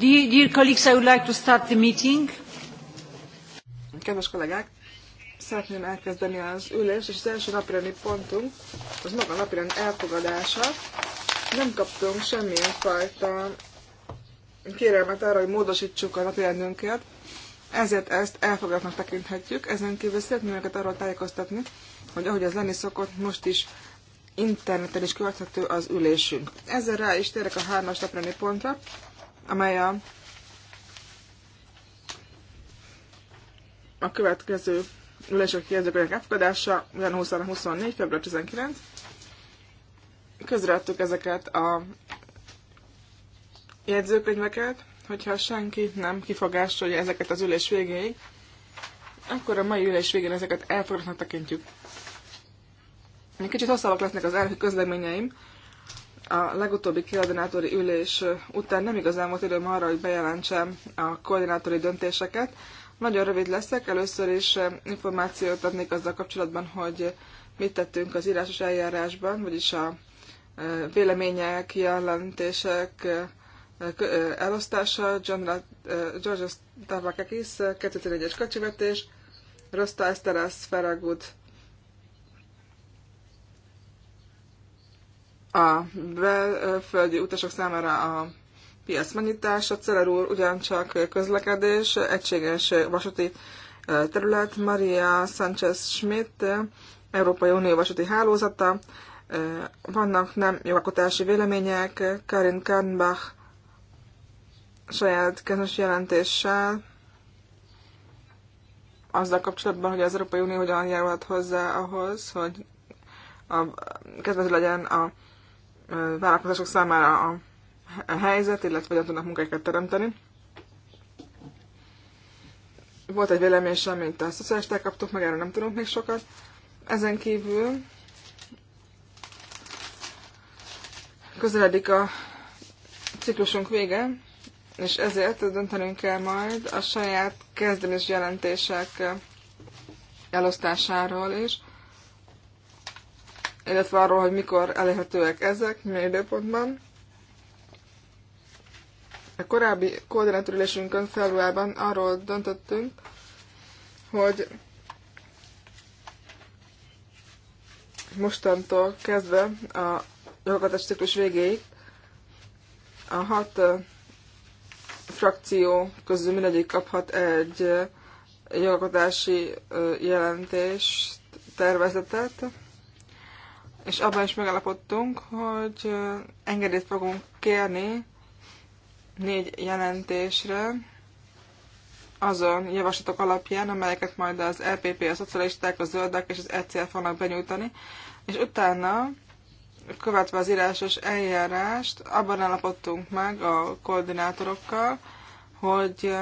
Dear, colleagues, I would like to start the meeting. Kedves kollégák, szeretném elkezdeni az ülést, és az első napirendi pontunk az maga napirend elfogadása. Nem kaptunk semmilyen fajta kérelmet arra, hogy módosítsuk a napirendünket, ezért ezt elfogadnak tekinthetjük. Ezen kívül szeretném őket arról tájékoztatni, hogy ahogy az lenni szokott, most is interneten is követhető az ülésünk. Ezzel rá is térek a hármas napirendi pontra, amely a, a következő ülések jegyzőkönyvek elfogadása, ugyan 20-24, február 19. Közreadtuk ezeket a jegyzőkönyveket, hogyha senki nem kifogásolja ezeket az ülés végéig, akkor a mai ülés végén ezeket elfogadhatnak tekintjük. Kicsit hosszabbak lesznek az elhő közleményeim, a legutóbbi koordinátori ülés után nem igazán volt időm arra, hogy bejelentsem a koordinátori döntéseket. Nagyon rövid leszek, először is eh, információt adnék azzal kapcsolatban, hogy mit tettünk az írásos eljárásban, vagyis a eh, vélemények, jelentések eh, elosztása, George Stavakakis, 2001-es kacsivetés, Rosta Esteras Feragut a belföldi utasok számára a piac megnyitás, a úr ugyancsak közlekedés, egységes vasúti terület, Maria Sanchez Schmidt, Európai Unió vasúti hálózata, vannak nem jogalkotási vélemények, Karin Kernbach saját közös jelentéssel, azzal kapcsolatban, hogy az Európai Unió hogyan járulhat hozzá ahhoz, hogy a, kedvező legyen a vállalkozások számára a, helyzet, illetve hogyan tudnak munkáikat teremteni. Volt egy vélemény sem, mint a szociálisták kaptuk, meg erről nem tudunk még sokat. Ezen kívül közeledik a ciklusunk vége, és ezért döntenünk kell majd a saját kezdeményes jelentések elosztásáról is illetve arról, hogy mikor elérhetőek ezek, milyen időpontban. A korábbi koordinátorülésünkön februárban arról döntöttünk, hogy mostantól kezdve a jogalkotás ciklus végéig a hat frakció közül mindegyik kaphat egy jogalkotási jelentés tervezetet, és abban is megállapodtunk, hogy engedélyt fogunk kérni négy jelentésre, azon javaslatok alapján, amelyeket majd az LPP, e a szocialisták, a zöldek és az ecf fognak benyújtani, és utána, követve az írásos eljárást, abban állapodtunk meg a koordinátorokkal, hogy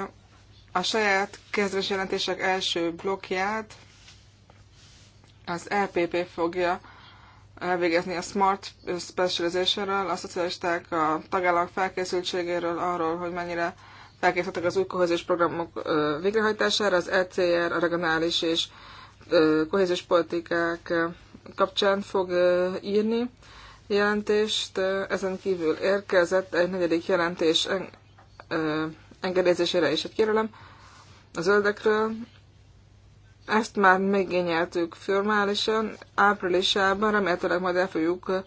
a saját kezdves jelentések első blokját az LPP e fogja elvégezni a Smart Specializationről, a szocialisták a tagállamok felkészültségéről, arról, hogy mennyire felkészültek az új kohéziós programok végrehajtására, az ECR, a regionális és kohéziós politikák kapcsán fog írni jelentést. Ezen kívül érkezett egy negyedik jelentés engedélyezésére is egy kérelem a zöldekről, ezt már megényeltük formálisan, áprilisában, remélhetőleg majd el fogjuk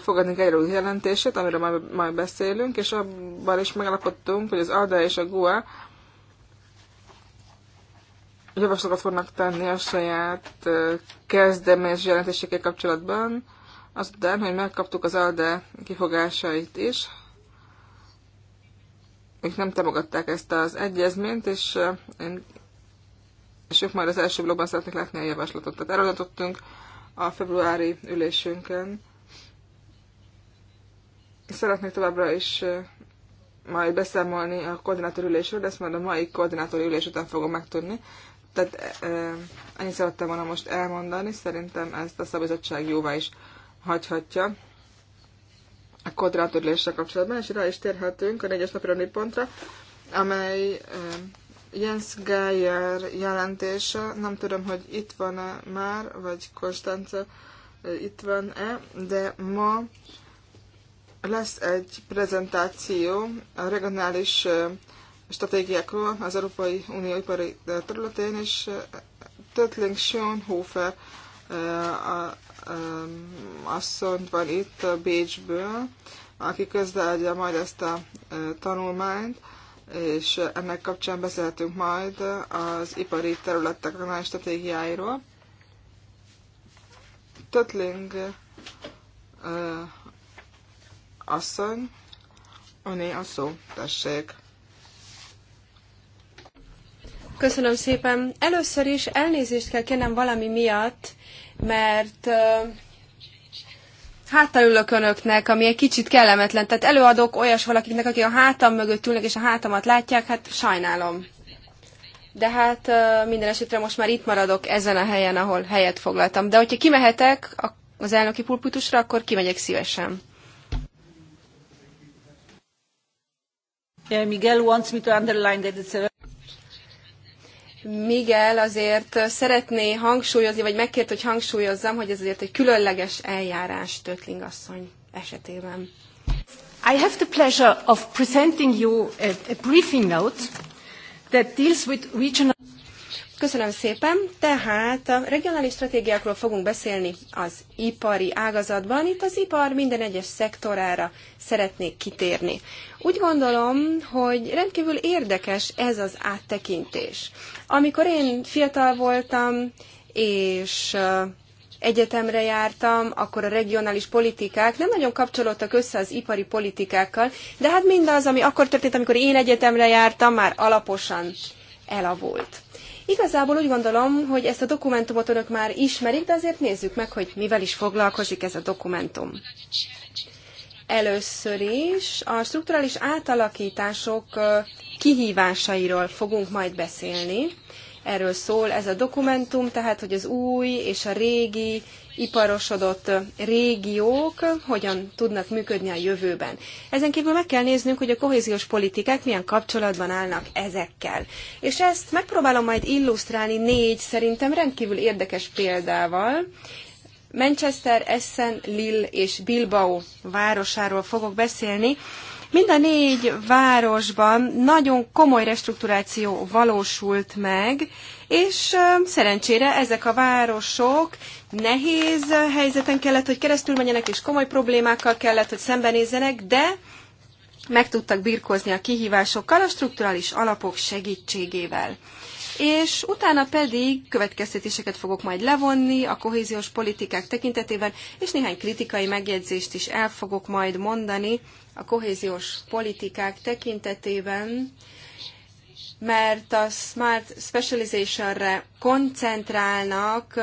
fogadni egy új jelentését, amiről majd, majd beszélünk, és abban is megalapodtunk, hogy az ADA és a GUA javaslatot fognak tenni a saját kezdeményezés jelentésekkel kapcsolatban, Aztán, hogy megkaptuk az ALDE kifogásait is, még nem támogatták ezt az egyezményt, és én és ők majd az első blogban szeretnék látni a javaslatot. Tehát erről a februári ülésünkön. Szeretnék továbbra is majd beszámolni a koordinátor ülésről, de ezt majd a mai koordinátor ülés után fogom megtudni. Tehát e, ennyit szerettem volna most elmondani, szerintem ezt a szabadság jóvá is hagyhatja a koordinátor ülésre kapcsolatban, és rá is térhetünk a négyes napi pontra, amely e, Jens Geyer jelentése, nem tudom, hogy itt van-e már, vagy Konstance itt van-e, de ma lesz egy prezentáció a regionális stratégiákról az Európai Unió ipari területén, és Tötling Schönhofer asszony van itt Bécsből, aki közleadja majd ezt a tanulmányt és ennek kapcsán beszélhetünk majd az ipari területek regionális stratégiáiról. Tötling uh, asszony, Öné a szó, tessék. Köszönöm szépen. Először is elnézést kell kérnem valami miatt, mert uh, hátra ülök önöknek, ami egy kicsit kellemetlen. Tehát előadok olyas valakinek, akik a hátam mögött ülnek, és a hátamat látják, hát sajnálom. De hát minden esetre most már itt maradok ezen a helyen, ahol helyet foglaltam. De hogyha kimehetek az elnöki pulpitusra, akkor kimegyek szívesen. Yeah, Miguel wants me to underline that it's a Miguel azért szeretné hangsúlyozni, vagy megkért, hogy hangsúlyozzam, hogy ez azért egy különleges eljárás Tötling asszony esetében. I have the pleasure of presenting you a, a briefing note that deals with regional... Köszönöm szépen. Tehát a regionális stratégiákról fogunk beszélni az ipari ágazatban. Itt az ipar minden egyes szektorára szeretnék kitérni. Úgy gondolom, hogy rendkívül érdekes ez az áttekintés. Amikor én fiatal voltam, és egyetemre jártam, akkor a regionális politikák nem nagyon kapcsolódtak össze az ipari politikákkal, de hát mindaz, ami akkor történt, amikor én egyetemre jártam, már alaposan elavult. Igazából úgy gondolom, hogy ezt a dokumentumot önök már ismerik, de azért nézzük meg, hogy mivel is foglalkozik ez a dokumentum. Először is a strukturális átalakítások kihívásairól fogunk majd beszélni. Erről szól ez a dokumentum, tehát hogy az új és a régi iparosodott régiók hogyan tudnak működni a jövőben. Ezen kívül meg kell néznünk, hogy a kohéziós politikák milyen kapcsolatban állnak ezekkel. És ezt megpróbálom majd illusztrálni négy szerintem rendkívül érdekes példával. Manchester, Essen, Lille és Bilbao városáról fogok beszélni, Mind a négy városban nagyon komoly restrukturáció valósult meg, és szerencsére ezek a városok nehéz helyzeten kellett, hogy keresztül menjenek, és komoly problémákkal kellett, hogy szembenézzenek, de meg tudtak birkózni a kihívásokkal a strukturális alapok segítségével és utána pedig következtetéseket fogok majd levonni a kohéziós politikák tekintetében, és néhány kritikai megjegyzést is el fogok majd mondani a kohéziós politikák tekintetében, mert a Smart Specializationre koncentrálnak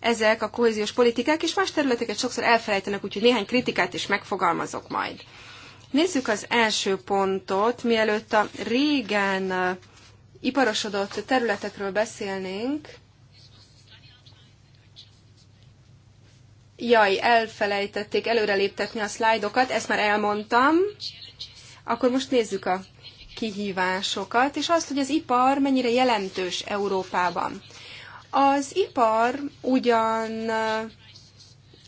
ezek a kohéziós politikák, és más területeket sokszor elfelejtenek, úgyhogy néhány kritikát is megfogalmazok majd. Nézzük az első pontot, mielőtt a régen iparosodott területekről beszélnénk, Jaj, elfelejtették előreléptetni a szlájdokat, ezt már elmondtam. Akkor most nézzük a kihívásokat, és azt, hogy az ipar mennyire jelentős Európában. Az ipar ugyan uh,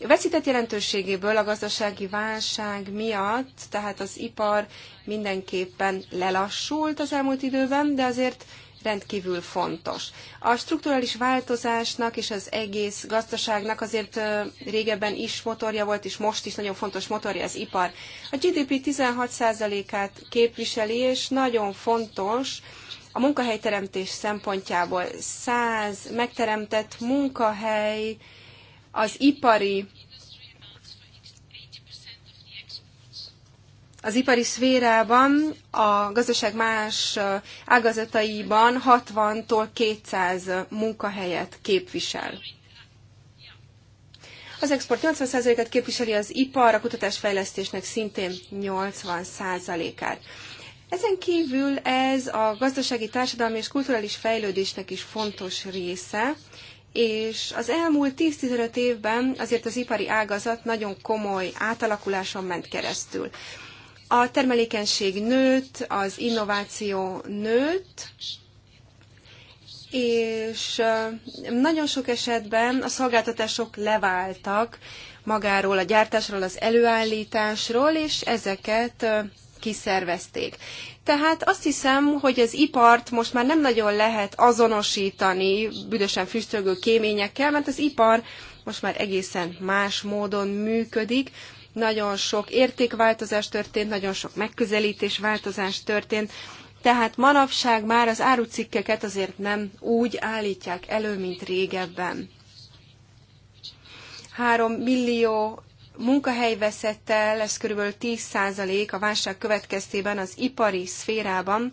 veszített jelentőségéből a gazdasági válság miatt, tehát az ipar mindenképpen lelassult az elmúlt időben, de azért rendkívül fontos. A strukturális változásnak és az egész gazdaságnak azért régebben is motorja volt, és most is nagyon fontos motorja az ipar. A GDP 16%-át képviseli, és nagyon fontos, a munkahelyteremtés szempontjából 100 megteremtett munkahely az ipari az ipari szférában, a gazdaság más ágazataiban 60-tól 200 munkahelyet képvisel. Az export 80%-át képviseli az ipar, a kutatásfejlesztésnek szintén 80%-át. Ezen kívül ez a gazdasági, társadalmi és kulturális fejlődésnek is fontos része, és az elmúlt 10-15 évben azért az ipari ágazat nagyon komoly átalakuláson ment keresztül. A termelékenység nőtt, az innováció nőtt, és nagyon sok esetben a szolgáltatások leváltak magáról, a gyártásról, az előállításról, és ezeket kiszervezték. Tehát azt hiszem, hogy az ipart most már nem nagyon lehet azonosítani büdösen füstölgő kéményekkel, mert az ipar most már egészen más módon működik, nagyon sok értékváltozás történt, nagyon sok megközelítésváltozás történt, tehát manapság már az árucikkeket azért nem úgy állítják elő, mint régebben. Három millió munkahely veszett el, ez kb. 10% a válság következtében az ipari szférában,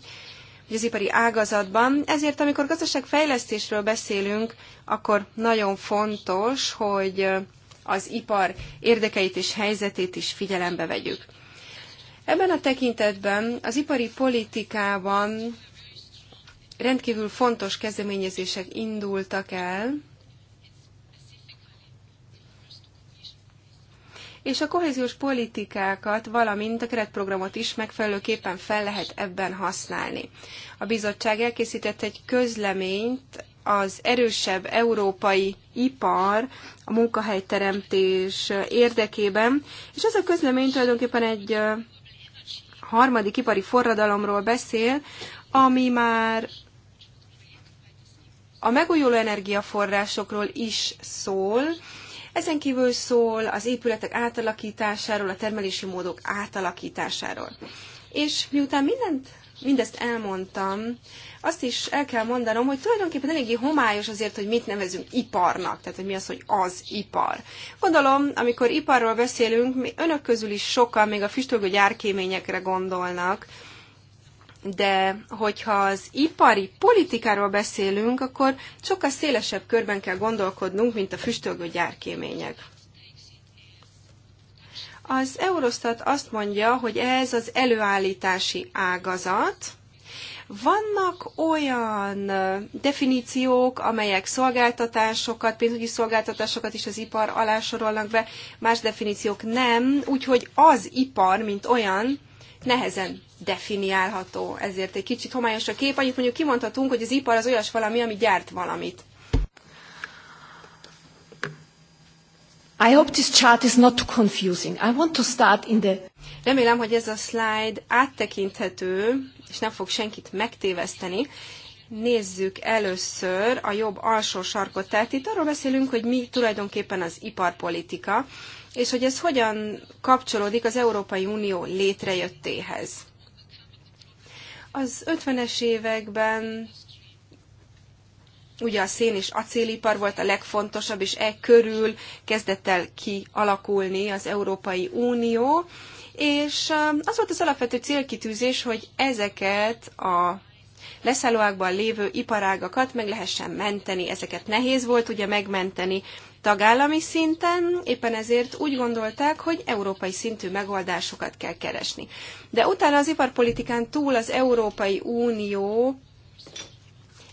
vagy az ipari ágazatban. Ezért, amikor gazdaságfejlesztésről beszélünk, akkor nagyon fontos, hogy az ipar érdekeit és helyzetét is figyelembe vegyük. Ebben a tekintetben az ipari politikában rendkívül fontos kezdeményezések indultak el, és a kohéziós politikákat, valamint a keretprogramot is megfelelőképpen fel lehet ebben használni. A bizottság elkészített egy közleményt az erősebb európai ipar a munkahelyteremtés érdekében, és ez a közlemény tulajdonképpen egy harmadik ipari forradalomról beszél, ami már a megújuló energiaforrásokról is szól, ezen kívül szól az épületek átalakításáról, a termelési módok átalakításáról. És miután mindent mindezt elmondtam, azt is el kell mondanom, hogy tulajdonképpen eléggé homályos azért, hogy mit nevezünk iparnak, tehát hogy mi az, hogy az ipar. Gondolom, amikor iparról beszélünk, mi önök közül is sokan még a füstölgő gyárkéményekre gondolnak, de hogyha az ipari politikáról beszélünk, akkor sokkal szélesebb körben kell gondolkodnunk, mint a füstölgő gyárkémények. Az Eurostat azt mondja, hogy ez az előállítási ágazat, vannak olyan definíciók, amelyek szolgáltatásokat, pénzügyi szolgáltatásokat is az ipar alá sorolnak be, más definíciók nem, úgyhogy az ipar, mint olyan, nehezen definiálható. Ezért egy kicsit homályos a kép, annyit mondjuk kimondhatunk, hogy az ipar az olyas valami, ami gyárt valamit. I hope this chart is not too confusing. I want to start in the... Remélem, hogy ez a slide áttekinthető, és nem fog senkit megtéveszteni. Nézzük először a jobb alsó sarkot. Tehát itt arról beszélünk, hogy mi tulajdonképpen az iparpolitika, és hogy ez hogyan kapcsolódik az Európai Unió létrejöttéhez. Az 50-es években ugye a szén és acélipar volt a legfontosabb, és e körül kezdett el kialakulni az Európai Unió, és az volt az alapvető célkitűzés, hogy ezeket a leszállóákban lévő iparágakat meg lehessen menteni. Ezeket nehéz volt ugye megmenteni tagállami szinten, éppen ezért úgy gondolták, hogy európai szintű megoldásokat kell keresni. De utána az iparpolitikán túl az Európai Unió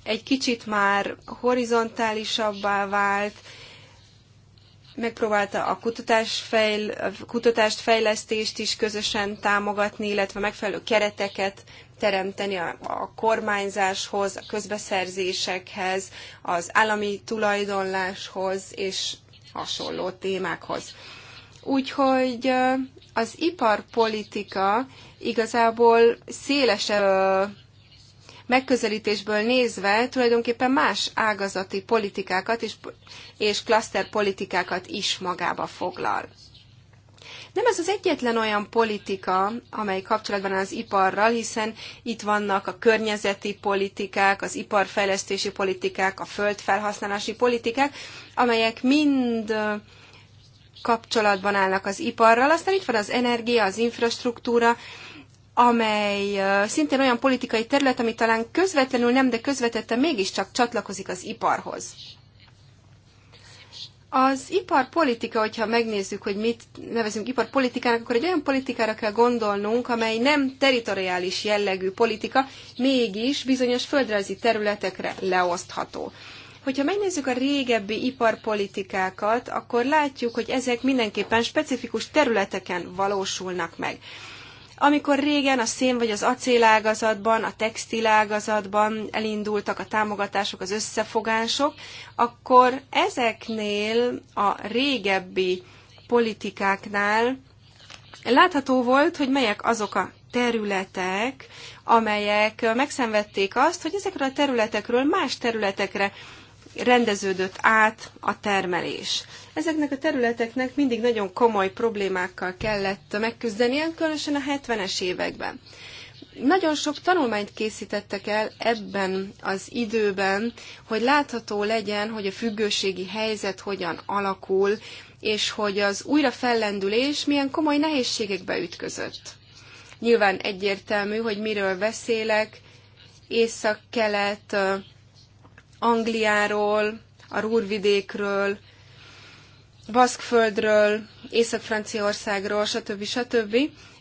egy kicsit már horizontálisabbá vált, megpróbálta a kutatásfejl, a kutatást, fejlesztést is közösen támogatni, illetve megfelelő kereteket teremteni a, a kormányzáshoz, a közbeszerzésekhez, az állami tulajdonláshoz és hasonló témákhoz. Úgyhogy az iparpolitika igazából szélesebb megközelítésből nézve tulajdonképpen más ágazati politikákat és, és politikákat is magába foglal. Nem ez az egyetlen olyan politika, amely kapcsolatban az iparral, hiszen itt vannak a környezeti politikák, az iparfejlesztési politikák, a földfelhasználási politikák, amelyek mind kapcsolatban állnak az iparral, aztán itt van az energia, az infrastruktúra, amely szintén olyan politikai terület, ami talán közvetlenül nem, de közvetetten mégiscsak csatlakozik az iparhoz. Az iparpolitika, hogyha megnézzük, hogy mit nevezünk iparpolitikának, akkor egy olyan politikára kell gondolnunk, amely nem teritoriális jellegű politika, mégis bizonyos földrajzi területekre leosztható. Hogyha megnézzük a régebbi iparpolitikákat, akkor látjuk, hogy ezek mindenképpen specifikus területeken valósulnak meg. Amikor régen a szén vagy az acélágazatban, a textilágazatban elindultak a támogatások, az összefogások, akkor ezeknél a régebbi politikáknál látható volt, hogy melyek azok a területek, amelyek megszenvedték azt, hogy ezekről a területekről más területekre rendeződött át a termelés. Ezeknek a területeknek mindig nagyon komoly problémákkal kellett megküzdeni, különösen a 70-es években. Nagyon sok tanulmányt készítettek el ebben az időben, hogy látható legyen, hogy a függőségi helyzet hogyan alakul, és hogy az újrafellendülés milyen komoly nehézségekbe ütközött. Nyilván egyértelmű, hogy miről beszélek, észak-kelet, Angliáról, a Rúrvidékről, Baszkföldről, Észak-Franciaországról, stb. stb.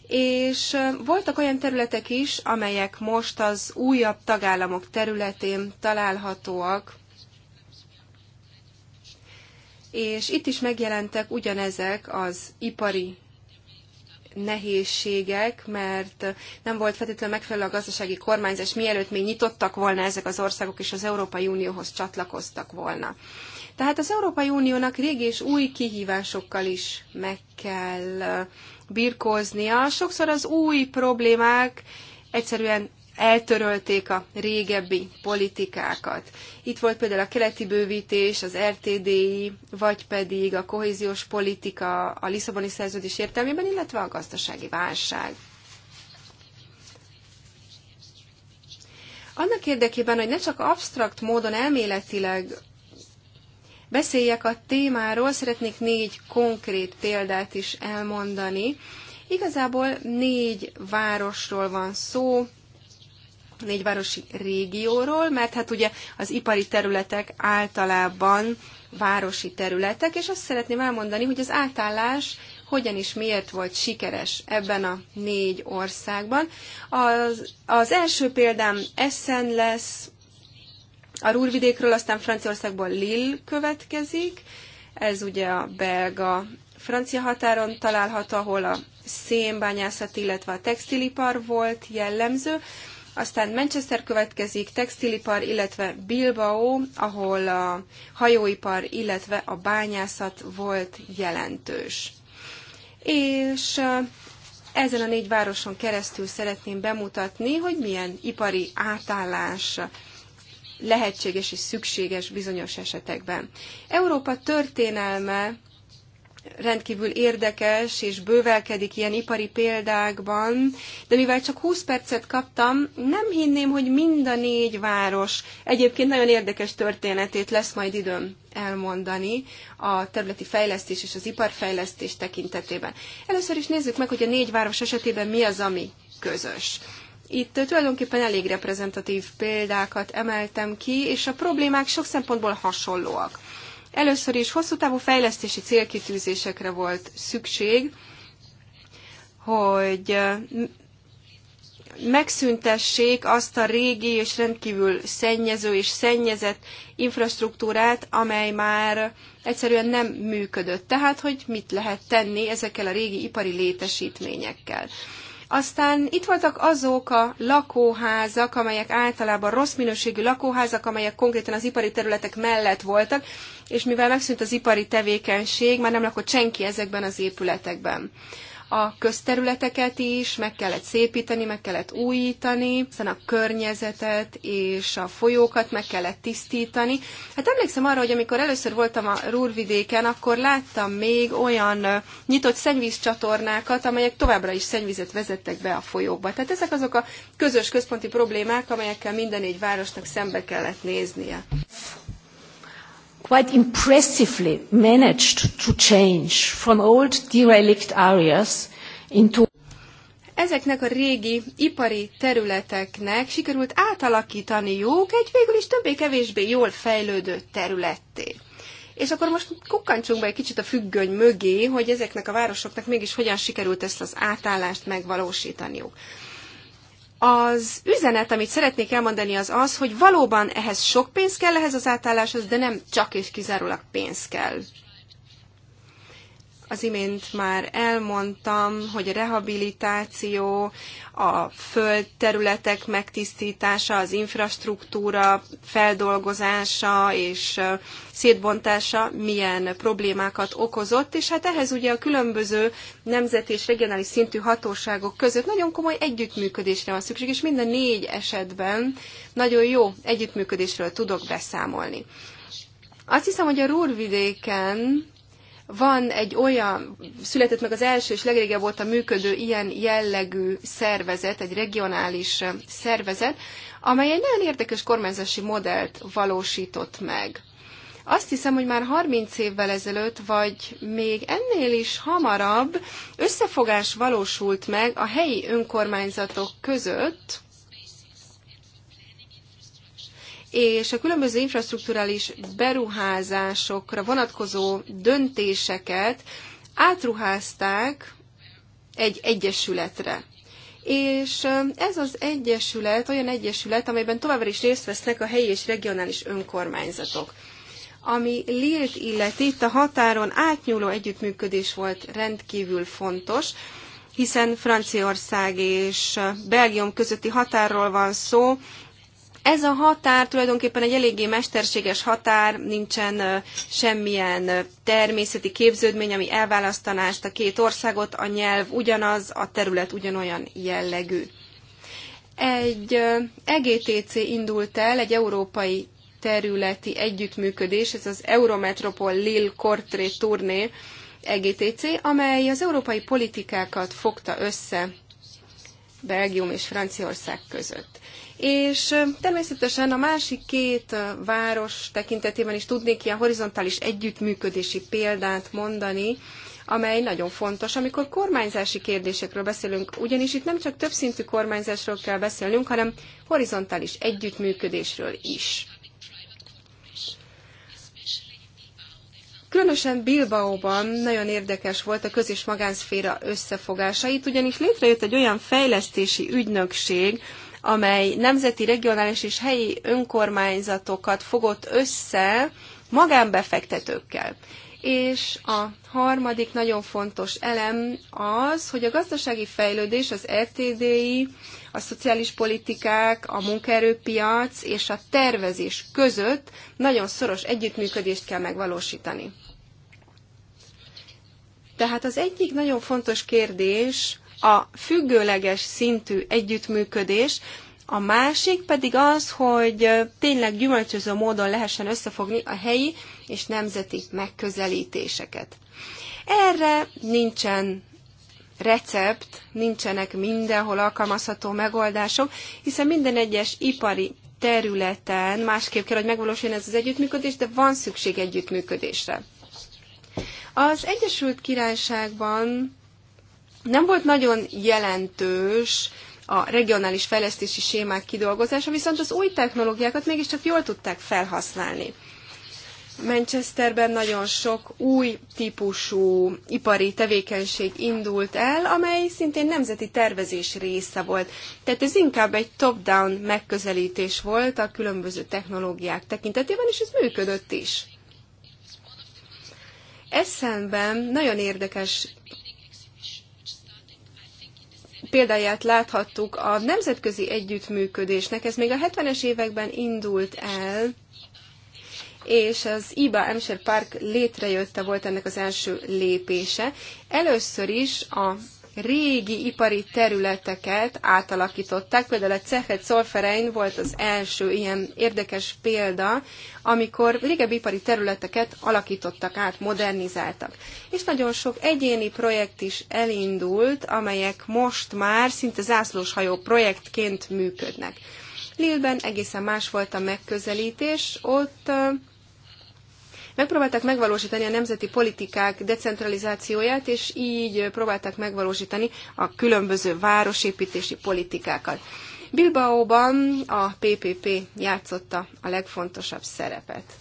És voltak olyan területek is, amelyek most az újabb tagállamok területén találhatóak, és itt is megjelentek ugyanezek az ipari nehézségek, mert nem volt feltétlenül megfelelő a gazdasági kormányzás, mielőtt még nyitottak volna ezek az országok, és az Európai Unióhoz csatlakoztak volna. Tehát az Európai Uniónak régi és új kihívásokkal is meg kell birkóznia. Sokszor az új problémák egyszerűen eltörölték a régebbi politikákat. Itt volt például a keleti bővítés, az RTDI, vagy pedig a kohéziós politika a Lisszaboni szerződés értelmében, illetve a gazdasági válság. Annak érdekében, hogy ne csak absztrakt módon elméletileg beszéljek a témáról, szeretnék négy konkrét példát is elmondani. Igazából négy városról van szó, négy városi régióról, mert hát ugye az ipari területek általában városi területek, és azt szeretném elmondani, hogy az átállás hogyan is miért volt sikeres ebben a négy országban. Az, az első példám Essen lesz, a Rúrvidékről, aztán Franciaországból Lille következik, ez ugye a belga francia határon található, ahol a szénbányászat, illetve a textilipar volt jellemző, aztán Manchester következik, textilipar, illetve Bilbao, ahol a hajóipar, illetve a bányászat volt jelentős. És ezen a négy városon keresztül szeretném bemutatni, hogy milyen ipari átállás lehetséges és szükséges bizonyos esetekben. Európa történelme rendkívül érdekes, és bővelkedik ilyen ipari példákban, de mivel csak 20 percet kaptam, nem hinném, hogy mind a négy város egyébként nagyon érdekes történetét lesz majd időm elmondani a területi fejlesztés és az iparfejlesztés tekintetében. Először is nézzük meg, hogy a négy város esetében mi az, ami közös. Itt tulajdonképpen elég reprezentatív példákat emeltem ki, és a problémák sok szempontból hasonlóak. Először is hosszú távú fejlesztési célkitűzésekre volt szükség, hogy megszüntessék azt a régi és rendkívül szennyező és szennyezett infrastruktúrát, amely már egyszerűen nem működött. Tehát, hogy mit lehet tenni ezekkel a régi ipari létesítményekkel. Aztán itt voltak azok a lakóházak, amelyek általában rossz minőségű lakóházak, amelyek konkrétan az ipari területek mellett voltak, és mivel megszűnt az ipari tevékenység, már nem lakott senki ezekben az épületekben a közterületeket is, meg kellett szépíteni, meg kellett újítani, aztán a környezetet és a folyókat meg kellett tisztítani. Hát emlékszem arra, hogy amikor először voltam a Rúrvidéken, akkor láttam még olyan nyitott szennyvízcsatornákat, amelyek továbbra is szennyvizet vezettek be a folyókba. Tehát ezek azok a közös központi problémák, amelyekkel minden egy városnak szembe kellett néznie quite impressively managed to change from old derelict areas into Ezeknek a régi ipari területeknek sikerült átalakítaniuk egy végül is többé-kevésbé jól fejlődő területté. És akkor most kukkantsunk be egy kicsit a függöny mögé, hogy ezeknek a városoknak mégis hogyan sikerült ezt az átállást megvalósítaniuk. Az üzenet, amit szeretnék elmondani, az az, hogy valóban ehhez sok pénz kell, ehhez az átálláshoz, de nem csak és kizárólag pénz kell az imént már elmondtam, hogy a rehabilitáció, a földterületek megtisztítása, az infrastruktúra feldolgozása és szétbontása milyen problémákat okozott, és hát ehhez ugye a különböző nemzeti és regionális szintű hatóságok között nagyon komoly együttműködésre van szükség, és mind a négy esetben nagyon jó együttműködésről tudok beszámolni. Azt hiszem, hogy a Rúrvidéken van egy olyan, született meg az első és legrégebb óta működő ilyen jellegű szervezet, egy regionális szervezet, amely egy nagyon érdekes kormányzási modellt valósított meg. Azt hiszem, hogy már 30 évvel ezelőtt, vagy még ennél is hamarabb összefogás valósult meg a helyi önkormányzatok között, és a különböző infrastruktúrális beruházásokra vonatkozó döntéseket átruházták egy egyesületre. És ez az egyesület olyan egyesület, amelyben továbbra is részt vesznek a helyi és regionális önkormányzatok. Ami Lilt illeti, itt a határon átnyúló együttműködés volt rendkívül fontos, hiszen Franciaország és Belgium közötti határról van szó, ez a határ tulajdonképpen egy eléggé mesterséges határ, nincsen semmilyen természeti képződmény, ami elválasztanást a két országot, a nyelv ugyanaz, a terület ugyanolyan jellegű. Egy EGTC indult el, egy európai területi együttműködés, ez az Eurometropol Lille Cortré Tourné EGTC, amely az európai politikákat fogta össze Belgium és Franciaország között. És természetesen a másik két város tekintetében is tudnék ilyen horizontális együttműködési példát mondani, amely nagyon fontos, amikor kormányzási kérdésekről beszélünk, ugyanis itt nem csak többszintű kormányzásról kell beszélnünk, hanem horizontális együttműködésről is. Különösen Bilbaóban nagyon érdekes volt a köz- és magánszféra összefogásait, ugyanis létrejött egy olyan fejlesztési ügynökség, amely nemzeti, regionális és helyi önkormányzatokat fogott össze magánbefektetőkkel. És a harmadik nagyon fontos elem az, hogy a gazdasági fejlődés, az RTD-i, a szociális politikák, a munkaerőpiac és a tervezés között nagyon szoros együttműködést kell megvalósítani. Tehát az egyik nagyon fontos kérdés a függőleges szintű együttműködés, a másik pedig az, hogy tényleg gyümölcsöző módon lehessen összefogni a helyi és nemzeti megközelítéseket. Erre nincsen recept, nincsenek mindenhol alkalmazható megoldások, hiszen minden egyes ipari területen másképp kell, hogy megvalósuljon ez az együttműködés, de van szükség együttműködésre. Az Egyesült Királyságban nem volt nagyon jelentős a regionális fejlesztési sémák kidolgozása, viszont az új technológiákat mégiscsak jól tudták felhasználni. Manchesterben nagyon sok új típusú ipari tevékenység indult el, amely szintén nemzeti tervezés része volt. Tehát ez inkább egy top-down megközelítés volt a különböző technológiák tekintetében, és ez működött is. Eszemben nagyon érdekes példáját láthattuk a nemzetközi együttműködésnek. Ez még a 70-es években indult el, és az IBA Emser Park létrejötte volt ennek az első lépése. Először is a régi ipari területeket átalakították. Például a Cechet Szolferein volt az első ilyen érdekes példa, amikor régebbi ipari területeket alakítottak át, modernizáltak. És nagyon sok egyéni projekt is elindult, amelyek most már szinte zászlóshajó projektként működnek. Lilben egészen más volt a megközelítés, ott Megpróbálták megvalósítani a nemzeti politikák decentralizációját, és így próbálták megvalósítani a különböző városépítési politikákat. Bilbaóban a PPP játszotta a legfontosabb szerepet.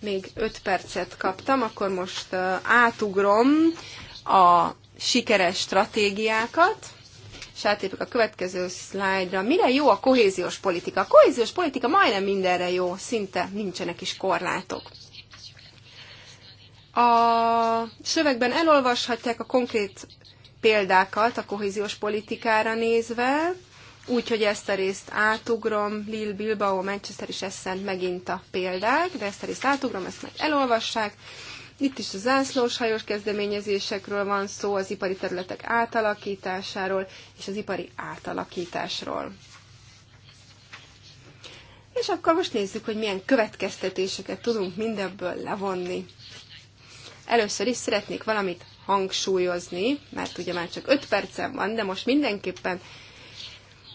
Még 5 percet kaptam, akkor most átugrom a sikeres stratégiákat és átlépek a következő szlájdra. Mire jó a kohéziós politika? A kohéziós politika majdnem mindenre jó, szinte nincsenek is korlátok. A szövegben elolvashatják a konkrét példákat a kohéziós politikára nézve, úgyhogy ezt a részt átugrom, Lille, Bilbao, Manchester is eszent megint a példák, de ezt a részt átugrom, ezt meg elolvassák. Itt is a zászlós hajós kezdeményezésekről van szó, az ipari területek átalakításáról és az ipari átalakításról. És akkor most nézzük, hogy milyen következtetéseket tudunk mindebből levonni. Először is szeretnék valamit hangsúlyozni, mert ugye már csak 5 percem van, de most mindenképpen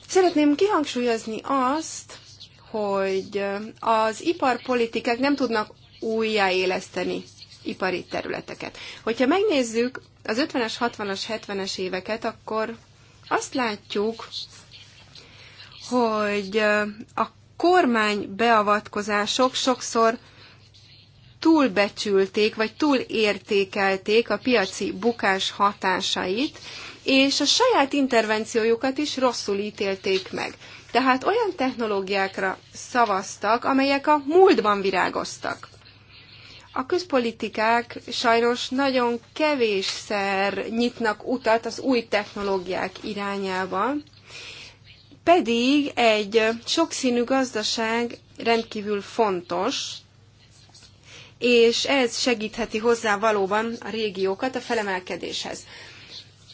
szeretném kihangsúlyozni azt, hogy az iparpolitikák nem tudnak újjáéleszteni ipari területeket. Hogyha megnézzük az 50-es, 60-as, 70-es éveket, akkor azt látjuk, hogy a kormány beavatkozások sokszor túlbecsülték, vagy túlértékelték a piaci bukás hatásait, és a saját intervenciójukat is rosszul ítélték meg. Tehát olyan technológiákra szavaztak, amelyek a múltban virágoztak a közpolitikák sajnos nagyon kevésszer nyitnak utat az új technológiák irányába, pedig egy sokszínű gazdaság rendkívül fontos, és ez segítheti hozzá valóban a régiókat a felemelkedéshez.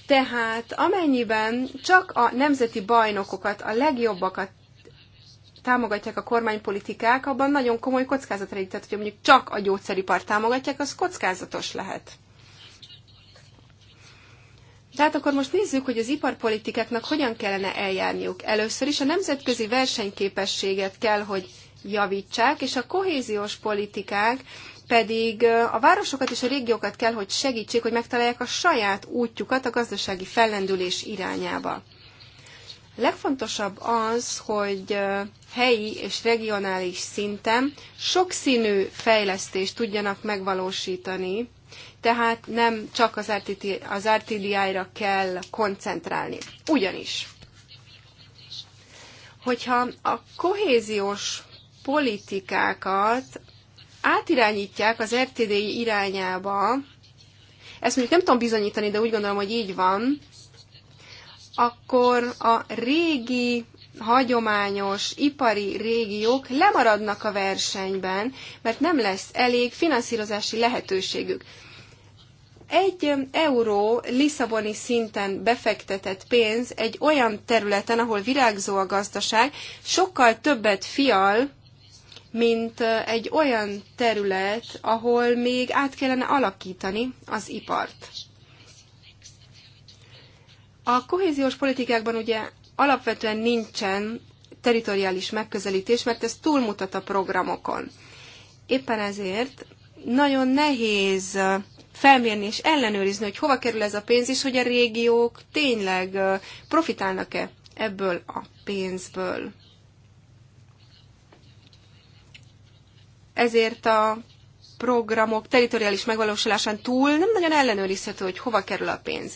Tehát amennyiben csak a nemzeti bajnokokat, a legjobbakat támogatják a kormánypolitikák, abban nagyon komoly kockázat rejlik. Tehát, hogyha mondjuk csak a gyógyszeripar támogatják, az kockázatos lehet. Tehát akkor most nézzük, hogy az iparpolitikáknak hogyan kellene eljárniuk. Először is a nemzetközi versenyképességet kell, hogy javítsák, és a kohéziós politikák pedig a városokat és a régiókat kell, hogy segítsék, hogy megtalálják a saját útjukat a gazdasági fellendülés irányába. Legfontosabb az, hogy helyi és regionális szinten sokszínű fejlesztést tudjanak megvalósítani, tehát nem csak az, RTT, az RTDI-ra kell koncentrálni. Ugyanis, hogyha a kohéziós politikákat átirányítják az RTDI irányába, ezt mondjuk nem tudom bizonyítani, de úgy gondolom, hogy így van, akkor a régi hagyományos ipari régiók lemaradnak a versenyben, mert nem lesz elég finanszírozási lehetőségük. Egy euró Lisszaboni szinten befektetett pénz egy olyan területen, ahol virágzó a gazdaság, sokkal többet fial, mint egy olyan terület, ahol még át kellene alakítani az ipart. A kohéziós politikákban ugye alapvetően nincsen teritoriális megközelítés, mert ez túlmutat a programokon. Éppen ezért nagyon nehéz felmérni és ellenőrizni, hogy hova kerül ez a pénz, és hogy a régiók tényleg profitálnak-e ebből a pénzből. Ezért a programok teritoriális megvalósulásán túl nem nagyon ellenőrizhető, hogy hova kerül a pénz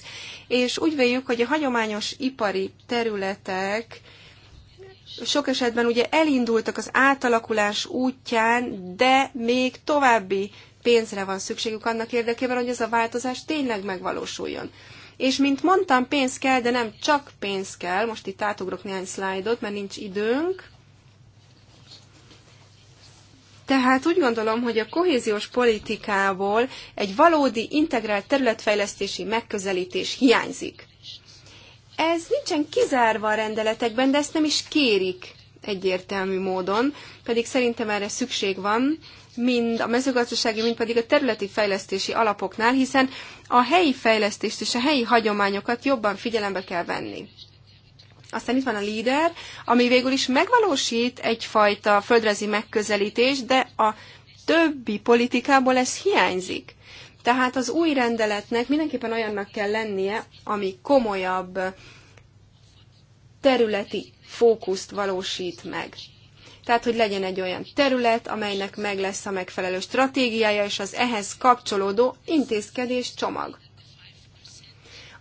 és úgy véljük, hogy a hagyományos ipari területek sok esetben ugye elindultak az átalakulás útján, de még további pénzre van szükségük annak érdekében, hogy ez a változás tényleg megvalósuljon. És mint mondtam, pénz kell, de nem csak pénz kell, most itt átugrok néhány szlájdot, mert nincs időnk, tehát úgy gondolom, hogy a kohéziós politikából egy valódi integrált területfejlesztési megközelítés hiányzik. Ez nincsen kizárva a rendeletekben, de ezt nem is kérik egyértelmű módon, pedig szerintem erre szükség van, mind a mezőgazdasági, mind pedig a területi fejlesztési alapoknál, hiszen a helyi fejlesztést és a helyi hagyományokat jobban figyelembe kell venni. Aztán itt van a líder, ami végül is megvalósít egyfajta földrezi megközelítés, de a többi politikából ez hiányzik. Tehát az új rendeletnek mindenképpen olyannak kell lennie, ami komolyabb területi fókuszt valósít meg. Tehát, hogy legyen egy olyan terület, amelynek meg lesz a megfelelő stratégiája és az ehhez kapcsolódó intézkedés csomag.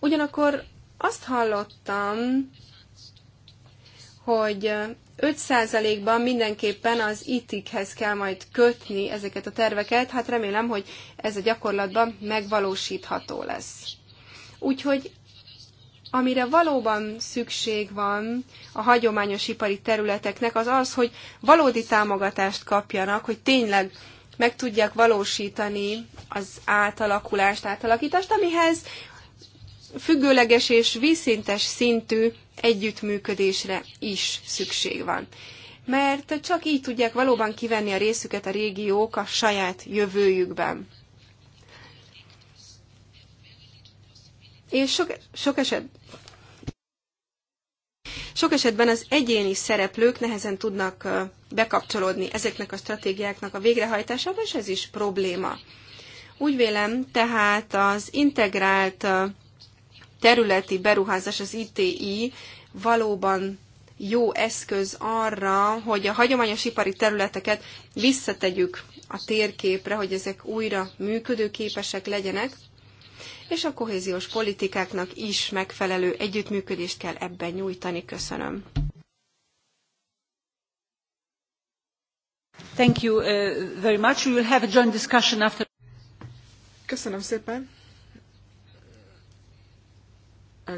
Ugyanakkor azt hallottam, hogy 5%-ban mindenképpen az ITIK-hez kell majd kötni ezeket a terveket, hát remélem, hogy ez a gyakorlatban megvalósítható lesz. Úgyhogy amire valóban szükség van a hagyományos ipari területeknek, az az, hogy valódi támogatást kapjanak, hogy tényleg meg tudják valósítani az átalakulást, átalakítást, amihez függőleges és vízszintes szintű együttműködésre is szükség van. Mert csak így tudják valóban kivenni a részüket a régiók a saját jövőjükben. És sok, sok eset, sok esetben az egyéni szereplők nehezen tudnak bekapcsolódni ezeknek a stratégiáknak a végrehajtásába, és ez is probléma. Úgy vélem, tehát az integrált területi beruházás, az ITI valóban jó eszköz arra, hogy a hagyományos ipari területeket visszategyük a térképre, hogy ezek újra működőképesek legyenek, és a kohéziós politikáknak is megfelelő együttműködést kell ebben nyújtani. Köszönöm. Thank you uh, very much. We will have a joint discussion after. Köszönöm szépen.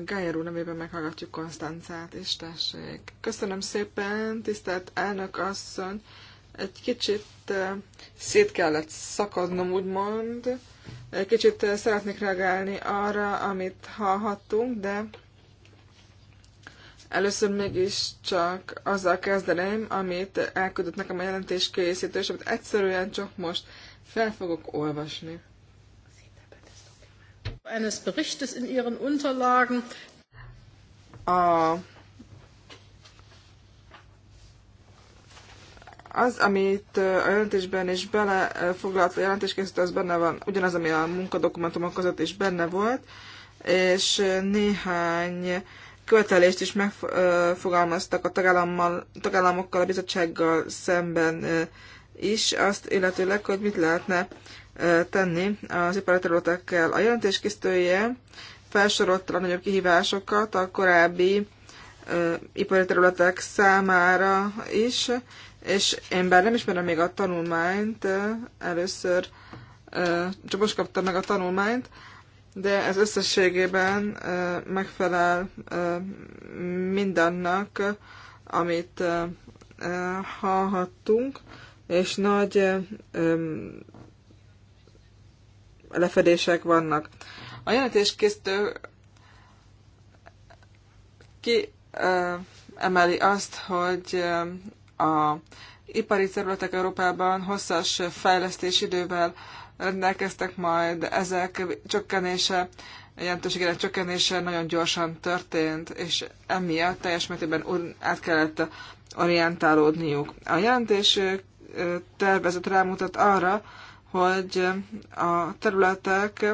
Gájer úr nevében meghallgatjuk Konstancát, és tessék. Köszönöm szépen, tisztelt elnök asszony. Egy kicsit szét kellett szakadnom, úgymond. Egy kicsit szeretnék reagálni arra, amit hallhattunk, de először mégis csak azzal kezdeném, amit elküldött nekem a jelentés készítő, és amit egyszerűen csak most fel fogok olvasni eines Berichtes in Ihren Unterlagen. az, amit a jelentésben is belefoglalt a jelentéskészítő, az benne van, ugyanaz, ami a munkadokumentumok között is benne volt, és néhány követelést is megfogalmaztak a tagállamokkal, a bizottsággal szemben is, azt illetőleg, hogy mit lehetne tenni az iparterületekkel. A jelentés kisztője felsorolta a nagyobb kihívásokat a korábbi ipari területek számára is, és én bár nem ismerem még a tanulmányt, először csak most kaptam meg a tanulmányt, de ez összességében megfelel mindannak, amit hallhattunk, és nagy lefedések vannak. A jelentéskészítő ki ö, emeli azt, hogy a ipari területek Európában hosszas fejlesztés idővel rendelkeztek majd, ezek csökkenése, jelentőségére csökkenése nagyon gyorsan történt, és emiatt teljes mértékben át kellett orientálódniuk. A jelentés tervezet rámutat arra, hogy a területek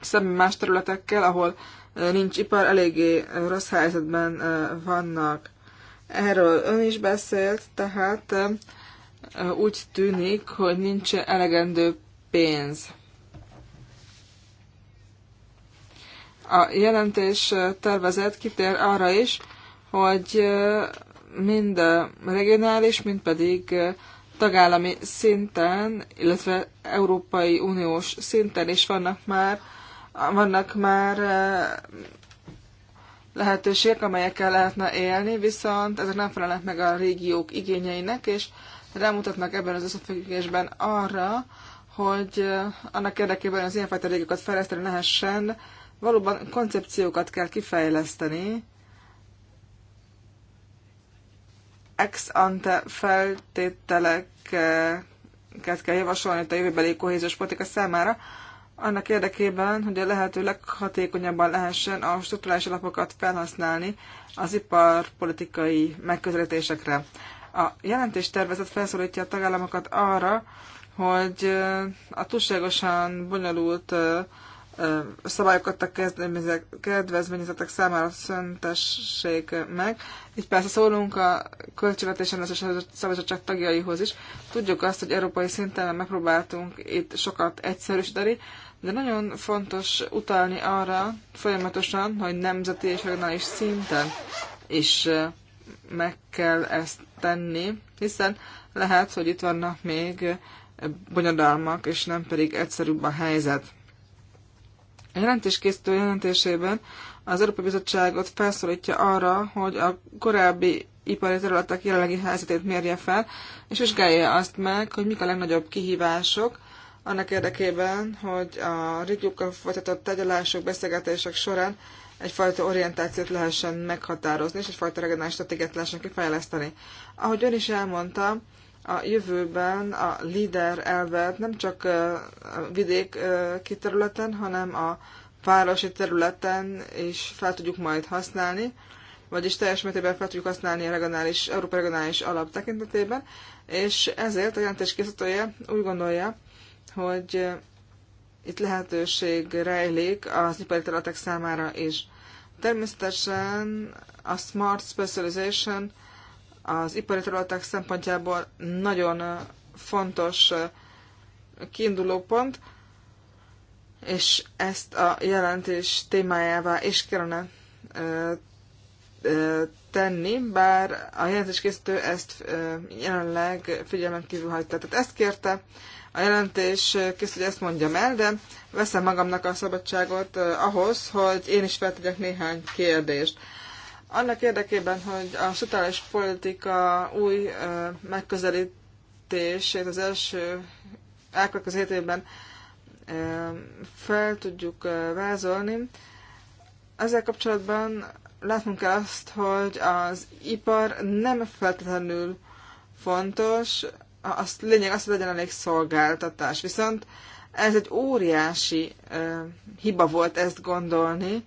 szemben más területekkel, ahol nincs ipar, eléggé rossz helyzetben vannak. Erről ön is beszélt, tehát úgy tűnik, hogy nincs elegendő pénz. A jelentés tervezet kitér arra is, hogy mind regionális, mind pedig tagállami szinten, illetve Európai Uniós szinten is vannak már, vannak már eh, lehetőségek, amelyekkel lehetne élni, viszont ezek nem felelnek meg a régiók igényeinek, és rámutatnak ebben az összefüggésben arra, hogy eh, annak érdekében az ilyenfajta régiókat fejleszteni lehessen, valóban koncepciókat kell kifejleszteni, ex ante feltételeket kell javasolni a jövőbeli kohéziós politika számára, annak érdekében, hogy a lehető leghatékonyabban lehessen a struktúrális alapokat felhasználni az iparpolitikai megközelítésekre. A jelentés tervezet felszólítja a tagállamokat arra, hogy a túlságosan bonyolult szabályokat a kedvezményezetek számára szöntessék meg. Így persze szólunk a költségvetésen az szabadság tagjaihoz is. Tudjuk azt, hogy európai szinten megpróbáltunk itt sokat egyszerűsíteni, de nagyon fontos utalni arra folyamatosan, hogy nemzeti és regionális szinten is meg kell ezt tenni, hiszen lehet, hogy itt vannak még bonyodalmak, és nem pedig egyszerűbb a helyzet. A jelentéskészítő jelentésében az Európai Bizottságot felszólítja arra, hogy a korábbi ipari területek jelenlegi helyzetét mérje fel, és vizsgálja azt meg, hogy mik a legnagyobb kihívások, annak érdekében, hogy a régiókkal folytatott tárgyalások, beszélgetések során egyfajta orientációt lehessen meghatározni, és egyfajta regionális stratégiát lehessen kifejleszteni. Ahogy ön is elmondta, a jövőben a líder elvet nem csak vidék kiterületen, hanem a városi területen is fel tudjuk majd használni, vagyis teljes mértékben fel tudjuk használni a regionális, Európa regionális alap tekintetében, és ezért a jelentés készítője úgy gondolja, hogy itt lehetőség rejlik az ipari területek számára is. Természetesen a Smart Specialization az ipari területek szempontjából nagyon fontos kiindulópont, és ezt a jelentés témájává is kellene tenni, bár a jelentéskészítő ezt jelenleg figyelmen kívül hagyta. Tehát ezt kérte a jelentés kész, hogy ezt mondjam el, de veszem magamnak a szabadságot ahhoz, hogy én is feltegyek néhány kérdést. Annak érdekében, hogy a szociális politika új megközelítését az első elkövetkező hét évben fel tudjuk vázolni, ezzel kapcsolatban látnunk kell azt, hogy az ipar nem feltétlenül fontos, az lényeg az, hogy legyen elég szolgáltatás. Viszont ez egy óriási hiba volt ezt gondolni,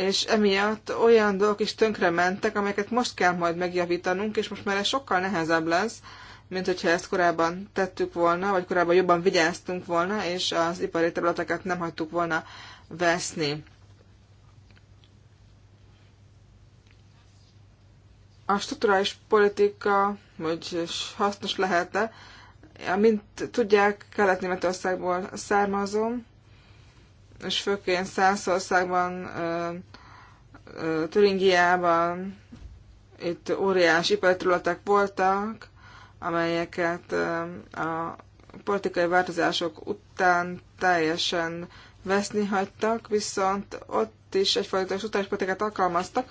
és emiatt olyan dolgok is tönkre mentek, amelyeket most kell majd megjavítanunk, és most már ez sokkal nehezebb lesz, mint hogyha ezt korábban tettük volna, vagy korábban jobban vigyáztunk volna, és az ipari területeket nem hagytuk volna veszni. A strukturális politika, hogy hasznos lehet-e, mint tudják, Kelet-Németországból származom, és főként Szászországban, Türingiában itt óriási iparterületek voltak, amelyeket a politikai változások után teljesen veszni hagytak, viszont ott is egyfajta politikát alkalmaztak,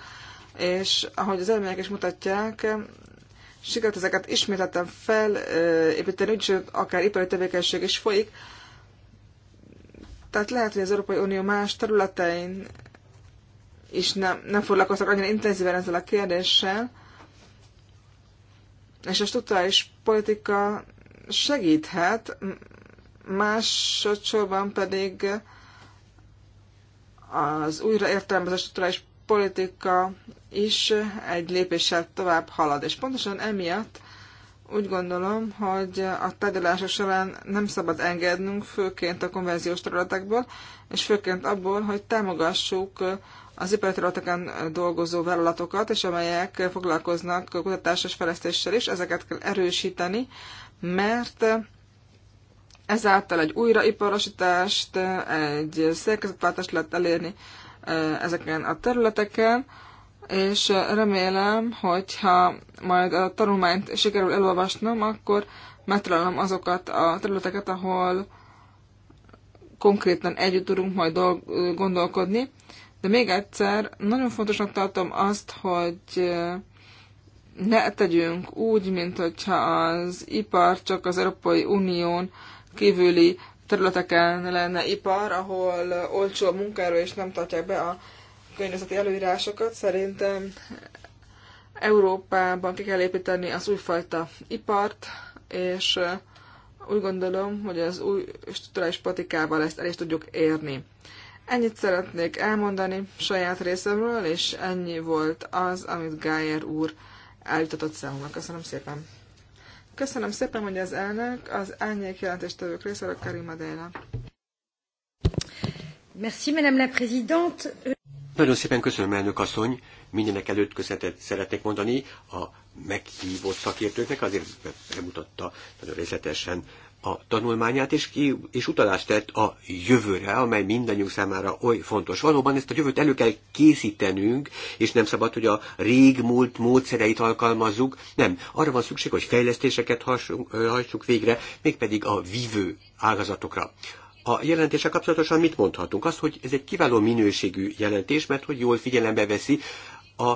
és ahogy az eredmények is mutatják, sikerült ezeket ismételten felépíteni, úgyhogy akár ipari tevékenység is folyik, tehát lehet, hogy az Európai Unió más területein is nem, nem foglalkoztak annyira intenzíven ezzel a kérdéssel, és a struktúrális politika segíthet, másodszorban pedig az újraértelmezett struktúrális politika is egy lépéssel tovább halad. És pontosan emiatt úgy gondolom, hogy a tárgyalása során nem szabad engednünk, főként a konverziós területekből, és főként abból, hogy támogassuk az iparterületeken dolgozó vállalatokat, és amelyek foglalkoznak kutatás és fejlesztéssel is, ezeket kell erősíteni, mert ezáltal egy újraiparosítást, egy szerkezetváltást lehet elérni eh, ezeken a területeken, és remélem, hogyha majd a tanulmányt sikerül elolvasnom, akkor megtalálom azokat a területeket, ahol konkrétan együtt tudunk majd gondolkodni. De még egyszer, nagyon fontosnak tartom azt, hogy ne tegyünk úgy, mint hogyha az ipar csak az Európai Unión kívüli területeken lenne ipar, ahol olcsó a munkáról és nem tartják be a környezeti előírásokat. Szerintem Európában ki kell építeni az újfajta ipart, és uh, úgy gondolom, hogy az új struktúrális patikával ezt el is tudjuk érni. Ennyit szeretnék elmondani saját részemről, és ennyi volt az, amit Gájer úr eljutatott számomra. Köszönöm szépen. Köszönöm szépen, hogy az elnök az elnyék jelentéstevők részéről Karim Adéla. Merci, Madame la Présidente. Nagyon szépen köszönöm, elnök asszony. Mindenek előtt köszönetet szeretnék mondani a meghívott szakértőknek, azért bemutatta nagyon részletesen a tanulmányát, és, ki, és utalást tett a jövőre, amely mindannyiunk számára oly fontos. Valóban ezt a jövőt elő kell készítenünk, és nem szabad, hogy a régmúlt módszereit alkalmazzuk. Nem, arra van szükség, hogy fejlesztéseket hajtsuk végre, mégpedig a vívő ágazatokra. A jelentése kapcsolatosan mit mondhatunk? Azt, hogy ez egy kiváló minőségű jelentés, mert hogy jól figyelembe veszi a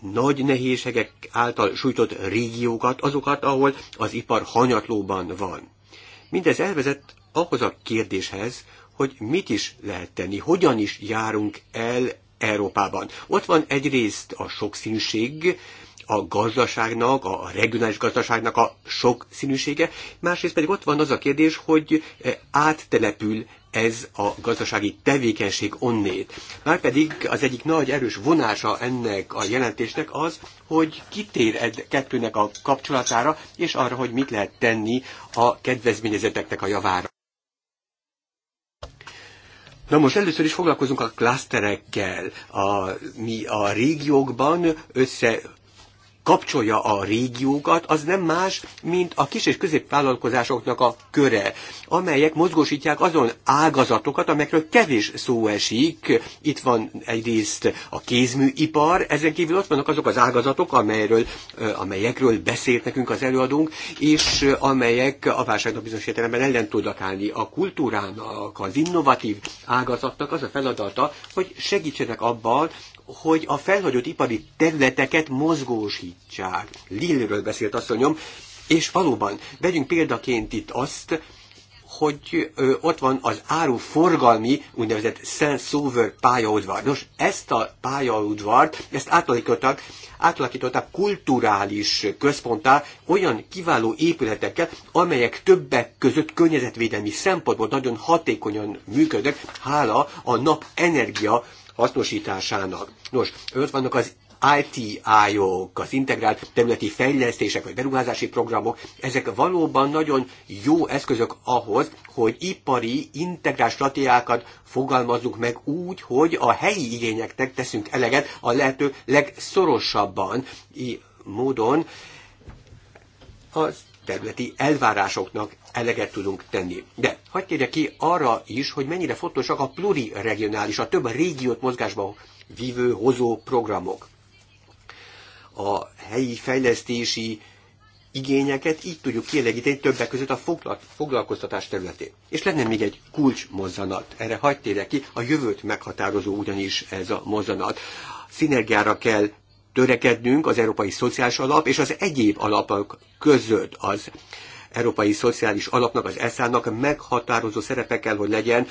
nagy nehézségek által sújtott régiókat, azokat, ahol az ipar hanyatlóban van. Mindez elvezet ahhoz a kérdéshez, hogy mit is lehet tenni, hogyan is járunk el Európában. Ott van egyrészt a sokszínség, a gazdaságnak, a regionális gazdaságnak a sok színűsége, másrészt pedig ott van az a kérdés, hogy eh, áttelepül ez a gazdasági tevékenység onnét. Márpedig az egyik nagy erős vonása ennek a jelentésnek az, hogy kitér ed kettőnek a kapcsolatára, és arra, hogy mit lehet tenni a kedvezményezeteknek a javára. Na most először is foglalkozunk a klaszterekkel. A, mi a régiókban össze kapcsolja a régiókat, az nem más, mint a kis és középvállalkozásoknak a köre, amelyek mozgósítják azon ágazatokat, amelyekről kevés szó esik. Itt van egyrészt a kézműipar, ezen kívül ott vannak azok az ágazatok, amelyről, amelyekről beszélt nekünk az előadónk, és amelyek a válságnak bizonyos értelemben ellen tudnak állni. A kultúrának, az innovatív ágazatnak az a feladata, hogy segítsenek abban, hogy a felhagyott ipari területeket mozgósítsák. Lilleről beszélt asszonyom, és valóban, vegyünk példaként itt azt, hogy ö, ott van az áru forgalmi úgynevezett Saint-Sauveur pályaudvar. Nos, ezt a pályaudvart, ezt átalakították, átalakították kulturális központtá olyan kiváló épületekkel, amelyek többek között környezetvédelmi szempontból nagyon hatékonyan működnek, hála a napenergia hasznosításának. Nos, ott vannak az ITI-ok, az integrált területi fejlesztések vagy beruházási programok, ezek valóban nagyon jó eszközök ahhoz, hogy ipari integrált stratégiákat fogalmazzuk meg úgy, hogy a helyi igényeknek teszünk eleget a lehető legszorosabban módon. Az területi elvárásoknak eleget tudunk tenni. De hagyd kérje ki arra is, hogy mennyire fontosak a pluriregionális, a több régiót mozgásba vívő, hozó programok. A helyi fejlesztési igényeket így tudjuk kielégíteni többek között a foglalkoztatás területén. És lenne még egy kulcs mozzanat. Erre hagyd ki, a jövőt meghatározó ugyanis ez a mozzanat. Szinergiára kell törekednünk az Európai Szociális Alap és az egyéb alapok között az Európai Szociális Alapnak, az ESZÁ-nak meghatározó szerepe kell, hogy legyen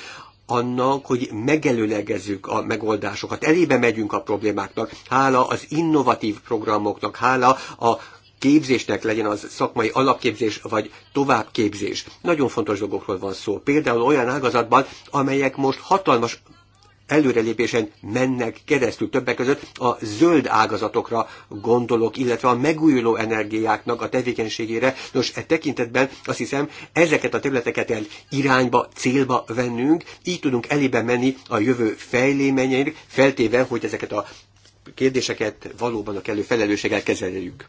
annak, hogy megelőlegezzük a megoldásokat, elébe megyünk a problémáknak, hála az innovatív programoknak, hála a képzésnek legyen az szakmai alapképzés vagy továbbképzés. Nagyon fontos dolgokról van szó. Például olyan ágazatban, amelyek most hatalmas előrelépésen mennek keresztül többek között a zöld ágazatokra gondolok, illetve a megújuló energiáknak a tevékenységére. Nos, e tekintetben azt hiszem, ezeket a területeket el irányba, célba vennünk, így tudunk elébe menni a jövő fejléményeinek, feltéve, hogy ezeket a kérdéseket valóban a kellő felelősséggel kezeljük.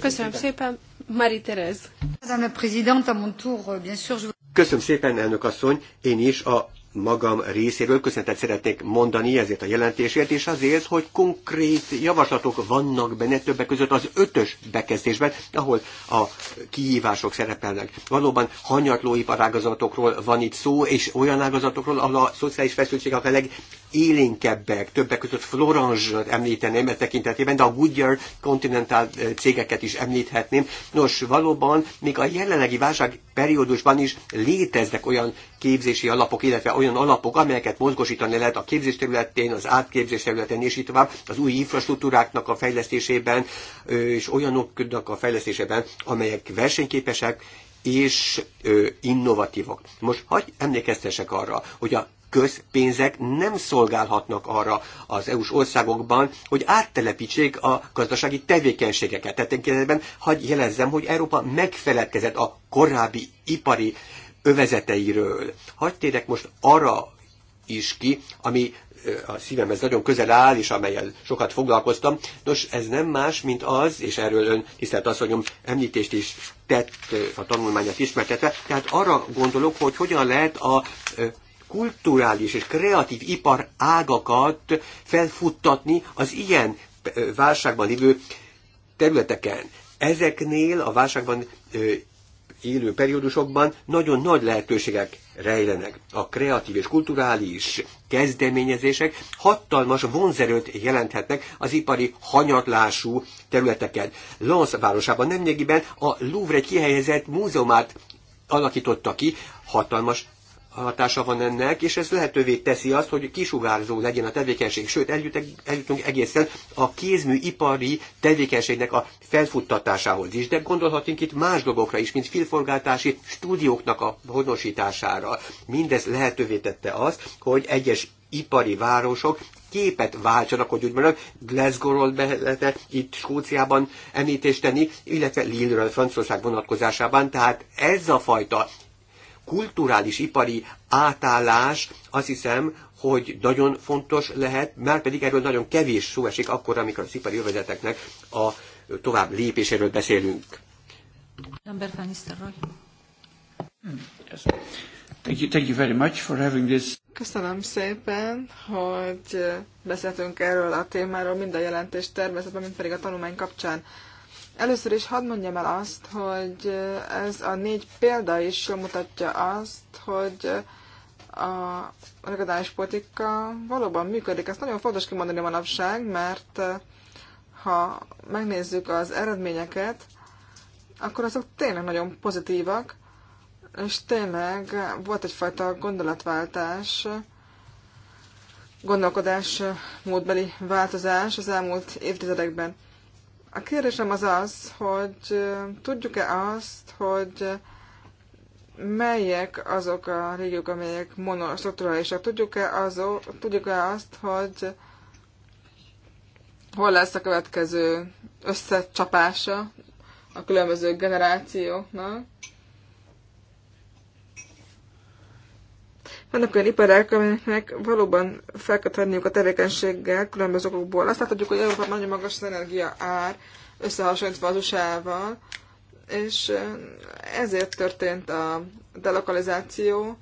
Köszönöm szépen, Marie Terez. Madame Présidente, à mon tour, euh, bien sûr, je... Köszönöm szépen, elnök asszony. Én is a magam részéről köszönetet szeretnék mondani ezért a jelentésért, és azért, hogy konkrét javaslatok vannak benne többek között az ötös bekezdésben, ahol a kihívások szerepelnek. Valóban hanyatlóiparágazatokról van itt szó, és olyan ágazatokról, ahol a szociális feszültség a legélénkebbek, többek között florange említeném e tekintetében, de a Goodyear Continental eh, cégeket is említhetném. Nos, valóban még a jelenlegi válság periódusban is léteznek olyan képzési alapok, illetve olyan alapok, amelyeket mozgosítani lehet a képzés területén, az átképzés területén, és így tovább, az új infrastruktúráknak a fejlesztésében, és olyanoknak a fejlesztésében, amelyek versenyképesek és innovatívak. Most hagyj emlékeztessek arra, hogy a közpénzek nem szolgálhatnak arra az EU-s országokban, hogy áttelepítsék a gazdasági tevékenységeket. Tehát ebben hagyj jelezzem, hogy Európa megfeledkezett a korábbi ipari övezeteiről. Hadd térek most arra is ki, ami a szívemhez nagyon közel áll, és amelyel sokat foglalkoztam. Nos, ez nem más, mint az, és erről ön, tisztelt asszonyom, említést is tett a tanulmányát ismertetve, tehát arra gondolok, hogy hogyan lehet a kulturális és kreatív ipar ágakat felfuttatni az ilyen válságban lévő területeken. Ezeknél a válságban élő periódusokban nagyon nagy lehetőségek rejlenek. A kreatív és kulturális kezdeményezések hatalmas vonzerőt jelenthetnek az ipari hanyatlású területeken. Lens városában nemnyegiben a Louvre kihelyezett múzeumát alakította ki, hatalmas hatása van ennek, és ez lehetővé teszi azt, hogy kisugárzó legyen a tevékenység, sőt, eljutunk egészen a kézmű ipari tevékenységnek a felfuttatásához is, de gondolhatunk itt más dolgokra is, mint filforgátási stúdióknak a honosítására. Mindez lehetővé tette azt, hogy egyes ipari városok képet váltsanak, hogy úgy mondjam, Glasgow-ról lehetne itt Skóciában említést tenni, illetve Lille-ről Franciaország vonatkozásában. Tehát ez a fajta kulturális ipari átállás azt hiszem, hogy nagyon fontos lehet, mert pedig erről nagyon kevés szó esik akkor, amikor az ipari övezeteknek a tovább lépéséről beszélünk. Thank you, thank you very much for having this. Köszönöm szépen, hogy beszéltünk erről a témáról mind a jelentés természetben, mind pedig a tanulmány kapcsán. Először is hadd mondjam el azt, hogy ez a négy példa is jól mutatja azt, hogy a regionális politika valóban működik. Ezt nagyon fontos kimondani manapság, mert eh, ha megnézzük az eredményeket, akkor azok tényleg nagyon pozitívak, és tényleg volt egyfajta gondolatváltás, gondolkodás, módbeli változás az elmúlt évtizedekben. A kérdésem az az, hogy tudjuk-e azt, hogy melyek azok a régiók, amelyek monostrukturálisak? Tudjuk-e, tudjuk-e azt, hogy hol lesz a következő összecsapása a különböző generációknak? Vannak olyan iparák, amelyeknek valóban fel kell tenniük a tevékenységgel különböző okokból. Azt láthatjuk, hogy Európában nagyon magas az energia ár, összehasonlítva az usa és eh, ezért történt a delokalizáció,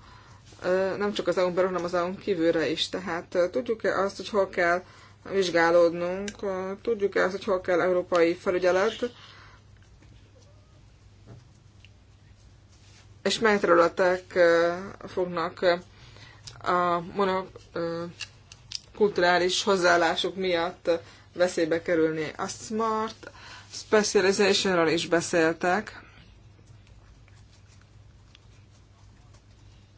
eh, nem csak az EU-n belül, hanem az EU-n kívülre is. Tehát eh, tudjuk-e azt, hogy hol kell vizsgálódnunk, tudjuk-e azt, hogy hol kell európai felügyelet, és mely területek fognak a monokulturális hozzáállások miatt veszélybe kerülni. A smart specializationról is beszéltek.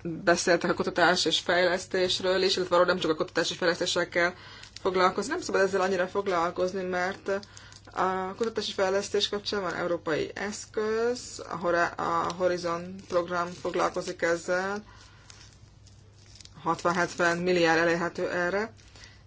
Beszéltek a kutatás és fejlesztésről is, illetve nem csak a kutatás és fejlesztésekkel foglalkozni. Nem szabad ezzel annyira foglalkozni, mert a kutatási fejlesztés kapcsán van európai eszköz, a Horizon program foglalkozik ezzel, 60-70 milliárd elérhető erre,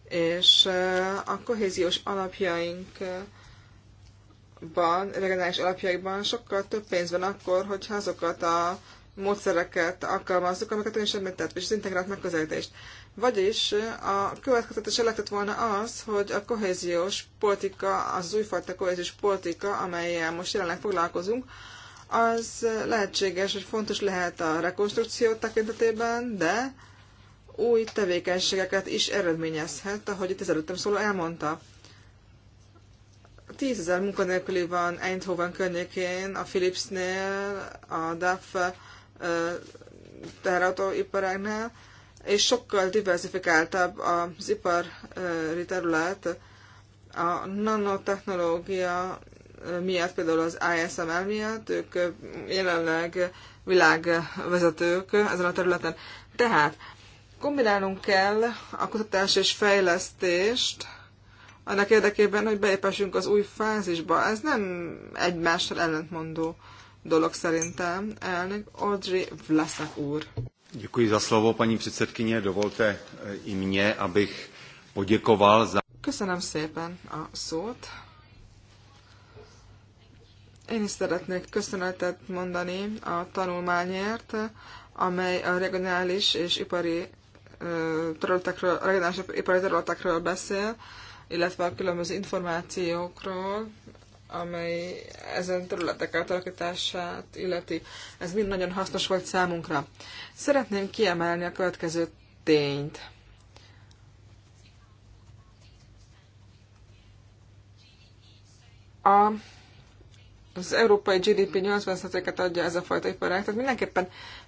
és eh, a kohéziós alapjainkban, regionális alapjaikban sokkal több pénz van akkor, hogyha azokat a módszereket alkalmazzuk, amiket ön is említett, és az integrált megközelítést. Vagyis eh, a következetes lehetett volna az, hogy a kohéziós politika, az újfajta kohéziós politika, amelyel most jelenleg foglalkozunk, az lehetséges, hogy fontos lehet a rekonstrukció tekintetében, de új tevékenységeket is eredményezhet, ahogy itt az előttem szóló elmondta. Tízezer munkanélküli van Eindhoven környékén, a Philipsnél, a DAF teherautóiparágnál, és sokkal diversifikáltabb az ipari terület. A nanotechnológia miatt, például az ISML miatt, ők jelenleg világvezetők ezen a területen. Tehát Kombinálnunk kell a kutatás és fejlesztést annak érdekében, hogy beépessünk az új fázisba. Ez nem egymással ellentmondó dolog szerintem. Elnök Audrey Vlasak úr. Děkuji za slovo, paní předsedkyně. Dovolte eh, i mě, abych poděkoval za... Köszönöm szépen a szót. Én is szeretnék köszönetet mondani a tanulmányért, amely a regionális és ipari területekről, a regionális ipari területekről beszél, illetve a különböző információkról, amely ezen területek átalakítását illeti. Ez mind nagyon hasznos volt számunkra. Szeretném kiemelni a következő tényt. A az európai GDP 80%-et adja ez a fajta iparág, tehát mindenképpen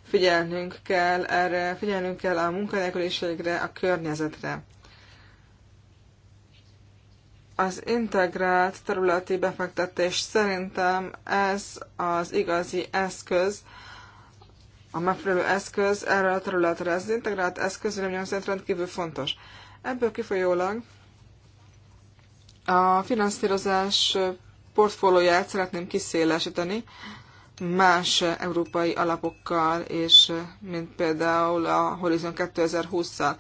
figyelnünk kell erre, figyelnünk kell a munkanélküliségre, a környezetre. Az integrált területi befektetés szerintem ez az igazi eszköz, a megfelelő eszköz erre a területre. Ez az integrált eszköz nagyon szerint rendkívül fontos. Ebből kifolyólag a finanszírozás portfólióját szeretném kiszélesíteni más európai alapokkal, és mint például a Horizon 2020-szal.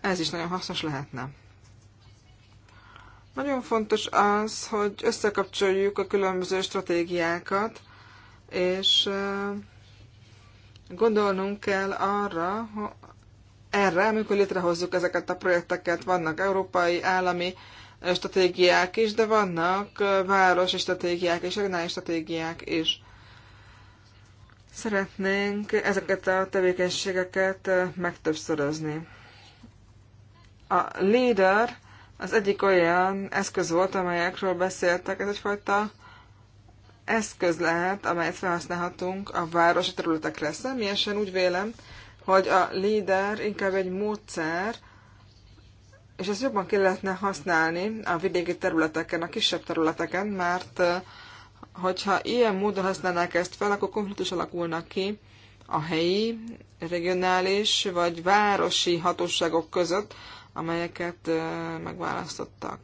Ez is nagyon hasznos lehetne. Nagyon fontos az, hogy összekapcsoljuk a különböző stratégiákat, és gondolnunk kell arra, erre, amikor létrehozzuk ezeket a projekteket, vannak európai, állami stratégiák is, de vannak városi stratégiák és regionális stratégiák is. Szeretnénk ezeket a tevékenységeket megtöbbszörözni. A LEADER az egyik olyan eszköz volt, amelyekről beszéltek, ez egyfajta eszköz lehet, amelyet felhasználhatunk a városi területekre. Személyesen úgy vélem, hogy a LEADER inkább egy módszer, és ezt jobban ki lehetne használni a vidéki területeken, a kisebb területeken, mert hogyha ilyen módon használnák ezt fel, akkor konfliktus alakulnak ki a helyi, regionális vagy városi hatóságok között, amelyeket megválasztottak.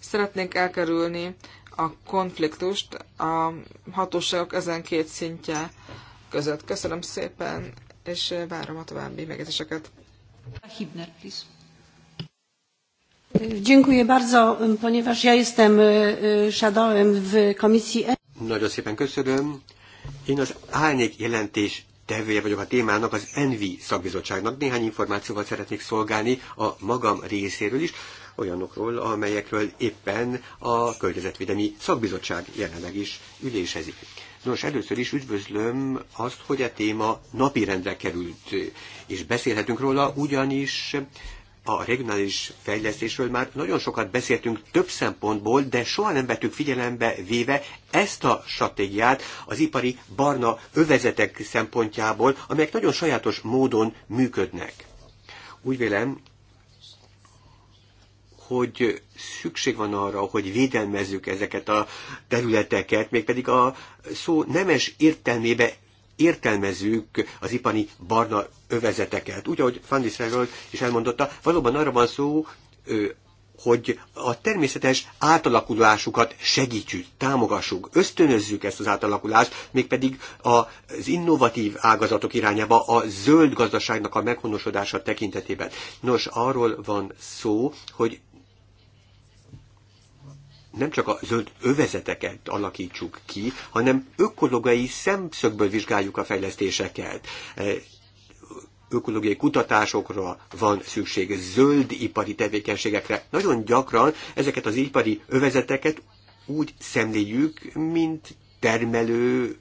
Szeretnénk elkerülni a konfliktust a hatóságok ezen két szintje között. Köszönöm szépen! és eh, várom a további megjegyzéseket. Hibner, please. Dziękuję bardzo, ponieważ ja jestem e, e, shadowem w komisji. E- Nagyon szépen köszönöm. Én az árnyék jelentés tevője vagyok a témának, az ENVI szakbizottságnak. Néhány információval szeretnék szolgálni a magam részéről is, olyanokról, amelyekről éppen a Környezetvédelmi Szakbizottság jelenleg is ülésezik. Nos, először is üdvözlöm azt, hogy a e téma napirendre került, és beszélhetünk róla, ugyanis a regionális fejlesztésről már nagyon sokat beszéltünk több szempontból, de soha nem vettük figyelembe véve ezt a stratégiát az ipari barna övezetek szempontjából, amelyek nagyon sajátos módon működnek. Úgy vélem, hogy szükség van arra, hogy védelmezzük ezeket a területeket, mégpedig a szó nemes értelmébe értelmezzük az Ipani barna övezeteket. Úgy, ahogy Fandiszerről is elmondotta, valóban arra van szó, hogy a természetes átalakulásukat segítsük, támogassuk, ösztönözzük ezt az átalakulást, mégpedig az innovatív ágazatok irányába, a zöld gazdaságnak a meghonosodása tekintetében. Nos, arról van szó, hogy nem csak a zöld övezeteket alakítsuk ki, hanem ökológiai szemszögből vizsgáljuk a fejlesztéseket e, ökológiai kutatásokra van szükség, zöld ipari tevékenységekre. Nagyon gyakran ezeket az ipari övezeteket úgy szemléljük, mint termelő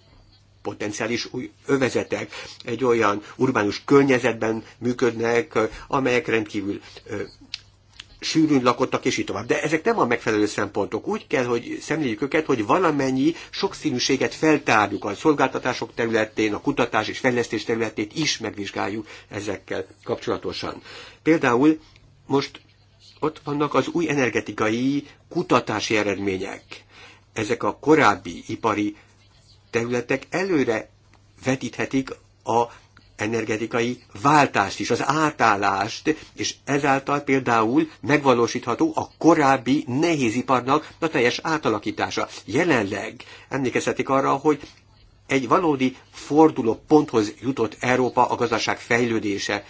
potenciális új övezetek. Egy olyan urbánus környezetben működnek, amelyek rendkívül sűrűn lakottak, és így tovább. De ezek nem a megfelelő szempontok. Úgy kell, hogy szemléljük őket, hogy valamennyi sokszínűséget feltárjuk a szolgáltatások területén, a kutatás és fejlesztés területét is megvizsgáljuk ezekkel kapcsolatosan. Például most ott vannak az új energetikai kutatási eredmények. Ezek a korábbi ipari területek előre vetíthetik a energetikai váltást is, az átállást, és ezáltal például megvalósítható a korábbi nehéziparnak a teljes átalakítása. Jelenleg emlékezhetik arra, hogy egy valódi forduló ponthoz jutott Európa a gazdaság fejlődése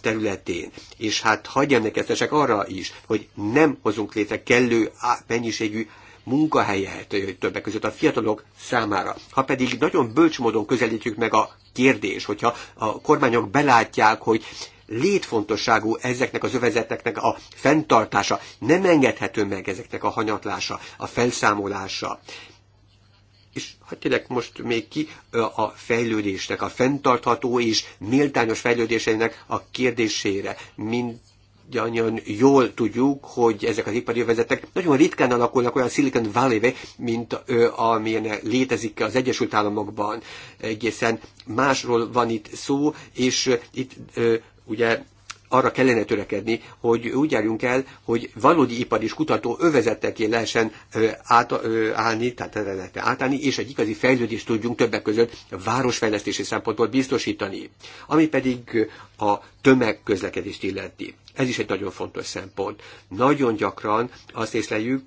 területén. És hát hagyj emlékeztesek arra is, hogy nem hozunk létre kellő mennyiségű munkahelyet többek között a fiatalok számára. Ha pedig nagyon bölcs módon közelítjük meg a kérdés, hogyha a kormányok belátják, hogy létfontosságú ezeknek az övezeteknek a fenntartása, nem engedhető meg ezeknek a hanyatlása, a felszámolása. És hát tényleg most még ki a fejlődésnek, a fenntartható és méltányos fejlődésének a kérdésére, mint nagyon jól tudjuk, hogy ezek az ipari övezetek nagyon ritkán alakulnak olyan Silicon valley be mint ö, amilyen létezik az Egyesült Államokban. Egészen másról van itt szó, és itt ö, ugye arra kellene törekedni, hogy úgy járjunk el, hogy valódi ipar és kutató övezetteké lehessen átállni, tehát átállni, és egy igazi fejlődést tudjunk többek között városfejlesztési szempontból biztosítani. Ami pedig a tömegközlekedést illeti. Ez is egy nagyon fontos szempont. Nagyon gyakran azt észleljük,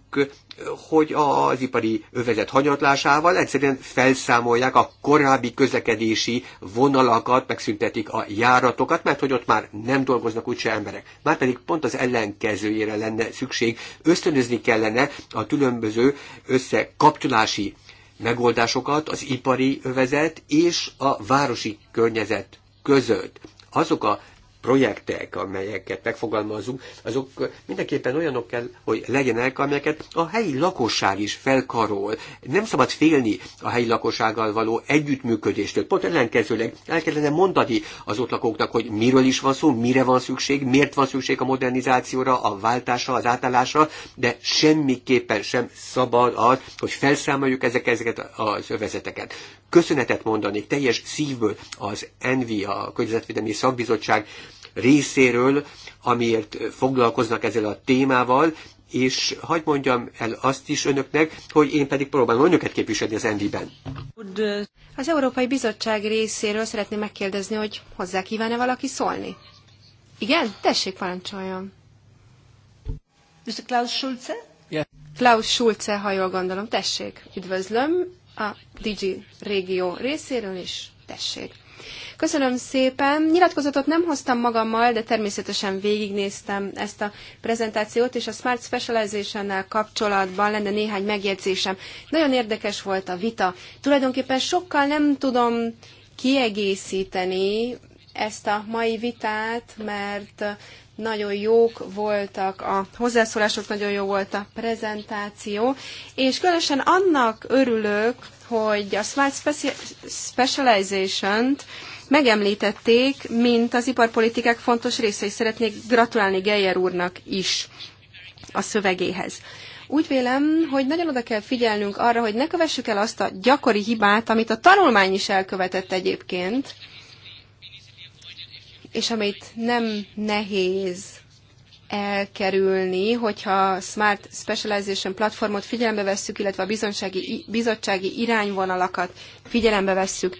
hogy az ipari övezet hanyatlásával egyszerűen felszámolják a korábbi közlekedési vonalakat, megszüntetik a járatokat, mert hogy ott már nem dolgoznak úgyse emberek. pedig pont az ellenkezőjére lenne szükség. Ösztönözni kellene a különböző összekapcsolási megoldásokat az ipari övezet és a városi környezet között. Azok a projektek, amelyeket megfogalmazunk, azok mindenképpen olyanok kell, hogy legyenek, amelyeket a helyi lakosság is felkarol. Nem szabad félni a helyi lakossággal való együttműködéstől. Pont ellenkezőleg el kellene mondani az ott lakóknak, hogy miről is van szó, mire van szükség, miért van szükség a modernizációra, a váltásra, az átállásra, de semmiképpen sem szabad az, hogy felszámoljuk ezek, ezeket az övezeteket köszönetet mondanék teljes szívből az ENVI, a Környezetvédelmi Szakbizottság részéről, amiért foglalkoznak ezzel a témával, és hagyd mondjam el azt is önöknek, hogy én pedig próbálom önöket képviselni az Envi-ben. Az Európai Bizottság részéről szeretném megkérdezni, hogy hozzá kíván-e valaki szólni? Igen? Tessék, parancsoljon. Mr. Klaus Schulze? Yeah. Klaus Schulze, ha jól gondolom. Tessék, üdvözlöm a Digi régió részéről is. Tessék! Köszönöm szépen. Nyilatkozatot nem hoztam magammal, de természetesen végignéztem ezt a prezentációt, és a Smart specialization kapcsolatban lenne néhány megjegyzésem. Nagyon érdekes volt a vita. Tulajdonképpen sokkal nem tudom kiegészíteni ezt a mai vitát, mert nagyon jók voltak a hozzászólások, nagyon jó volt a prezentáció, és különösen annak örülök, hogy a Smart Specialization-t megemlítették, mint az iparpolitikák fontos része, és szeretnék gratulálni Geyer úrnak is a szövegéhez. Úgy vélem, hogy nagyon oda kell figyelnünk arra, hogy ne kövessük el azt a gyakori hibát, amit a tanulmány is elkövetett egyébként, és amit nem nehéz elkerülni, hogyha a Smart Specialization platformot figyelembe vesszük, illetve a bizonsági, bizottsági irányvonalakat figyelembe vesszük.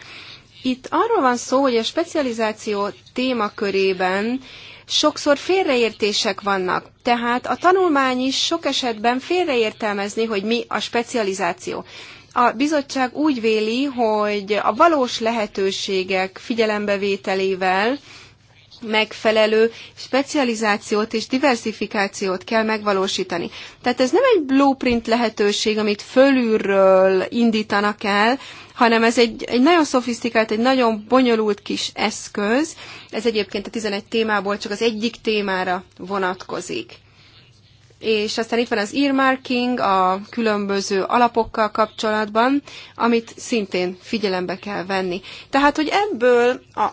Itt arról van szó, hogy a specializáció témakörében sokszor félreértések vannak. Tehát a tanulmány is sok esetben félreértelmezni, hogy mi a specializáció. A bizottság úgy véli, hogy a valós lehetőségek figyelembevételével megfelelő specializációt és diversifikációt kell megvalósítani. Tehát ez nem egy blueprint lehetőség, amit fölülről indítanak el, hanem ez egy, egy nagyon szofisztikált, egy nagyon bonyolult kis eszköz. Ez egyébként a 11 témából csak az egyik témára vonatkozik. És aztán itt van az earmarking a különböző alapokkal kapcsolatban, amit szintén figyelembe kell venni. Tehát, hogy ebből a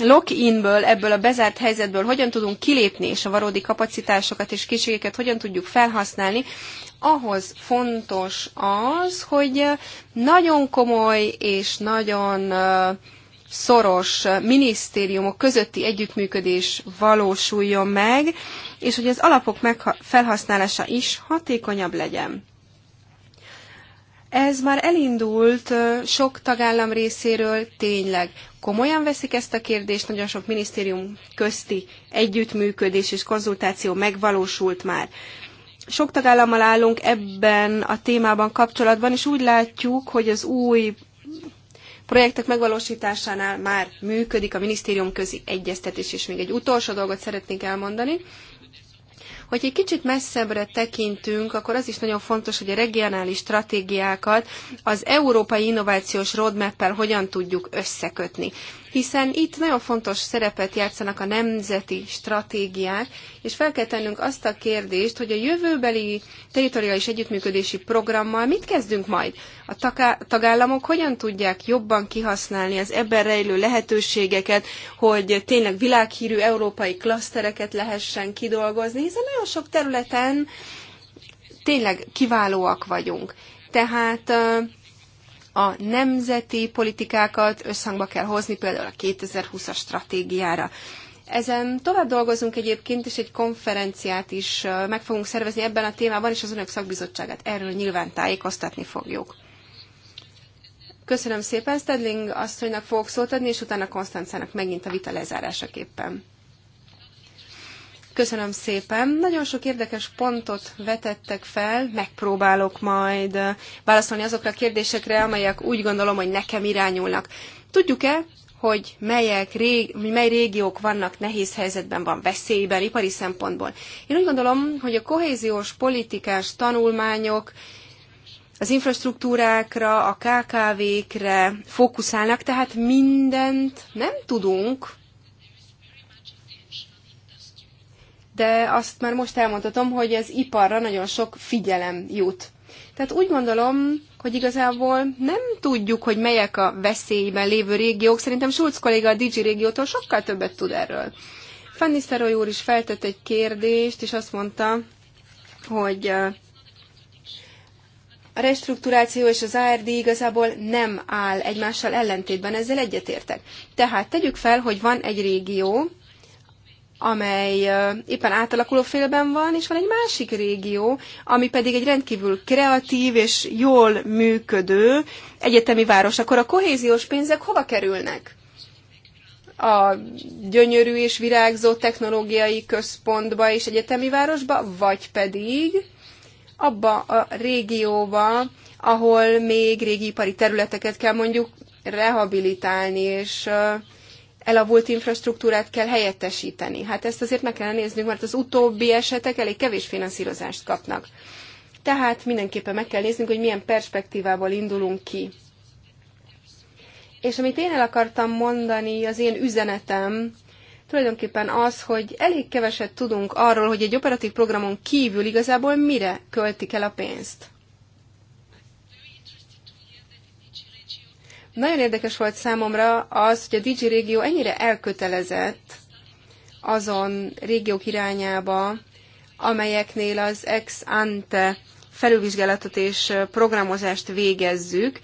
lock-inből, ebből a bezárt helyzetből hogyan tudunk kilépni, és a valódi kapacitásokat és készségeket hogyan tudjuk felhasználni, ahhoz fontos az, hogy nagyon komoly és nagyon szoros minisztériumok közötti együttműködés valósuljon meg, és hogy az alapok felhasználása is hatékonyabb legyen. Ez már elindult sok tagállam részéről tényleg komolyan veszik ezt a kérdést, nagyon sok minisztérium közti együttműködés és konzultáció megvalósult már. Sok tagállammal állunk ebben a témában kapcsolatban, és úgy látjuk, hogy az új projektek megvalósításánál már működik a minisztérium közi egyeztetés, és még egy utolsó dolgot szeretnék elmondani. Hogy egy kicsit messzebbre tekintünk, akkor az is nagyon fontos, hogy a regionális stratégiákat az európai innovációs roadmap-el hogyan tudjuk összekötni hiszen itt nagyon fontos szerepet játszanak a nemzeti stratégiák, és fel kell tennünk azt a kérdést, hogy a jövőbeli teritoriális együttműködési programmal mit kezdünk majd? A tagállamok hogyan tudják jobban kihasználni az ebben rejlő lehetőségeket, hogy tényleg világhírű európai klasztereket lehessen kidolgozni, hiszen nagyon sok területen tényleg kiválóak vagyunk. Tehát a nemzeti politikákat összhangba kell hozni, például a 2020-as stratégiára. Ezen tovább dolgozunk egyébként, és egy konferenciát is meg fogunk szervezni ebben a témában, és az önök szakbizottságát erről nyilván tájékoztatni fogjuk. Köszönöm szépen, Stedling asszonynak fogok szót adni, és utána Konstancának megint a vita lezárásaképpen. Köszönöm szépen. Nagyon sok érdekes pontot vetettek fel, megpróbálok majd válaszolni azokra a kérdésekre, amelyek úgy gondolom, hogy nekem irányulnak. Tudjuk-e, hogy melyek, rég, mely régiók vannak nehéz helyzetben, van veszélyben ipari szempontból. Én úgy gondolom, hogy a kohéziós politikás tanulmányok az infrastruktúrákra, a KKV-kre fókuszálnak, tehát mindent nem tudunk de azt már most elmondhatom, hogy az iparra nagyon sok figyelem jut. Tehát úgy gondolom, hogy igazából nem tudjuk, hogy melyek a veszélyben lévő régiók. Szerintem Schulz kolléga a Digi régiótól sokkal többet tud erről. Fanny Szeroly úr is feltett egy kérdést, és azt mondta, hogy a restruktúráció és az ARD igazából nem áll egymással ellentétben, ezzel egyetértek. Tehát tegyük fel, hogy van egy régió, amely éppen átalakuló félben van, és van egy másik régió, ami pedig egy rendkívül kreatív és jól működő egyetemi város. Akkor a kohéziós pénzek hova kerülnek? A gyönyörű és virágzó technológiai központba és egyetemi városba, vagy pedig abba a régióba, ahol még régi ipari területeket kell mondjuk rehabilitálni, és elavult infrastruktúrát kell helyettesíteni. Hát ezt azért meg kellene néznünk, mert az utóbbi esetek elég kevés finanszírozást kapnak. Tehát mindenképpen meg kell néznünk, hogy milyen perspektívából indulunk ki. És amit én el akartam mondani, az én üzenetem, tulajdonképpen az, hogy elég keveset tudunk arról, hogy egy operatív programon kívül igazából mire költik el a pénzt. Nagyon érdekes volt számomra az, hogy a Digi régió ennyire elkötelezett azon régiók irányába, amelyeknél az ex ante felülvizsgálatot és programozást végezzük.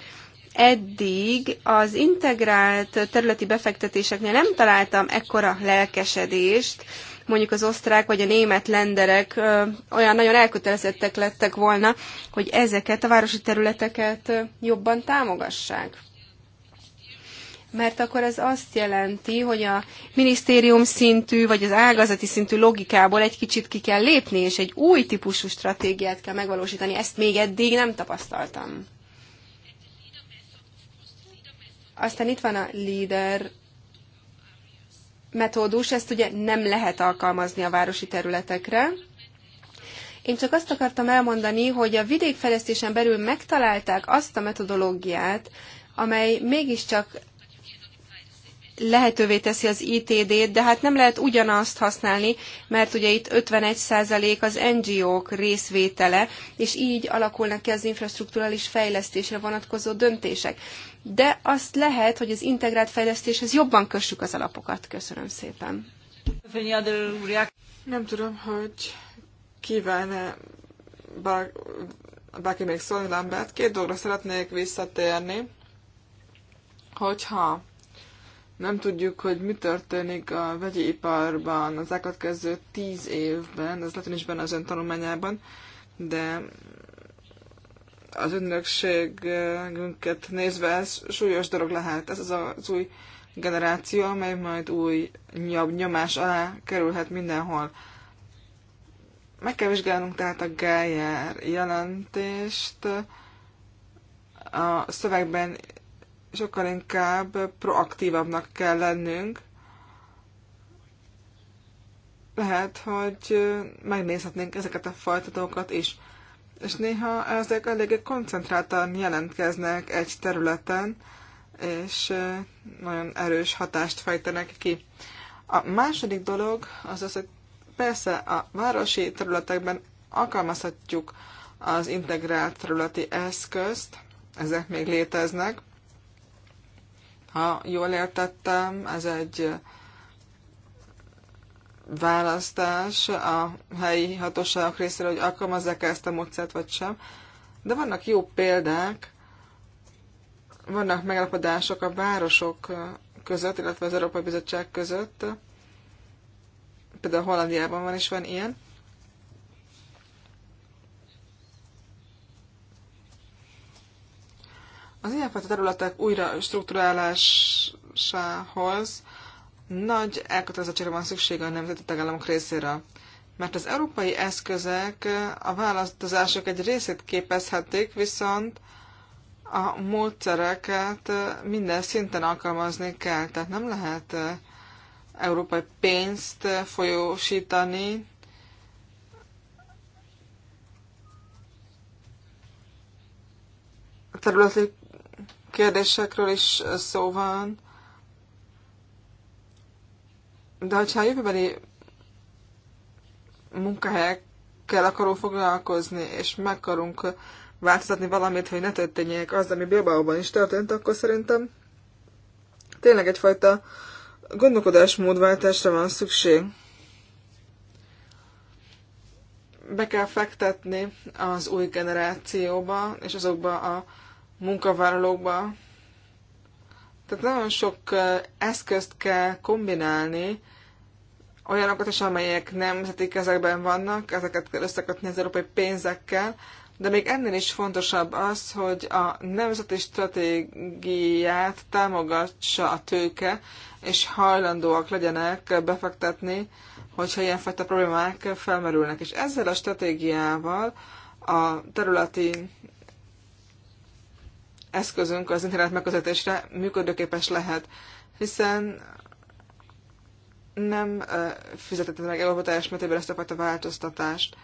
Eddig az integrált területi befektetéseknél nem találtam ekkora lelkesedést, mondjuk az osztrák vagy a német lenderek olyan nagyon elkötelezettek lettek volna, hogy ezeket a városi területeket jobban támogassák mert akkor ez azt jelenti, hogy a minisztérium szintű, vagy az ágazati szintű logikából egy kicsit ki kell lépni, és egy új típusú stratégiát kell megvalósítani. Ezt még eddig nem tapasztaltam. Aztán itt van a leader metódus, ezt ugye nem lehet alkalmazni a városi területekre. Én csak azt akartam elmondani, hogy a vidékfejlesztésen belül megtalálták azt a metodológiát, amely mégiscsak lehetővé teszi az ITD-t, de hát nem lehet ugyanazt használni, mert ugye itt 51% az NGO-k részvétele, és így alakulnak ki az infrastruktúrális fejlesztésre vonatkozó döntések. De azt lehet, hogy az integrált fejlesztéshez jobban kössük az alapokat. Köszönöm szépen. Nem tudom, hogy kíván-e bár, bárki még szólni, Lambert. Két dologra szeretnék visszatérni, hogyha nem tudjuk, hogy mi történik a vegyi iparban az elkövetkező tíz évben, ez lehet, is benne az ön tanulmányában, de az ünnökségünket nézve ez súlyos dolog lehet. Ez az az új generáció, amely majd új nyomás alá kerülhet mindenhol. Meg kell vizsgálnunk tehát a Geyer jelentést. A szövegben sokkal inkább proaktívabbnak kell lennünk. Lehet, hogy megnézhetnénk ezeket a fajtatókat is. És néha ezek eléggé koncentráltan jelentkeznek egy területen, és nagyon erős hatást fejtenek ki. A második dolog az az, hogy persze a városi területekben alkalmazhatjuk az integrált területi eszközt, ezek még léteznek, ha jól értettem, ez egy választás a helyi hatóságok részéről, hogy alkalmazzák -e ezt a módszert vagy sem. De vannak jó példák, vannak megalapodások a városok között, illetve az Európai Bizottság között. Például Hollandiában van is van ilyen. Az ilyenfajta területek újra struktúrálásához nagy elkötelezettségre van szüksége a nemzeti tagállamok részéről. Mert az európai eszközek a választások egy részét képezhetik, viszont a módszereket minden szinten alkalmazni kell. Tehát nem lehet eh, európai pénzt eh, folyósítani, területi kérdésekről is szó van. De hogyha a jövőbeli munkahelyekkel akarunk foglalkozni, és meg akarunk változtatni valamit, hogy ne történjék az, ami Bilbaóban is történt, akkor szerintem tényleg egyfajta gondolkodásmódváltásra van szükség. Be kell fektetni az új generációba, és azokba a munkavállalókba. Tehát nagyon sok eszközt kell kombinálni, olyanokat is, amelyek nemzeti kezekben vannak, ezeket kell összekötni az európai pénzekkel, de még ennél is fontosabb az, hogy a nemzeti stratégiát támogassa a tőke, és hajlandóak legyenek befektetni, hogyha ilyenfajta problémák felmerülnek. És ezzel a stratégiával a területi eszközünk az internet megközelítésre működőképes lehet, hiszen nem fizetett meg Európa teljes mértékben ezt a fajta változtatást.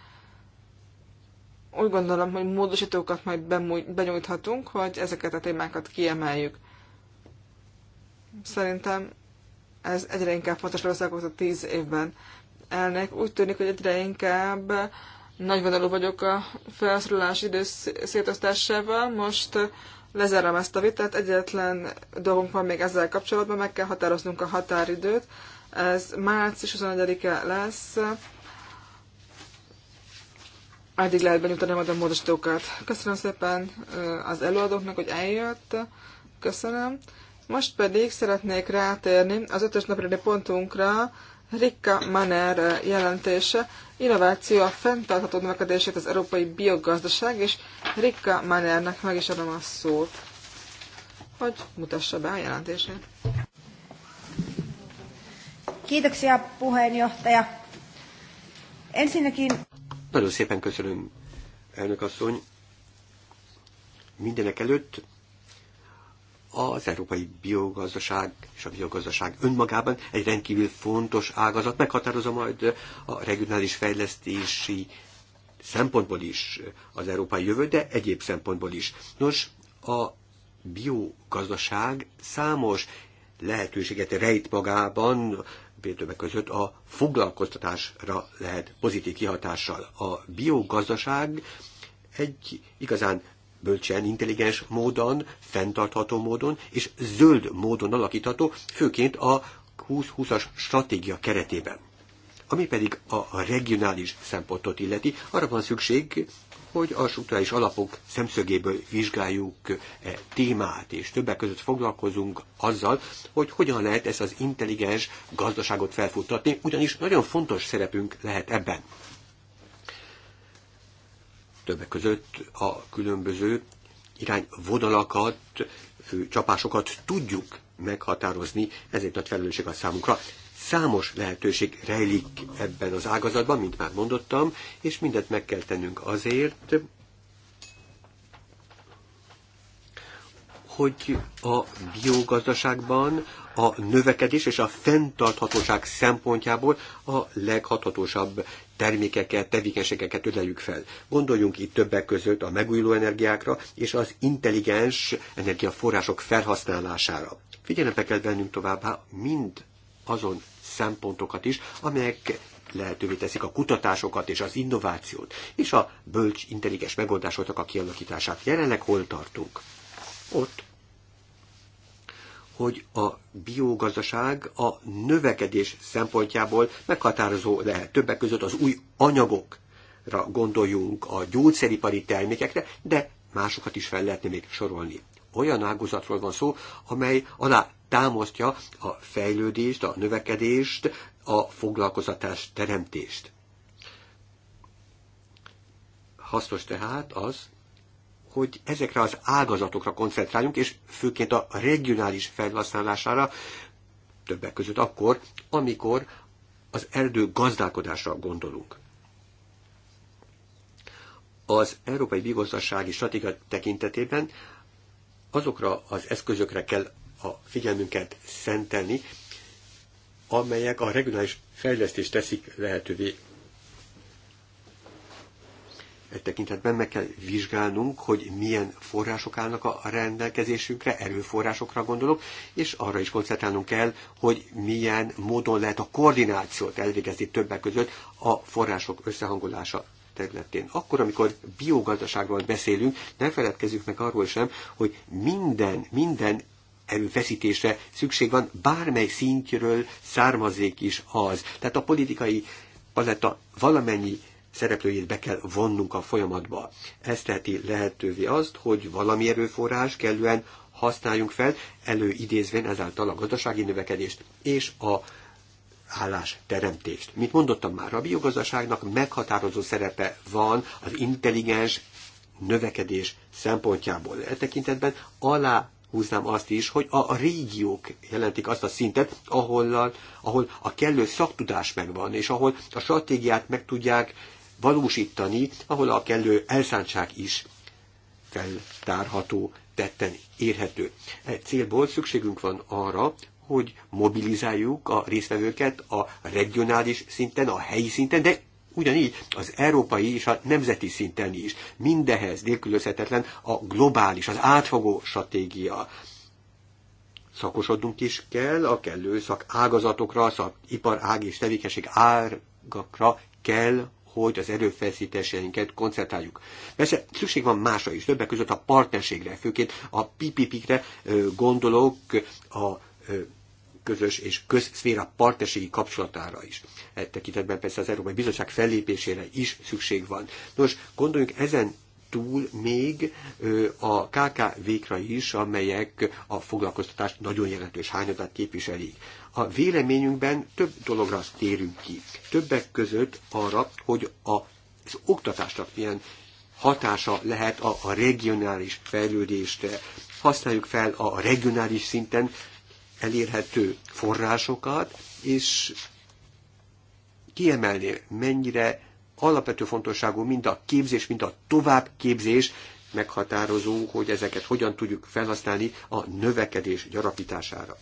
Úgy gondolom, hogy módosítókat majd benyújthatunk, hogy ezeket a témákat kiemeljük. Szerintem ez egyre inkább fontos lesz a tíz évben. Elnek úgy tűnik, hogy egyre inkább nagyvonalú vagyok a felszólalás idő szétosztásával. Most Lezárom ezt a vitát, egyetlen dolgunk van még ezzel kapcsolatban, meg kell határoznunk a határidőt. Ez március 21-e lesz. Addig lehet benyújtani a módosítókat. Köszönöm szépen az előadóknak, hogy eljött. Köszönöm. Most pedig szeretnék rátérni az ötös napi pontunkra, Rikka Manner eh, jelentése, innováció a fenntartható növekedését az európai biogazdaság, és Rikka Manernek meg is adom a szót, hogy mutassa be a jelentését. Kiitoksia puheenjohtaja. Ensinnäkin... Nagyon szépen köszönöm, elnök asszony. Mindenek előtt az európai biogazdaság és a biogazdaság önmagában egy rendkívül fontos ágazat, meghatározza majd a regionális fejlesztési szempontból is az európai jövő, de egyéb szempontból is. Nos, a biogazdaság számos lehetőséget rejt magában, többek között a foglalkoztatásra lehet pozitív kihatással. A biogazdaság egy igazán bölcsen, intelligens módon, fenntartható módon és zöld módon alakítható, főként a 2020-as stratégia keretében. Ami pedig a regionális szempontot illeti, arra van szükség, hogy a struktúrális alapok szemszögéből vizsgáljuk e témát, és többek között foglalkozunk azzal, hogy hogyan lehet ezt az intelligens gazdaságot felfuttatni, ugyanis nagyon fontos szerepünk lehet ebben többek között a különböző irányvonalakat, csapásokat tudjuk meghatározni, ezért nagy felelősség a számunkra. Számos lehetőség rejlik ebben az ágazatban, mint már mondottam, és mindent meg kell tennünk azért, hogy a biogazdaságban a növekedés és a fenntarthatóság szempontjából a leghathatósabb termékeket, tevékenységeket ödeljük fel. Gondoljunk itt többek között a megújuló energiákra és az intelligens energiaforrások felhasználására. Figyelembe kell vennünk továbbá mind azon szempontokat is, amelyek lehetővé teszik a kutatásokat és az innovációt, és a bölcs, intelligens megoldásoknak a kialakítását. Jelenleg hol tartunk? Ott, hogy a biogazdaság a növekedés szempontjából meghatározó lehet. Többek között az új anyagokra gondoljunk, a gyógyszeripari termékekre, de másokat is fel lehetne még sorolni. Olyan ágazatról van szó, amely alá támasztja a fejlődést, a növekedést, a foglalkozatás teremtést. Hasznos tehát az, hogy ezekre az ágazatokra koncentráljunk, és főként a regionális felhasználására, többek között akkor, amikor az erdő gazdálkodásra gondolunk. Az Európai Bigazdasági Stratégia tekintetében azokra az eszközökre kell a figyelmünket szentelni, amelyek a regionális fejlesztést teszik lehetővé tekintetben meg kell vizsgálnunk, hogy milyen források állnak a rendelkezésünkre, erőforrásokra gondolok, és arra is koncentrálnunk kell, hogy milyen módon lehet a koordinációt elvégezni többek között a források összehangolása területén. Akkor, amikor biogazdaságról beszélünk, ne feledkezzük meg arról sem, hogy minden, minden erőfeszítésre szükség van, bármely szintjéről származék is az. Tehát a politikai paletta valamennyi szereplőjét be kell vonnunk a folyamatba. Ez teheti lehetővé azt, hogy valami erőforrás kellően használjunk fel, előidézvén ezáltal a gazdasági növekedést és a állásteremtést. Mint mondottam már, a biogazdaságnak meghatározó szerepe van az intelligens növekedés szempontjából. E tekintetben alá húznám azt is, hogy a régiók jelentik azt a szintet, ahol, ahol a kellő szaktudás megvan, és ahol a stratégiát meg tudják valósítani, ahol a kellő elszántság is feltárható, tetten érhető. E célból szükségünk van arra, hogy mobilizáljuk a résztvevőket a regionális szinten, a helyi szinten, de ugyanígy az európai és a nemzeti szinten is. Mindehez nélkülözhetetlen a globális, az átfogó stratégia. Szakosodnunk is kell, a kellő szak ágazatokra, szak iparág és tevékenység ágakra kell hogy az erőfeszítéseinket koncentráljuk. Persze szükség van másra is, többek között a partnerségre, főként a PPP-kre gondolok a közös és közszféra partnerségi kapcsolatára is. E tekintetben persze az Európai Bizottság fellépésére is szükség van. Nos, gondoljunk ezen túl még a KKV-kra is, amelyek a foglalkoztatást nagyon jelentős hányadát képviselik. A véleményünkben több dologra térünk ki. Többek között arra, hogy az oktatásnak milyen hatása lehet a, a regionális fejlődésre. Használjuk fel a regionális szinten elérhető forrásokat, és kiemelni, mennyire alapvető fontosságú mind a képzés, mind a továbbképzés meghatározó, hogy ezeket hogyan tudjuk felhasználni a növekedés gyarapítására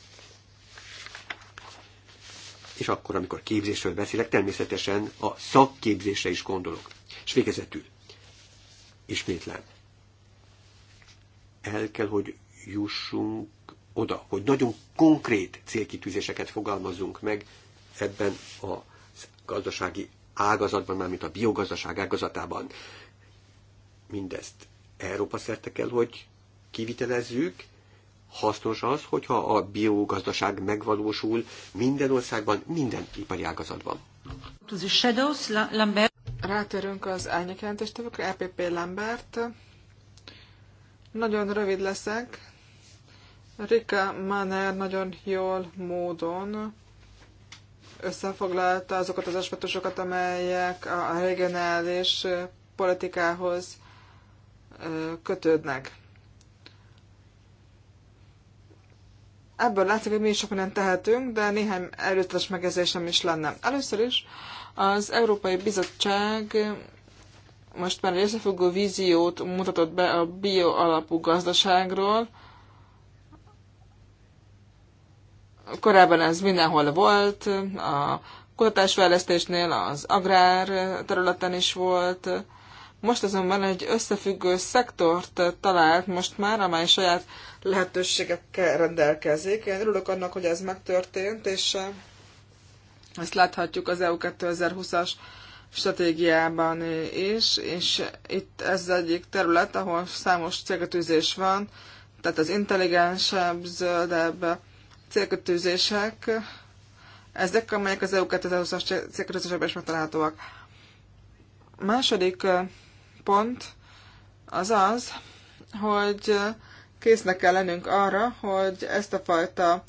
és akkor, amikor képzésről beszélek, természetesen a szakképzésre is gondolok. És végezetül, ismétlen, el kell, hogy jussunk oda, hogy nagyon konkrét célkitűzéseket fogalmazunk meg ebben a gazdasági ágazatban, mármint a biogazdaság ágazatában. Mindezt Európa szerte kell, hogy kivitelezzük, hasznos az, hogyha a biogazdaság megvalósul minden országban, minden ipari ágazatban. Rátérünk az árnyékjelentéstevőkre, EPP Lambert. Nagyon rövid leszek. Rika Manner nagyon jól módon összefoglalta azokat az aspektusokat, amelyek a regionális politikához kötődnek. ebből látszik, hogy mi is sok mindent tehetünk, de néhány előttes megjegyzésem is lenne. Először is az Európai Bizottság most már egy összefüggő víziót mutatott be a bio alapú gazdaságról. Korábban ez mindenhol volt, a kutatásfejlesztésnél, az agrár területen is volt, most azonban egy összefüggő szektort talált most már, amely saját lehetőségekkel rendelkezik. Én örülök annak, hogy ez megtörtént, és ezt láthatjuk az EU 2020-as stratégiában is, és itt ez egyik terület, ahol számos célkötőzés van, tehát az intelligensebb, zöldebb célkötőzések, ezek, amelyek az EU 2020-as célkötőzésekben is megtalálhatóak. Második pont az az, hogy késznek kell lennünk arra, hogy ezt a fajta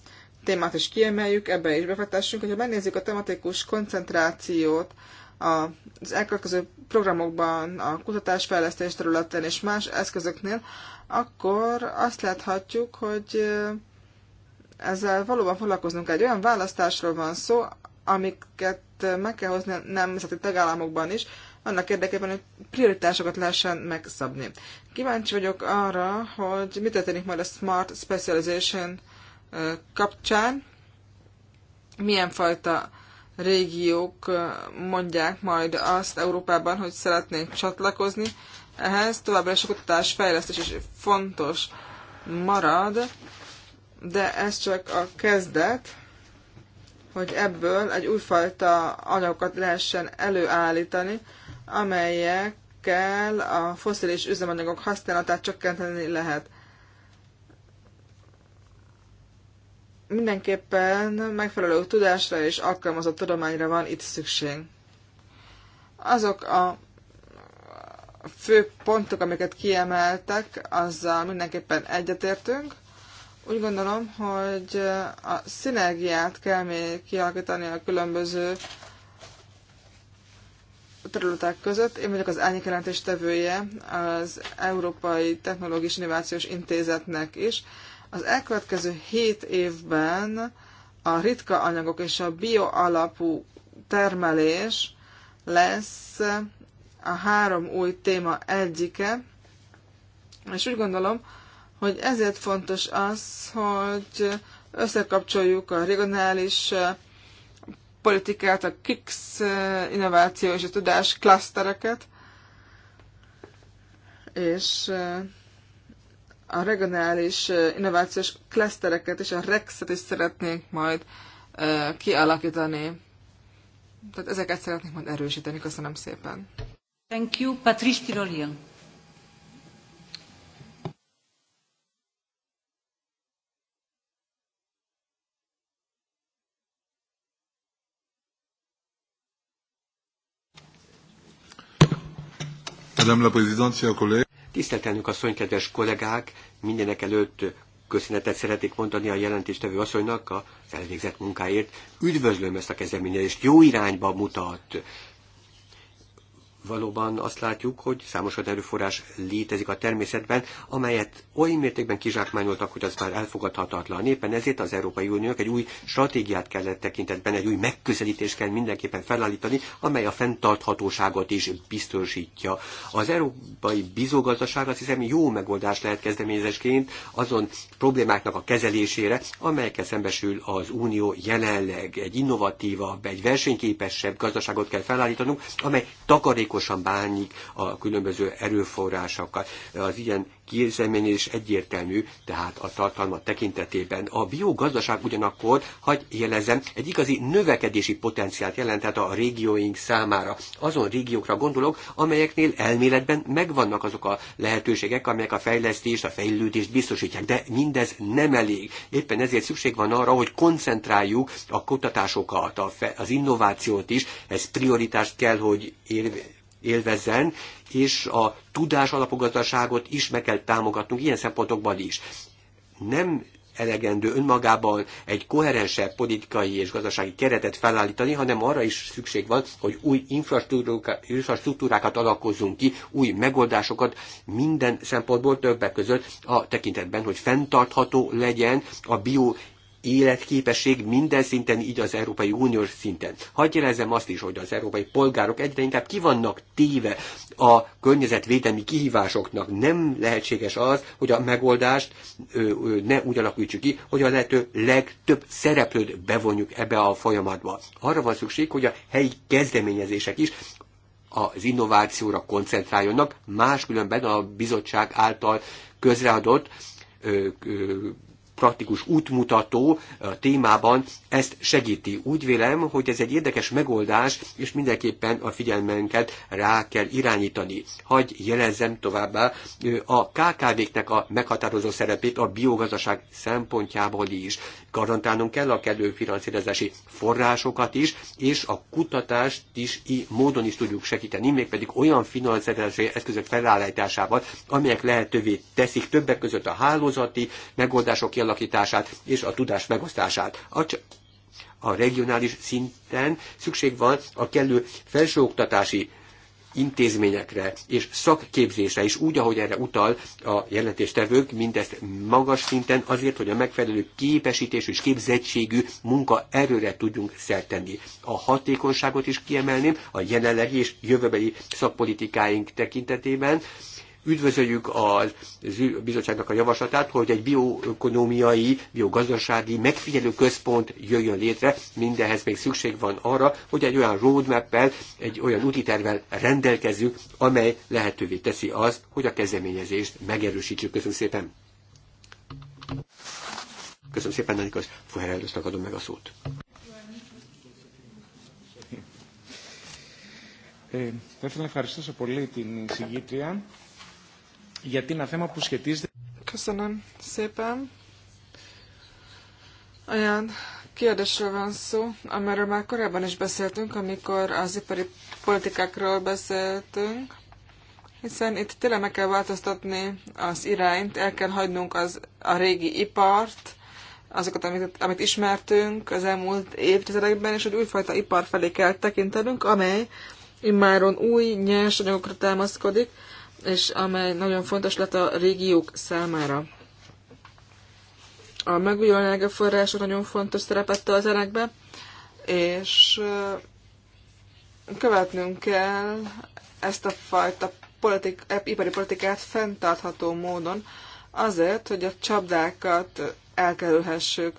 témát is kiemeljük, ebbe is befektessünk. Hogyha megnézzük a tematikus koncentrációt az elkövetkező programokban, a kutatásfejlesztés területen és más eszközöknél, akkor azt láthatjuk, hogy ezzel valóban foglalkoznunk. Egy olyan választásról van szó, amiket meg kell hozni nemzeti tagállamokban is, annak érdekében, hogy prioritásokat lehessen megszabni. Kíváncsi vagyok arra, hogy mit történik majd a Smart Specialization kapcsán, milyen fajta régiók mondják majd azt Európában, hogy szeretnénk csatlakozni ehhez. Továbbra is a kutatás, fejlesztés is fontos marad, de ez csak a kezdet, hogy ebből egy újfajta anyagokat lehessen előállítani, amelyekkel a foszilis üzemanyagok használatát csökkenteni lehet. Mindenképpen megfelelő tudásra és alkalmazott tudományra van itt szükség. Azok a fő pontok, amiket kiemeltek, azzal mindenképpen egyetértünk. Úgy gondolom, hogy a szinergiát kell még kialakítani a különböző területek között. Én vagyok az árnyék jelentéstevője az Európai Technológiai Innovációs Intézetnek is. Az elkövetkező 7 évben a ritka anyagok és a bioalapú termelés lesz a három új téma egyike, és úgy gondolom, hogy ezért fontos az, hogy összekapcsoljuk a regionális politikát, a KIX eh, innováció és a tudás klasztereket, és eh, a regionális eh, innovációs klasztereket és a REX-et is szeretnénk majd kialakítani. Tehát ezeket szeretnénk majd erősíteni. Köszönöm szépen. Thank you, Patrice Tirolien. Tisztelt elnök asszony, kedves kollégák, mindenek előtt köszönetet szeretnék mondani a jelentéstevő asszonynak az elvégzett munkáért. Üdvözlöm ezt a kezdeményezést, jó irányba mutat valóban azt látjuk, hogy számos olyan erőforrás létezik a természetben, amelyet oly mértékben kizsákmányoltak, hogy az már elfogadhatatlan. Éppen ezért az Európai Uniónak egy új stratégiát kellett tekintetben, egy új megközelítést kell mindenképpen felállítani, amely a fenntarthatóságot is biztosítja. Az Európai Bizogazdaság azt hiszem jó megoldás lehet kezdeményezésként azon problémáknak a kezelésére, amelyekkel szembesül az Unió jelenleg. Egy innovatívabb, egy versenyképesebb gazdaságot kell felállítanunk, amely takarék takarékosan bánik a különböző erőforrásokkal. Az ilyen kézeményés egyértelmű, tehát a tartalma tekintetében. A biogazdaság ugyanakkor, hagy jelezem, egy igazi növekedési potenciált jelentett a régióink számára. Azon régiókra gondolok, amelyeknél elméletben megvannak azok a lehetőségek, amelyek a fejlesztést, a fejlődést biztosítják, de mindez nem elég. Éppen ezért szükség van arra, hogy koncentráljuk a kutatásokat, az innovációt is, ez prioritást kell, hogy érve élvezzen, és a tudás alapogazdaságot is meg kell támogatnunk ilyen szempontokban is. Nem elegendő önmagában egy koherensebb politikai és gazdasági keretet felállítani, hanem arra is szükség van, hogy új infrastruktúrákat alakozzunk ki, új megoldásokat minden szempontból többek között a tekintetben, hogy fenntartható legyen a bio életképesség minden szinten, így az Európai Uniós szinten. Hagyj jelezem azt is, hogy az európai polgárok egyre inkább kivannak téve a környezetvédelmi kihívásoknak. Nem lehetséges az, hogy a megoldást ö, ö, ne úgy alakítsuk ki, hogy a lehető legtöbb szereplőt bevonjuk ebbe a folyamatba. Arra van szükség, hogy a helyi kezdeményezések is az innovációra koncentráljonnak, máskülönben a bizottság által közreadott ö, ö, praktikus útmutató témában ezt segíti. Úgy vélem, hogy ez egy érdekes megoldás, és mindenképpen a figyelmenket rá kell irányítani. Hagy jelezzem továbbá a KKV-knek a meghatározó szerepét a biogazdaság szempontjából is. Garantálnunk kell a kellő finanszírozási forrásokat is, és a kutatást is i módon is tudjuk segíteni, mégpedig olyan finanszírozási eszközök felállításával, amelyek lehetővé teszik többek között a hálózati megoldások kialakítását és a tudás megosztását. A a regionális szinten szükség van a kellő felsőoktatási intézményekre és szakképzésre is, úgy, ahogy erre utal a jelentéstevők, mindezt magas szinten azért, hogy a megfelelő képesítésű és képzettségű erőre tudjunk szertenni. A hatékonyságot is kiemelném a jelenlegi és jövőbeli szakpolitikáink tekintetében, Üdvözöljük a bizottságnak a javaslatát, hogy egy bioökonomiai, biogazdasági megfigyelő központ jöjjön létre. Mindehez még szükség van arra, hogy egy olyan roadmap-el, egy olyan útitervel rendelkezzük, amely lehetővé teszi azt, hogy a kezdeményezést megerősítsük. Köszönöm szépen! Köszönöm szépen, Nenikos Fuhereldosznak adom meg a szót. Θα ήθελα να ευχαριστήσω πολύ την συγκήτρια γιατί είναι θέμα που σχετίζεται... Köszönöm szépen. Olyan kérdésről van szó, amiről már korábban is beszéltünk, amikor az ipari politikákról beszéltünk, hiszen itt tényleg meg kell változtatni az irányt, el kell hagynunk az, a régi ipart, azokat, amit, amit ismertünk az elmúlt évtizedekben, és hogy újfajta ipar felé kell tekintenünk, amely immáron új nyers anyagokra támaszkodik, és amely nagyon fontos lett a régiók számára. A megújuló energiaforrások nagyon fontos szerepet az be, és követnünk kell ezt a fajta politik, e, ipari politikát fenntartható módon, azért, hogy a csapdákat elkerülhessük.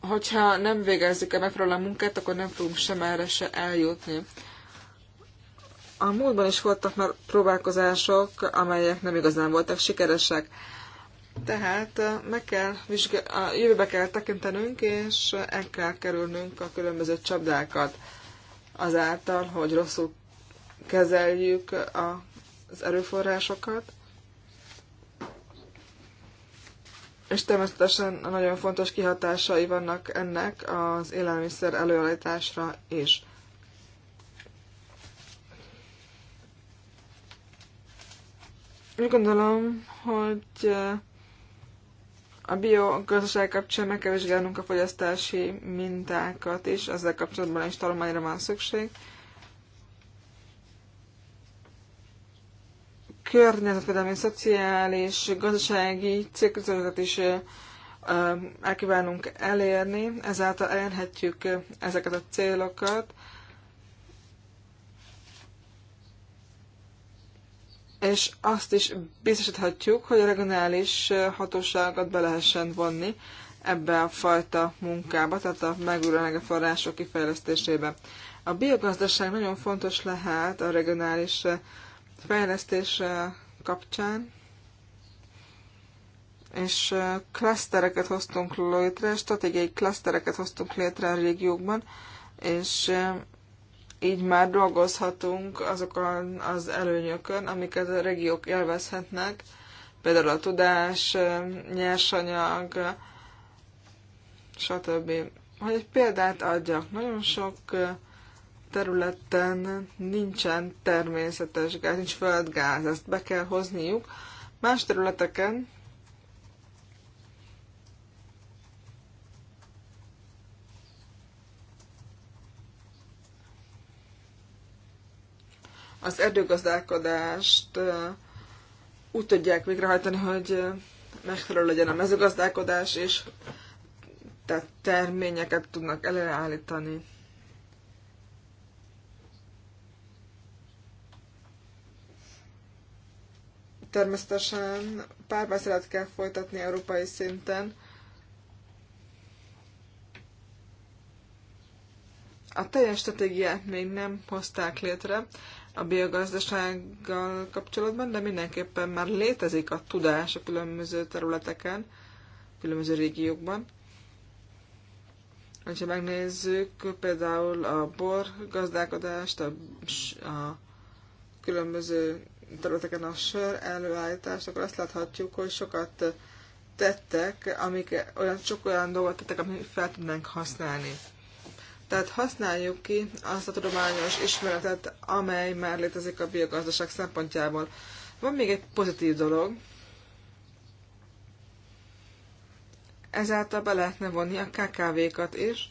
Hogyha nem végezzük a megfelelő munkát, akkor nem fogunk sem erre se eljutni. A múltban is voltak már próbálkozások, amelyek nem igazán voltak sikeresek. Tehát meg kell vizsgál... a jövőbe kell tekintenünk, és el kell kerülnünk a különböző csapdákat azáltal, hogy rosszul kezeljük a, az erőforrásokat. És természetesen nagyon fontos kihatásai vannak ennek az élelmiszer előállításra is. Úgy gondolom, hogy a biogazdaság kapcsán meg kell vizsgálnunk a fogyasztási mintákat is, ezzel kapcsolatban is tanulmányra van szükség. Környezetvédelmi, szociális, gazdasági célközöket is el kívánunk elérni, ezáltal elérhetjük ezeket a célokat. és azt is biztosíthatjuk, hogy a regionális hatóságokat be lehessen vonni ebbe a fajta munkába, tehát a megújuló források kifejlesztésébe. A biogazdaság nagyon fontos lehet a regionális fejlesztés kapcsán, és klasztereket hoztunk létre, stratégiai klasztereket hoztunk létre a régiókban, és így már dolgozhatunk azokon az előnyökön, amiket a regiók élvezhetnek, például a tudás, nyersanyag, stb. Hogy egy példát adjak, nagyon sok területen nincsen természetes gáz, nincs földgáz, ezt be kell hozniuk. Más területeken az erdőgazdálkodást úgy tudják végrehajtani, hogy megfelelő legyen a mezőgazdálkodás, és tehát terményeket tudnak előállítani. Természetesen párbeszédet kell folytatni európai szinten. A teljes stratégiát még nem hozták létre, a biogazdasággal kapcsolatban, de mindenképpen már létezik a tudás a különböző területeken, különböző régiókban. Ha megnézzük például a bor gazdálkodást, a, a különböző területeken a sör előállítást, akkor azt láthatjuk, hogy sokat tettek, amik olyan, sok olyan dolgot tettek, amit fel tudnánk használni. Tehát használjuk ki azt a tudományos ismeretet, amely már létezik a biogazdaság szempontjából. Van még egy pozitív dolog. Ezáltal be lehetne vonni a KKV-kat is,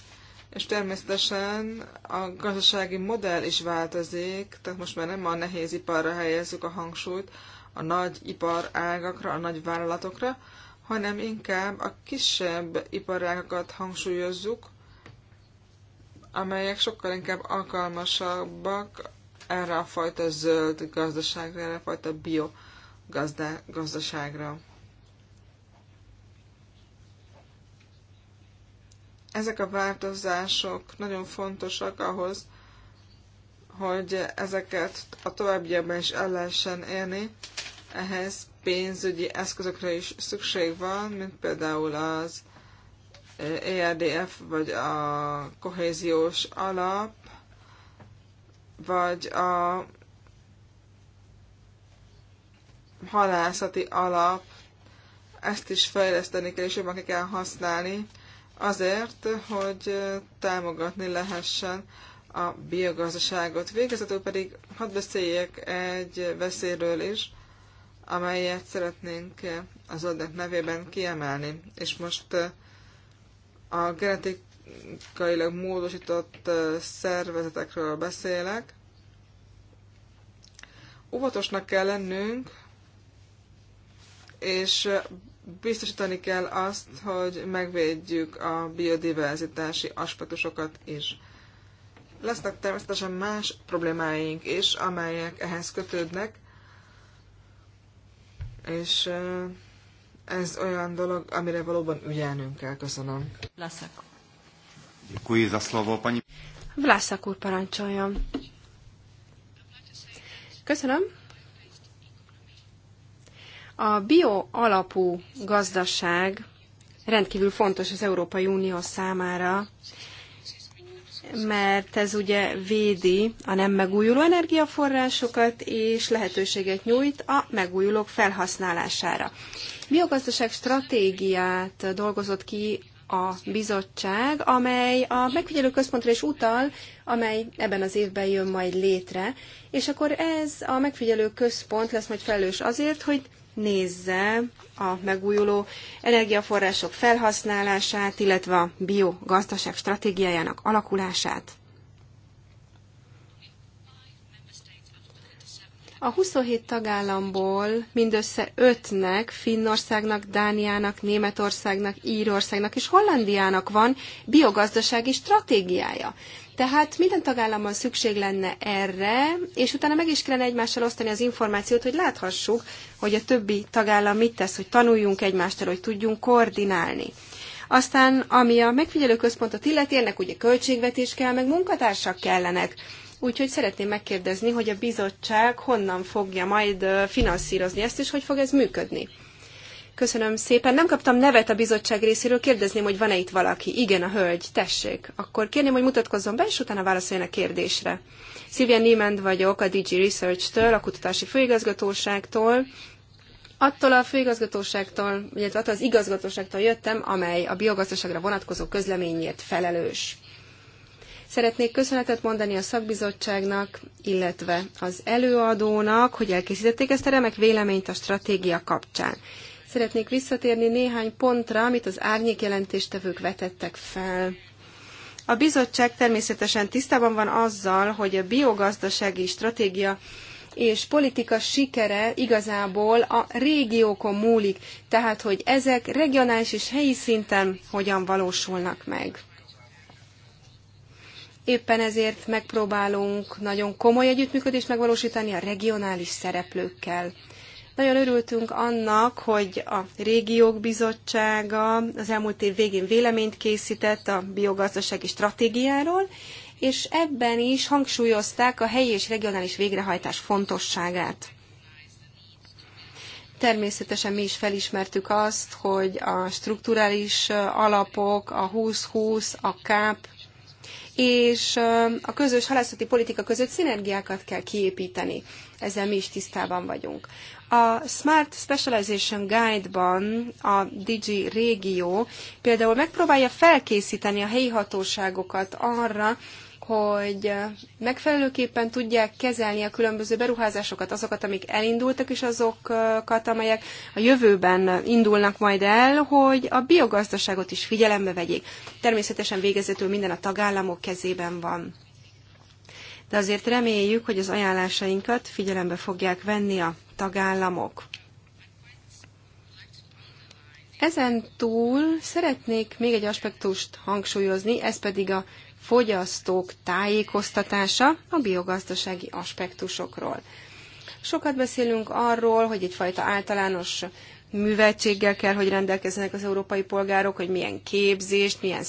és természetesen a gazdasági modell is változik, tehát most már nem a nehéz iparra helyezzük a hangsúlyt, a nagy ágakra, a nagy vállalatokra, hanem inkább a kisebb iparágakat hangsúlyozzuk, amelyek sokkal inkább alkalmasabbak erre a fajta zöld gazdaságra, erre a fajta bio gazda, gazdaságra. Ezek a változások nagyon fontosak ahhoz, hogy ezeket a továbbiakban is el lehessen élni. Ehhez pénzügyi eszközökre is szükség van, mint például az ERDF, vagy a kohéziós alap, vagy a halászati alap, ezt is fejleszteni kell, és jobban ki kell használni, azért, hogy támogatni lehessen a biogazdaságot. Végezetül pedig hadd beszéljek egy veszélyről is, amelyet szeretnénk az adat nevében kiemelni. És most a genetikailag módosított szervezetekről beszélek. Óvatosnak kell lennünk, és biztosítani kell azt, hogy megvédjük a biodiverzitási aspektusokat is. Lesznek természetesen más problémáink is, amelyek ehhez kötődnek, és ez olyan dolog, amire valóban ügyelnünk kell. Köszönöm. Leszek. Děkuji za slovo, paní. Vlászak úr parancsoljon. Köszönöm. A bio alapú gazdaság rendkívül fontos az Európai Unió számára, mert ez ugye védi a nem megújuló energiaforrásokat, és lehetőséget nyújt a megújulók felhasználására. Biogazdaság stratégiát dolgozott ki a bizottság, amely a megfigyelő központra is utal, amely ebben az évben jön majd létre, és akkor ez a megfigyelő központ lesz majd felelős azért, hogy nézze a megújuló energiaforrások felhasználását, illetve a biogazdaság stratégiájának alakulását. A 27 tagállamból mindössze 5-nek, Finnországnak, Dániának, Németországnak, Írországnak és Hollandiának van biogazdasági stratégiája. Tehát minden tagállamban szükség lenne erre, és utána meg is kellene egymással osztani az információt, hogy láthassuk, hogy a többi tagállam mit tesz, hogy tanuljunk egymástól, hogy tudjunk koordinálni. Aztán, ami a megfigyelőközpontot illeti, ennek ugye költségvetés kell, meg munkatársak kellenek. Úgyhogy szeretném megkérdezni, hogy a bizottság honnan fogja majd finanszírozni ezt, és hogy fog ez működni. Köszönöm szépen. Nem kaptam nevet a bizottság részéről, kérdezném, hogy van-e itt valaki. Igen, a hölgy, tessék. Akkor kérném, hogy mutatkozzon be, és utána válaszoljon a kérdésre. Szilvia Niemand vagyok a DG Research-től, a Kutatási Főigazgatóságtól. Attól a főigazgatóságtól, illetve attól az igazgatóságtól jöttem, amely a biogazdaságra vonatkozó közleményért felelős. Szeretnék köszönetet mondani a szakbizottságnak, illetve az előadónak, hogy elkészítették ezt a remek véleményt a stratégia kapcsán. Szeretnék visszatérni néhány pontra, amit az árnyék jelentéstevők vetettek fel. A bizottság természetesen tisztában van azzal, hogy a biogazdasági stratégia és politika sikere igazából a régiókon múlik, tehát hogy ezek regionális és helyi szinten hogyan valósulnak meg. Éppen ezért megpróbálunk nagyon komoly együttműködést megvalósítani a regionális szereplőkkel. Nagyon örültünk annak, hogy a Régiók Bizottsága az elmúlt év végén véleményt készített a biogazdasági stratégiáról, és ebben is hangsúlyozták a helyi és regionális végrehajtás fontosságát. Természetesen mi is felismertük azt, hogy a strukturális alapok, a 20-20, a KÁP és a közös halászati politika között szinergiákat kell kiépíteni. Ezzel mi is tisztában vagyunk. A Smart Specialization Guide-ban a Digi régió például megpróbálja felkészíteni a helyi hatóságokat arra, hogy megfelelőképpen tudják kezelni a különböző beruházásokat, azokat, amik elindultak, és azokat, amelyek a jövőben indulnak majd el, hogy a biogazdaságot is figyelembe vegyék. Természetesen végezetül minden a tagállamok kezében van. De azért reméljük, hogy az ajánlásainkat figyelembe fogják venni a tagállamok. Ezen túl szeretnék még egy aspektust hangsúlyozni, ez pedig a fogyasztók tájékoztatása a biogazdasági aspektusokról. Sokat beszélünk arról, hogy egyfajta általános műveltséggel kell, hogy rendelkezzenek az európai polgárok, hogy milyen képzést, milyen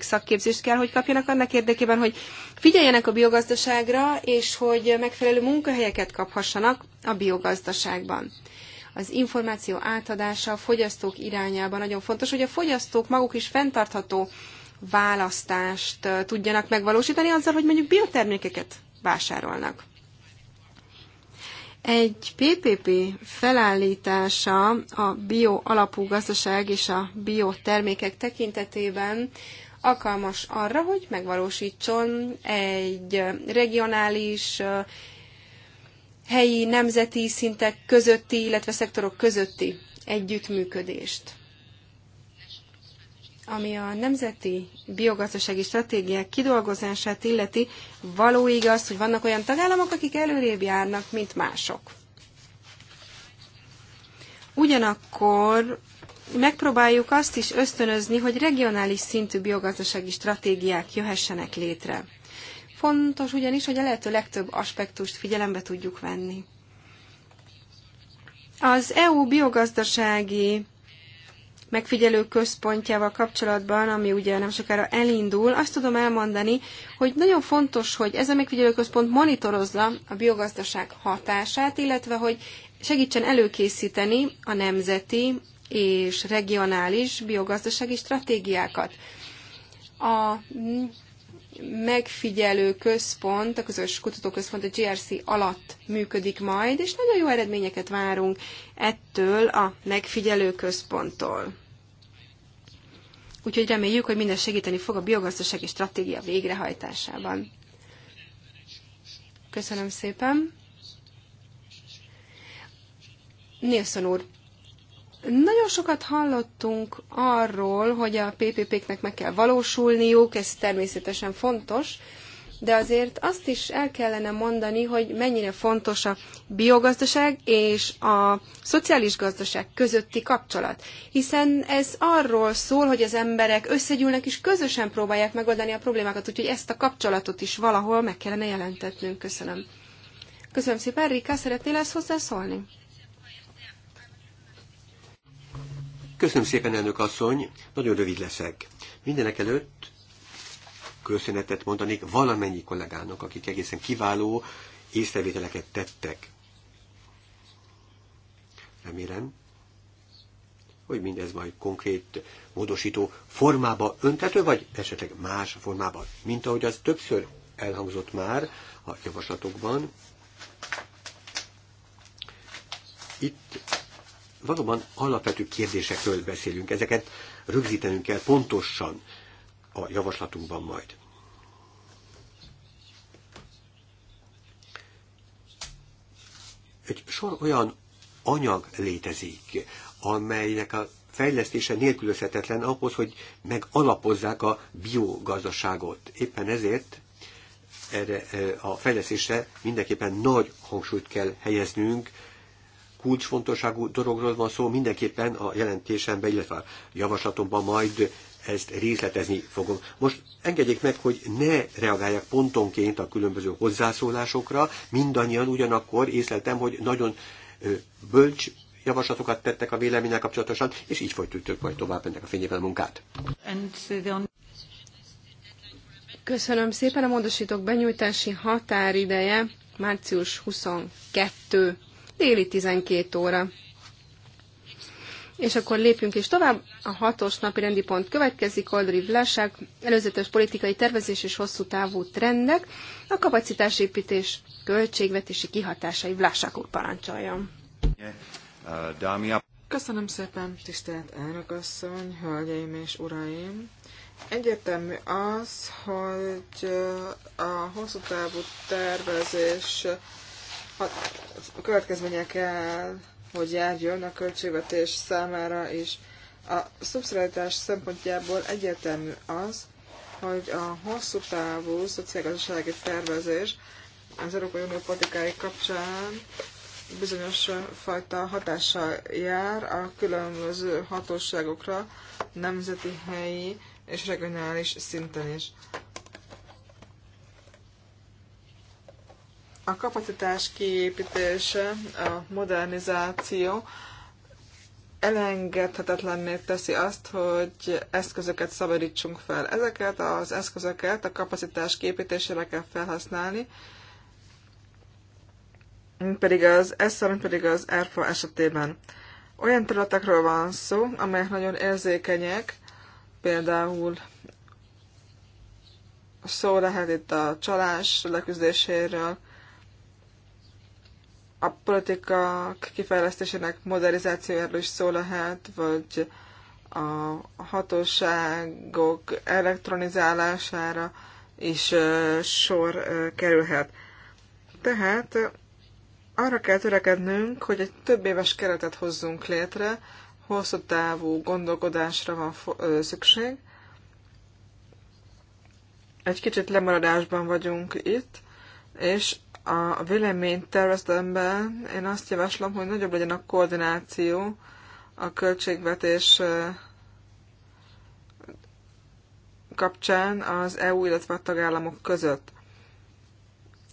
szakképzést kell, hogy kapjanak annak érdekében, hogy figyeljenek a biogazdaságra, és hogy megfelelő munkahelyeket kaphassanak a biogazdaságban. Az információ átadása a fogyasztók irányába nagyon fontos, hogy a fogyasztók maguk is fenntartható választást tudjanak megvalósítani azzal, hogy mondjuk biotermékeket vásárolnak. Egy PPP felállítása a bio alapú gazdaság és a biotermékek tekintetében alkalmas arra, hogy megvalósítson egy regionális, helyi, nemzeti szintek közötti, illetve szektorok közötti együttműködést ami a nemzeti biogazdasági stratégiák kidolgozását illeti, való igaz, hogy vannak olyan tagállamok, akik előrébb járnak, mint mások. Ugyanakkor megpróbáljuk azt is ösztönözni, hogy regionális szintű biogazdasági stratégiák jöhessenek létre. Fontos ugyanis, hogy a lehető legtöbb aspektust figyelembe tudjuk venni. Az EU biogazdasági megfigyelő központjával kapcsolatban, ami ugye nem sokára elindul, azt tudom elmondani, hogy nagyon fontos, hogy ez a megfigyelő központ monitorozza a biogazdaság hatását, illetve hogy segítsen előkészíteni a nemzeti és regionális biogazdasági stratégiákat. A megfigyelő központ, a közös kutatóközpont a GRC alatt működik majd, és nagyon jó eredményeket várunk ettől a megfigyelő központtól úgyhogy reméljük, hogy mindez segíteni fog a biogazdasági stratégia végrehajtásában. Köszönöm szépen. Nilsson úr, nagyon sokat hallottunk arról, hogy a PPP-knek meg kell valósulniuk, ez természetesen fontos, de azért azt is el kellene mondani, hogy mennyire fontos a biogazdaság és a szociális gazdaság közötti kapcsolat. Hiszen ez arról szól, hogy az emberek összegyűlnek és közösen próbálják megoldani a problémákat, úgyhogy ezt a kapcsolatot is valahol meg kellene jelentetnünk. Köszönöm. Köszönöm szépen. Rika, szeretnél ezt hozzászólni? Köszönöm szépen, elnök asszony. Nagyon rövid leszek. Mindenek előtt köszönetet mondanék valamennyi kollégának, akik egészen kiváló észrevételeket tettek. Remélem, hogy mindez majd konkrét módosító formába öntető, vagy esetleg más formában, mint ahogy az többször elhangzott már a javaslatokban. Itt valóban alapvető kérdésekről beszélünk, ezeket rögzítenünk kell pontosan a javaslatunkban majd. egy sor olyan anyag létezik, amelynek a fejlesztése nélkülözhetetlen ahhoz, hogy megalapozzák a biogazdaságot. Éppen ezért erre eh, a fejlesztésre mindenképpen nagy hangsúlyt kell helyeznünk, kulcsfontosságú dologról van szó, mindenképpen a jelentésemben, illetve a javaslatomban majd ezt részletezni fogom. Most engedjék meg, hogy ne reagáljak pontonként a különböző hozzászólásokra, mindannyian ugyanakkor észleltem, hogy nagyon bölcs javaslatokat tettek a véleménnyel kapcsolatosan, és így folytatjuk majd tovább ennek a fényében a munkát. Köszönöm szépen a módosítók benyújtási határideje március 22 déli 12 óra. És akkor lépjünk is tovább. A hatos napi rendi pont következik, Oldri vlasák előzetes politikai tervezés és hosszú távú trendek, a kapacitásépítés költségvetési kihatásai vlasák úr parancsolja. Köszönöm szépen, tisztelt elnökasszony, hölgyeim és uraim! Egyértelmű az, hogy a hosszú távú tervezés a következményekkel hogy járjon a költségvetés számára is. A szubszidiaritás szempontjából egyértelmű az, hogy a hosszú távú szociálgazdasági tervezés az Európai Unió politikái kapcsán bizonyos fajta hatással jár a különböző hatóságokra, nemzeti, helyi és regionális szinten is. A kapacitás kiépítése, a modernizáció elengedhetetlenné teszi azt, hogy eszközöket szabadítsunk fel. Ezeket az eszközöket a kapacitás kiépítésére kell felhasználni, pedig az ESZA, mint pedig az ERFA esetében. Olyan területekről van szó, amelyek nagyon érzékenyek, például szó lehet itt a csalás leküzdéséről, a politika kifejlesztésének modernizációjáról is szó lehet, vagy a hatóságok elektronizálására is sor kerülhet. Tehát arra kell törekednünk, hogy egy több éves keretet hozzunk létre, hosszú távú gondolkodásra van szükség. Egy kicsit lemaradásban vagyunk itt, és a véleménytervezetemben én azt javaslom, hogy nagyobb legyen a koordináció a költségvetés kapcsán az EU, illetve a tagállamok között.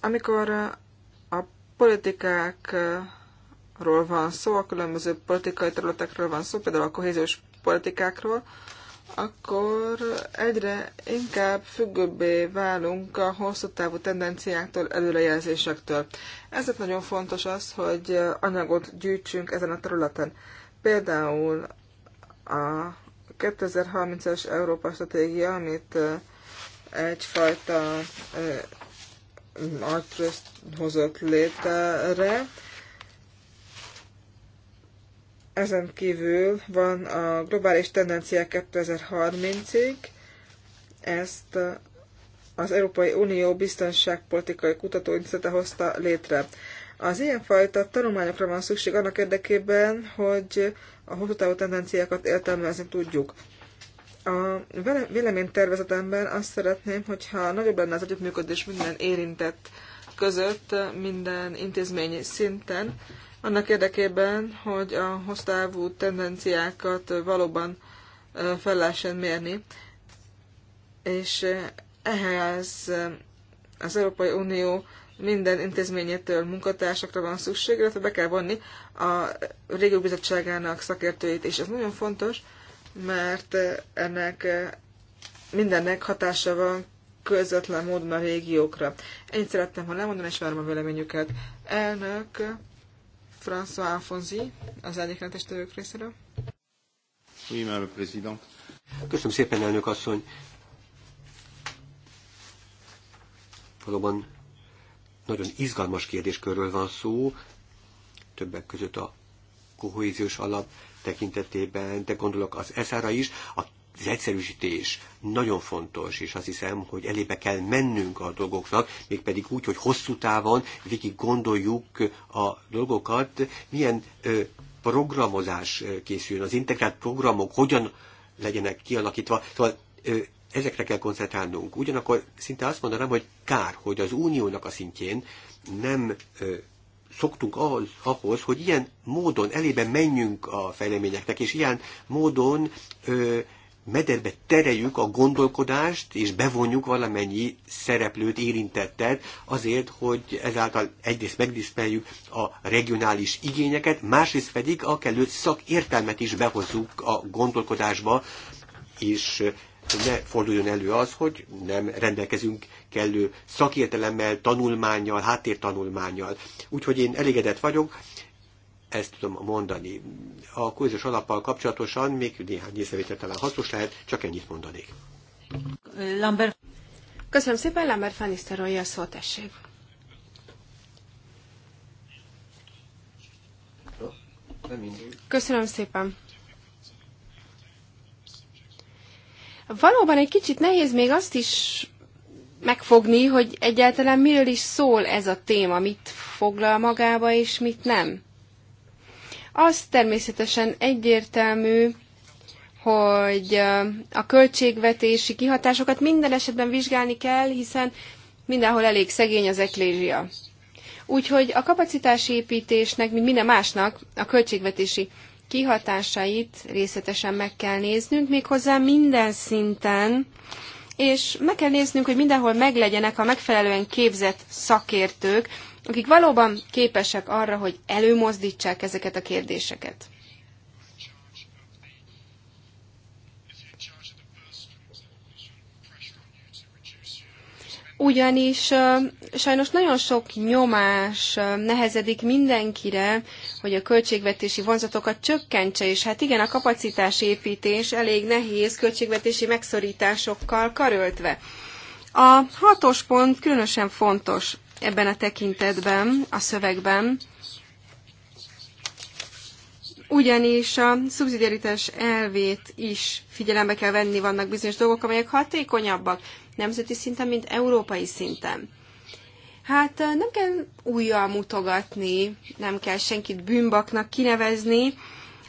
Amikor a politikákról van szó, a különböző politikai területekről van szó, például a kohéziós politikákról, akkor egyre inkább függőbbé válunk a hosszú távú tendenciáktól, előrejelzésektől. Ezért nagyon fontos az, hogy anyagot gyűjtsünk ezen a területen. Például a 2030-as Európa Stratégia, amit egyfajta agytrözt hozott létre, ezen kívül van a globális tendenciák 2030-ig, ezt az Európai Unió biztonságpolitikai kutatóintézete hozta létre. Az ilyenfajta tanulmányokra van szükség annak érdekében, hogy a hosszú távú tendenciákat értelmezni tudjuk. A véleménytervezetemben azt szeretném, hogyha nagyobb lenne az együttműködés minden érintett között, minden intézmény szinten, annak érdekében, hogy a hosszávú tendenciákat valóban fel lehessen mérni, és ehhez az Európai Unió minden intézményétől munkatársakra van szükség, illetve be kell vonni a régió bizottságának szakértőit, és ez nagyon fontos, mert ennek mindennek hatása van közvetlen módon a régiókra. Ennyit szerettem ha lemondani, és várom a véleményüket. Elnök, François Alfonzi, az egyik jelentéstevők részéről. Oui, Madame Président. Köszönöm szépen, elnök asszony. Valóban nagyon izgalmas kérdéskörről van szó, többek között a kohéziós alap tekintetében, de gondolok az eszára is, a az egyszerűsítés nagyon fontos, és azt hiszem, hogy elébe kell mennünk a dolgoknak, mégpedig úgy, hogy hosszú távon végig gondoljuk a dolgokat, milyen programozás készüljön, az integrált programok hogyan legyenek kialakítva. Szóval ezekre kell koncentrálnunk. Ugyanakkor szinte azt mondanám, hogy kár, hogy az uniónak a szintjén nem szoktunk ahhoz, ahhoz, hogy ilyen módon elébe menjünk a fejleményeknek, és ilyen módon ö, mederbe tereljük a gondolkodást, és bevonjuk valamennyi szereplőt, érintettet, azért, hogy ezáltal egyrészt megdispeljük a regionális igényeket, másrészt pedig a kellő szakértelmet is behozzuk a gondolkodásba, és ne forduljon elő az, hogy nem rendelkezünk kellő szakértelemmel, tanulmányjal, háttértanulmányjal. Úgyhogy én elégedett vagyok ezt tudom mondani. A kohéziós alappal kapcsolatosan még néhány észrevétel talán hasznos lehet, csak ennyit mondanék. Lambert. Köszönöm szépen, Lambert Fanisztarolja a szó, tessék. Köszönöm szépen. Valóban egy kicsit nehéz még azt is megfogni, hogy egyáltalán miről is szól ez a téma, mit foglal magába és mit nem. Az természetesen egyértelmű, hogy a költségvetési kihatásokat minden esetben vizsgálni kell, hiszen mindenhol elég szegény az eklézia. Úgyhogy a kapacitásépítésnek, mint minden másnak, a költségvetési kihatásait részletesen meg kell néznünk, méghozzá minden szinten, és meg kell néznünk, hogy mindenhol meglegyenek a megfelelően képzett szakértők, akik valóban képesek arra, hogy előmozdítsák ezeket a kérdéseket. ugyanis sajnos nagyon sok nyomás nehezedik mindenkire, hogy a költségvetési vonzatokat csökkentse, és hát igen, a kapacitásépítés elég nehéz költségvetési megszorításokkal karöltve. A hatos pont különösen fontos ebben a tekintetben, a szövegben, ugyanis a szubszidiaritás elvét is figyelembe kell venni, vannak bizonyos dolgok, amelyek hatékonyabbak nemzeti szinten, mint európai szinten. Hát nem kell újjal mutogatni, nem kell senkit bűnbaknak kinevezni,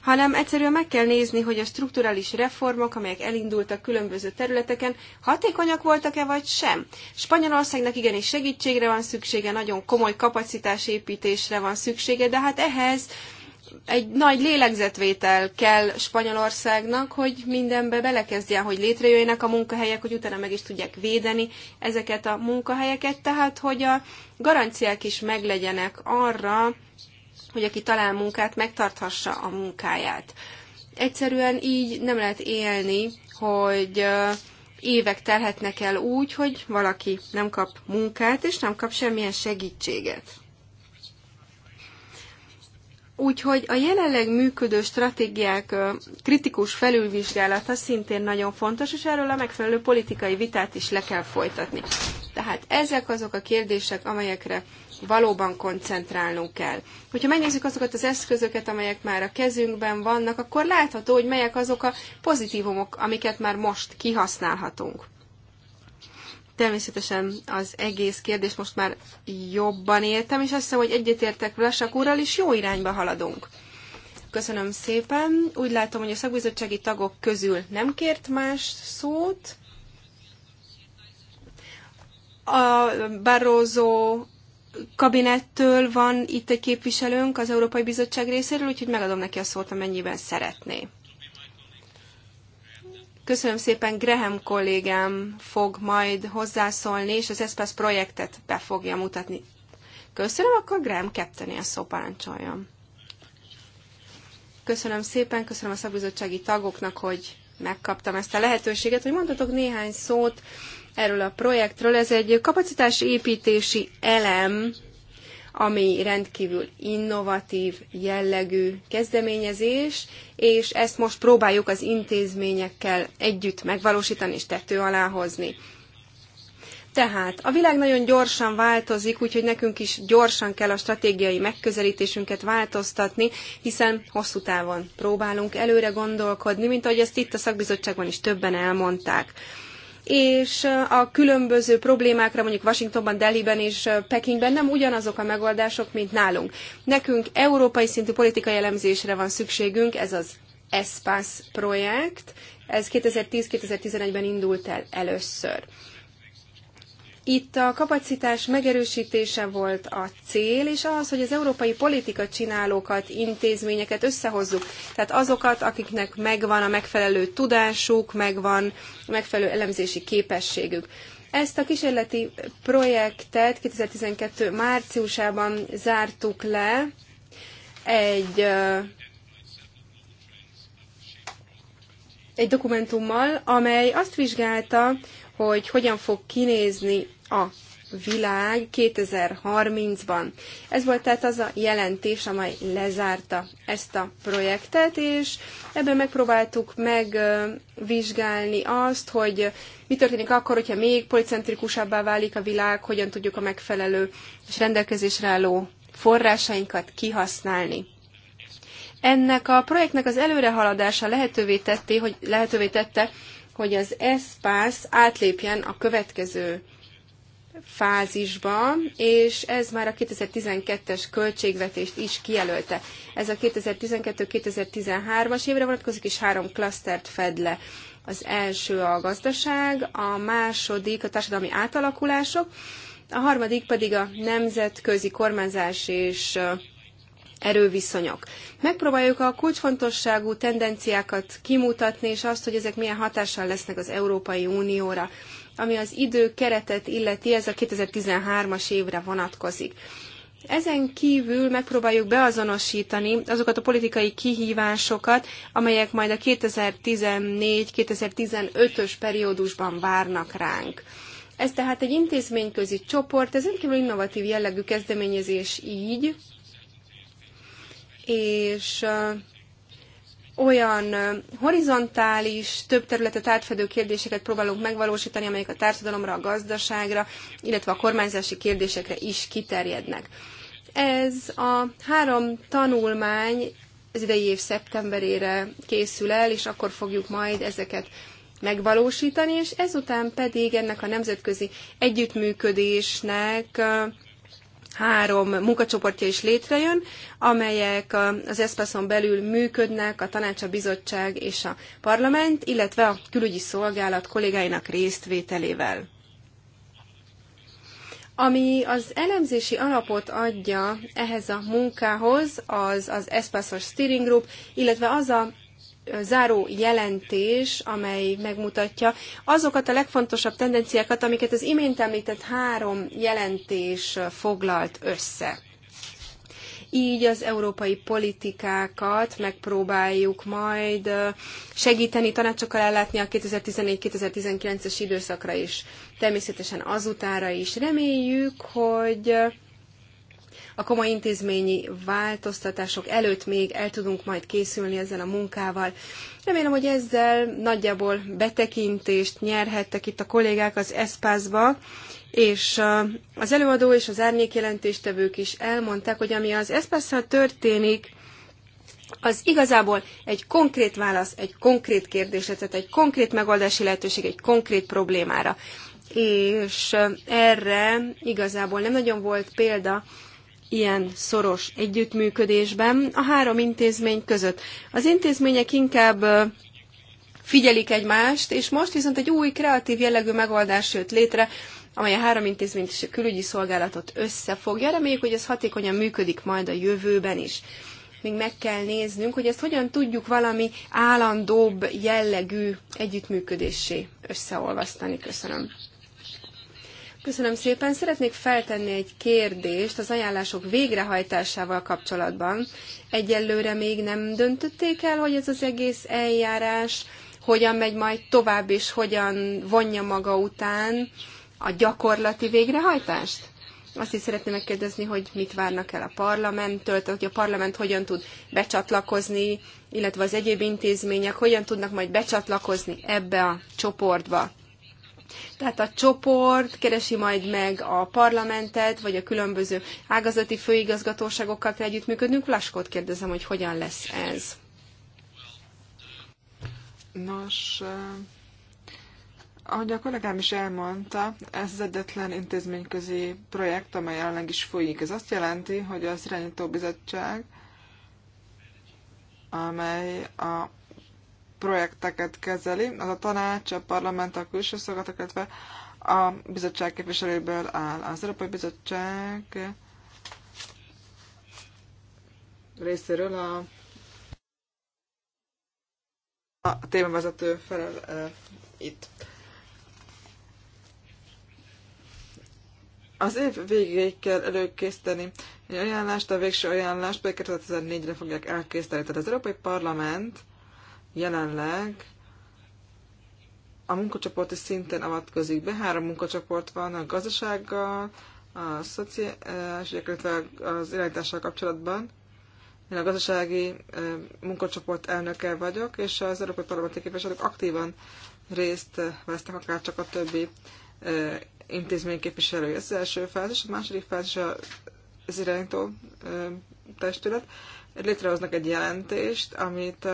hanem egyszerűen meg kell nézni, hogy a strukturális reformok, amelyek elindultak különböző területeken, hatékonyak voltak-e vagy sem. Spanyolországnak igenis segítségre van szüksége, nagyon komoly kapacitásépítésre van szüksége, de hát ehhez egy nagy lélegzetvétel kell Spanyolországnak, hogy mindenbe belekezdjen, hogy létrejöjjenek a munkahelyek, hogy utána meg is tudják védeni ezeket a munkahelyeket, tehát hogy a garanciák is meglegyenek arra, hogy aki talál munkát, megtarthassa a munkáját. Egyszerűen így nem lehet élni, hogy évek telhetnek el úgy, hogy valaki nem kap munkát, és nem kap semmilyen segítséget. Úgyhogy a jelenleg működő stratégiák kritikus felülvizsgálata szintén nagyon fontos, és erről a megfelelő politikai vitát is le kell folytatni. Tehát ezek azok a kérdések, amelyekre valóban koncentrálnunk kell. Hogyha megnézzük azokat az eszközöket, amelyek már a kezünkben vannak, akkor látható, hogy melyek azok a pozitívumok, amiket már most kihasználhatunk. Természetesen az egész kérdés most már jobban értem, és azt hiszem, hogy egyetértek Vlasak úrral, és jó irányba haladunk. Köszönöm szépen. Úgy látom, hogy a szakbizottsági tagok közül nem kért más szót. A Barroso kabinettől van itt egy képviselőnk az Európai Bizottság részéről, úgyhogy megadom neki a szót, amennyiben szeretné. Köszönöm szépen, Graham kollégám fog majd hozzászólni, és az ESPASZ projektet be fogja mutatni. Köszönöm, akkor Graham kepteni a szó parancsoljon. Köszönöm szépen, köszönöm a szakbizottsági tagoknak, hogy megkaptam ezt a lehetőséget, hogy mondhatok néhány szót erről a projektről. Ez egy kapacitásépítési elem, ami rendkívül innovatív jellegű kezdeményezés, és ezt most próbáljuk az intézményekkel együtt megvalósítani és tető alá hozni. Tehát a világ nagyon gyorsan változik, úgyhogy nekünk is gyorsan kell a stratégiai megközelítésünket változtatni, hiszen hosszú távon próbálunk előre gondolkodni, mint ahogy ezt itt a szakbizottságban is többen elmondták és a különböző problémákra mondjuk Washingtonban, Delhiben és Pekingben nem ugyanazok a megoldások, mint nálunk. Nekünk európai szintű politikai elemzésre van szükségünk, ez az ESPAS projekt, ez 2010-2011-ben indult el először. Itt a kapacitás megerősítése volt a cél, és az, hogy az európai politika csinálókat, intézményeket összehozzuk. Tehát azokat, akiknek megvan a megfelelő tudásuk, megvan a megfelelő elemzési képességük. Ezt a kísérleti projektet 2012. márciusában zártuk le egy egy dokumentummal, amely azt vizsgálta, hogy hogyan fog kinézni a világ 2030-ban. Ez volt tehát az a jelentés, amely lezárta ezt a projektet, és ebben megpróbáltuk megvizsgálni azt, hogy mi történik akkor, hogyha még policentrikusabbá válik a világ, hogyan tudjuk a megfelelő és rendelkezésre álló forrásainkat kihasználni. Ennek a projektnek az előrehaladása lehetővé, tetté, hogy lehetővé tette, hogy az ESPASZ átlépjen a következő fázisba, és ez már a 2012-es költségvetést is kijelölte. Ez a 2012-2013-as évre vonatkozik, és három klasztert fed le. Az első a gazdaság, a második a társadalmi átalakulások, a harmadik pedig a nemzetközi kormányzás és erőviszonyok. Megpróbáljuk a kulcsfontosságú tendenciákat kimutatni, és azt, hogy ezek milyen hatással lesznek az Európai Unióra ami az idő keretet illeti, ez a 2013-as évre vonatkozik. Ezen kívül megpróbáljuk beazonosítani azokat a politikai kihívásokat, amelyek majd a 2014-2015-ös periódusban várnak ránk. Ez tehát egy intézményközi csoport, ez rendkívül innovatív jellegű kezdeményezés így, és olyan horizontális, több területet átfedő kérdéseket próbálunk megvalósítani, amelyek a társadalomra, a gazdaságra, illetve a kormányzási kérdésekre is kiterjednek. Ez a három tanulmány az idei év szeptemberére készül el, és akkor fogjuk majd ezeket megvalósítani, és ezután pedig ennek a nemzetközi együttműködésnek három munkacsoportja is létrejön, amelyek az ESPASZon belül működnek, a tanács, a bizottság és a parlament, illetve a külügyi szolgálat kollégáinak résztvételével. Ami az elemzési alapot adja ehhez a munkához, az az ESPASZOS Steering Group, illetve az a záró jelentés, amely megmutatja azokat a legfontosabb tendenciákat, amiket az imént említett három jelentés foglalt össze. Így az európai politikákat megpróbáljuk majd segíteni, tanácsokkal ellátni a 2014-2019-es időszakra is, természetesen azutára is. Reméljük, hogy a komoly intézményi változtatások előtt még el tudunk majd készülni ezzel a munkával. Remélem, hogy ezzel nagyjából betekintést nyerhettek itt a kollégák az ESPAS-ba, és uh, az előadó és az árnyékjelentéstevők is elmondták, hogy ami az ESPAS-szal történik, az igazából egy konkrét válasz, egy konkrét kérdésre, tehát egy konkrét megoldási lehetőség egy konkrét problémára. És uh, erre igazából nem nagyon volt példa ilyen szoros együttműködésben a három intézmény között. Az intézmények inkább figyelik egymást, és most viszont egy új kreatív jellegű megoldás jött létre, amely a három intézményt és a külügyi szolgálatot összefogja. Reméljük, hogy ez hatékonyan működik majd a jövőben is. Még meg kell néznünk, hogy ezt hogyan tudjuk valami állandóbb jellegű együttműködésé összeolvasztani. Köszönöm. Köszönöm szépen. Szeretnék feltenni egy kérdést az ajánlások végrehajtásával kapcsolatban. Egyelőre még nem döntötték el, hogy ez az egész eljárás hogyan megy majd tovább, és hogyan vonja maga után a gyakorlati végrehajtást? Azt is szeretném megkérdezni, hogy mit várnak el a parlamenttől, hogy a parlament hogyan tud becsatlakozni, illetve az egyéb intézmények hogyan tudnak majd becsatlakozni ebbe a csoportba. Tehát a csoport keresi majd meg a parlamentet, vagy a különböző ágazati főigazgatóságokkal kell együttműködnünk. Laskót kérdezem, hogy hogyan lesz ez. Nos, eh, ahogy a kollégám is elmondta, ez az egyetlen intézményközi projekt, amely jelenleg is folyik. Ez azt jelenti, hogy az irányító bizottság, amely a projekteket kezeli, az a tanács, a parlament, a külső szolgálatok, illetve a bizottság képviselőből áll. Az Európai Bizottság részéről a, a témavezető felel e, itt. Az év végéig kell előkészíteni egy ajánlást, a végső ajánlást pedig 2014-re fogják elkészíteni. Tehát az Európai Parlament jelenleg a munkacsoport is szinten avatkozik be. Három munkacsoport van a gazdasággal, a szociális, illetve az irányítással kapcsolatban. Én a gazdasági munkacsoport elnöke vagyok, és az Európai Parlamenti képviselők aktívan részt vesznek, akár csak a többi intézmény képviselői. Ez az első fázis, a második fázis az irányító testület. Létrehoznak egy jelentést, amit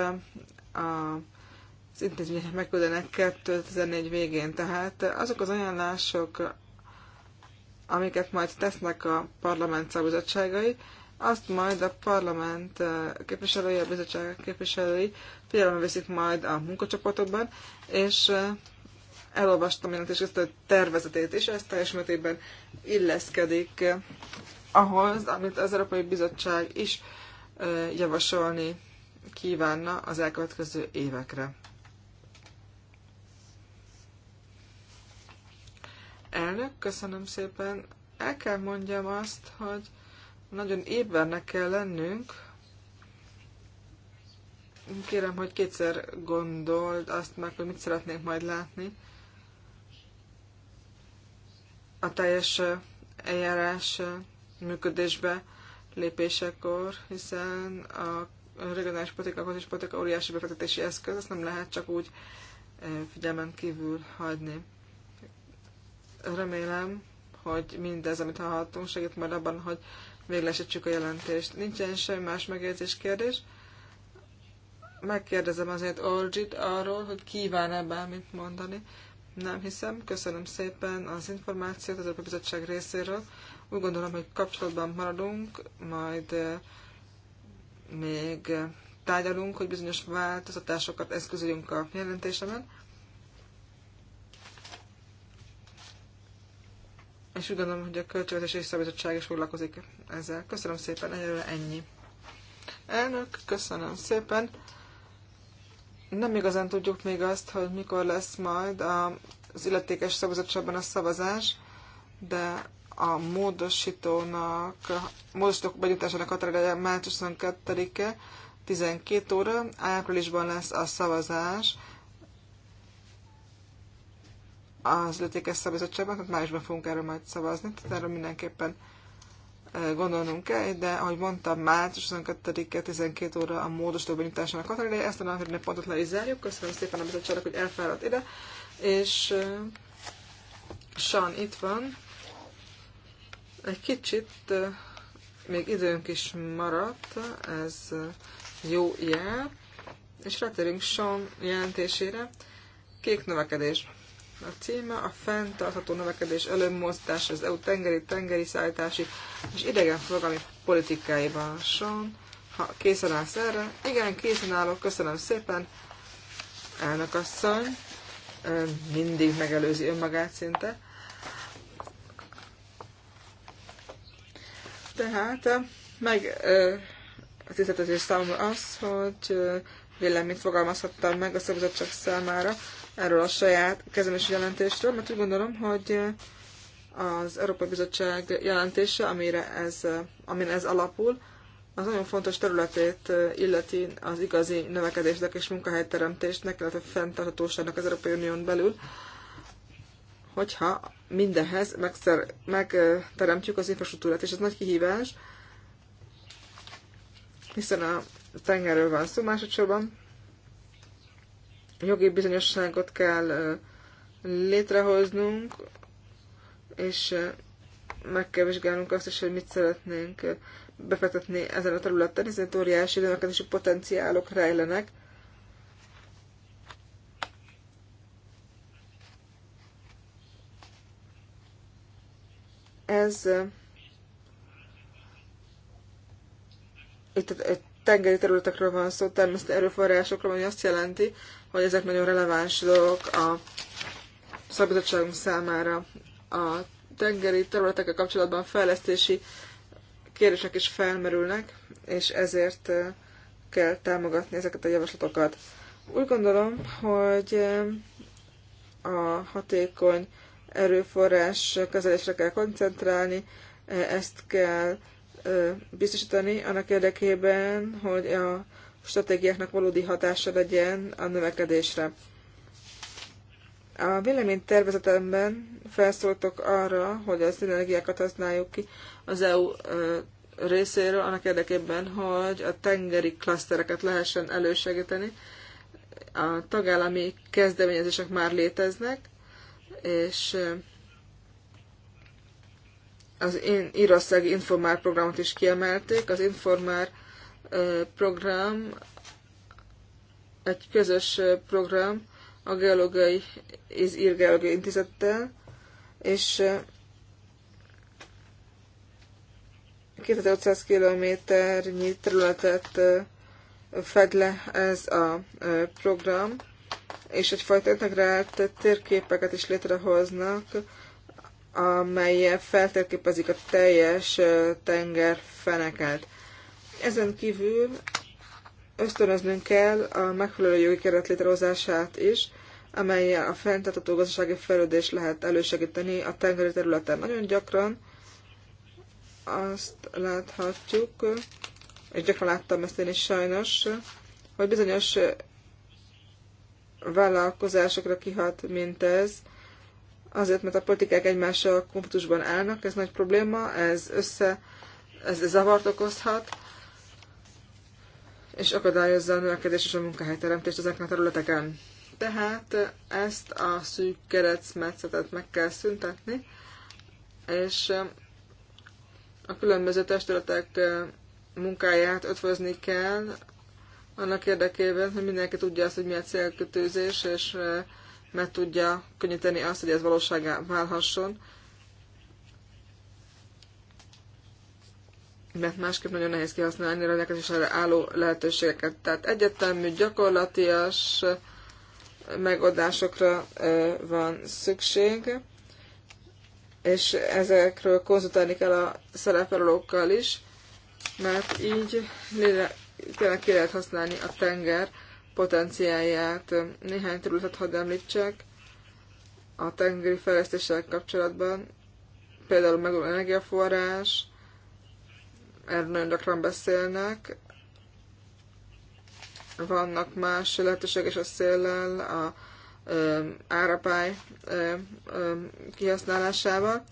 az intézmények megküldenek 2014 végén. Tehát azok az ajánlások, amiket majd tesznek a parlament szakbizottságai, azt majd a parlament képviselői, a bizottság képviselői figyelembe veszik majd a munkacsoportokban, és elolvastam ezt a tervezetét, és ezt teljes mértékben illeszkedik ahhoz, amit az Európai Bizottság is javasolni kívánna az elkövetkező évekre. Elnök, köszönöm szépen. El kell mondjam azt, hogy nagyon ébernek kell lennünk. Kérem, hogy kétszer gondold azt meg, hogy mit szeretnénk majd látni. A teljes eljárás működésbe lépésekor, hiszen a a regionális politikához és politika óriási befektetési eszköz, ezt nem lehet csak úgy figyelmen kívül hagyni. Remélem, hogy mindez, amit hallhattunk, segít majd abban, hogy véglesítsük a jelentést. Nincsen semmi más megjegyzés kérdés. Megkérdezem azért Olgit arról, hogy kíván-e bármit mondani. Nem hiszem. Köszönöm szépen az információt az Európai Bizottság részéről. Úgy gondolom, hogy kapcsolatban maradunk, majd még tárgyalunk, hogy bizonyos változtatásokat eszközöljünk a jelentésemen. És úgy gondolom, hogy a Költségvetési Szabadság is foglalkozik ezzel. Köszönöm szépen, egyelőre ennyi. Elnök, köszönöm szépen. Nem igazán tudjuk még azt, hogy mikor lesz majd az illetékes szabadságban a szavazás, de a módosítónak, módosítók benyújtásának határideje március 22-e, 12 óra, áprilisban lesz a szavazás az illetékes szabizottságban, tehát májusban fogunk erről majd szavazni, tehát erről mindenképpen e, gondolnunk kell, de ahogy mondtam, március 22-e 12 óra a módosító benyújtásának határideje, ezt a napi pontot le is zárjuk. Köszönöm szépen a bizottságnak, hogy elfáradt ide, és e, Sean itt van, egy kicsit még időnk is maradt, ez jó jel, és letérünk Sean jelentésére. Kék növekedés. A címe a fenntartható növekedés előmozdás az EU tengeri, tengeri szállítási és idegenforgalmi politikáiban. Sean, ha készen állsz erre, igen, készen állok, köszönöm szépen, elnök asszony, mindig megelőzi önmagát szinte. Tehát meg az üzletető számomra az, hogy véleményt fogalmazhattam meg a szabadság számára erről a saját kezemes jelentésről, mert úgy gondolom, hogy az Európai Bizottság jelentése, amire ez, amin ez alapul, az nagyon fontos területét illeti az igazi növekedésnek és munkahelyteremtésnek, illetve fenntarthatóságnak az Európai Unión belül, hogyha mindehhez megszer, megteremtjük az infrastruktúrát, és ez nagy kihívás, hiszen a tengerről van szó másodszorban. Jogi bizonyosságot kell létrehoznunk, és meg kell vizsgálnunk azt is, hogy mit szeretnénk befektetni ezen a területen, hiszen óriási növekedési potenciálok rejlenek, Ez itt tengeri területekről van szó, természetesen erőforrásokról, ami azt jelenti, hogy ezek nagyon releváns dolgok a szabadságunk számára. A tengeri területekkel kapcsolatban fejlesztési kérdések is felmerülnek, és ezért kell támogatni ezeket a javaslatokat. Úgy gondolom, hogy a hatékony erőforrás kezelésre kell koncentrálni, e, ezt kell e, biztosítani annak érdekében, hogy a stratégiáknak valódi hatása legyen a növekedésre. A véleménytervezetemben felszóltok arra, hogy az energiákat használjuk ki az EU e, részéről annak érdekében, hogy a tengeri klasztereket lehessen elősegíteni. A tagállami kezdeményezések már léteznek, és eh, az írországi informár programot is kiemelték. Az informár eh, program egy közös eh, program a geológiai és írgeológiai intézettel, és 2500 kilométernyi területet fed le ez a program és egyfajta integrált térképeket is létrehoznak, amelyen feltérképezik a teljes tenger feneket. Ezen kívül ösztönöznünk kell a megfelelő jogi keret létrehozását is, amelyel a fenntartható gazdasági fejlődés lehet elősegíteni a tengeri területen. Nagyon gyakran azt láthatjuk, és gyakran láttam ezt én is sajnos, hogy bizonyos vállalkozásokra kihat, mint ez, azért, mert a politikák egymással konfliktusban állnak, ez nagy probléma, ez össze, ez zavart okozhat, és akadályozza a növekedés és a munkahelyteremtést ezeken a területeken. Tehát ezt a szűk keretszmetszetet meg kell szüntetni, és a különböző testületek munkáját ötvözni kell annak érdekében, hogy mindenki tudja azt, hogy mi a célkötőzés, és meg tudja könnyíteni azt, hogy ez valóságá válhasson. mert másképp nagyon nehéz kihasználni rendelkezésre álló lehetőségeket. Tehát egyetemű, gyakorlatias megoldásokra van szükség, és ezekről konzultálni kell a szerepelőkkel is, mert így létre, tényleg ki lehet használni a tenger potenciáját. Néhány területet hadd említsek a tengeri fejlesztéssel kapcsolatban, például a energiaforrás, erről nagyon gyakran beszélnek, vannak más lehetőségek is a széllel, a ö, árapály ö, ö, kihasználásával,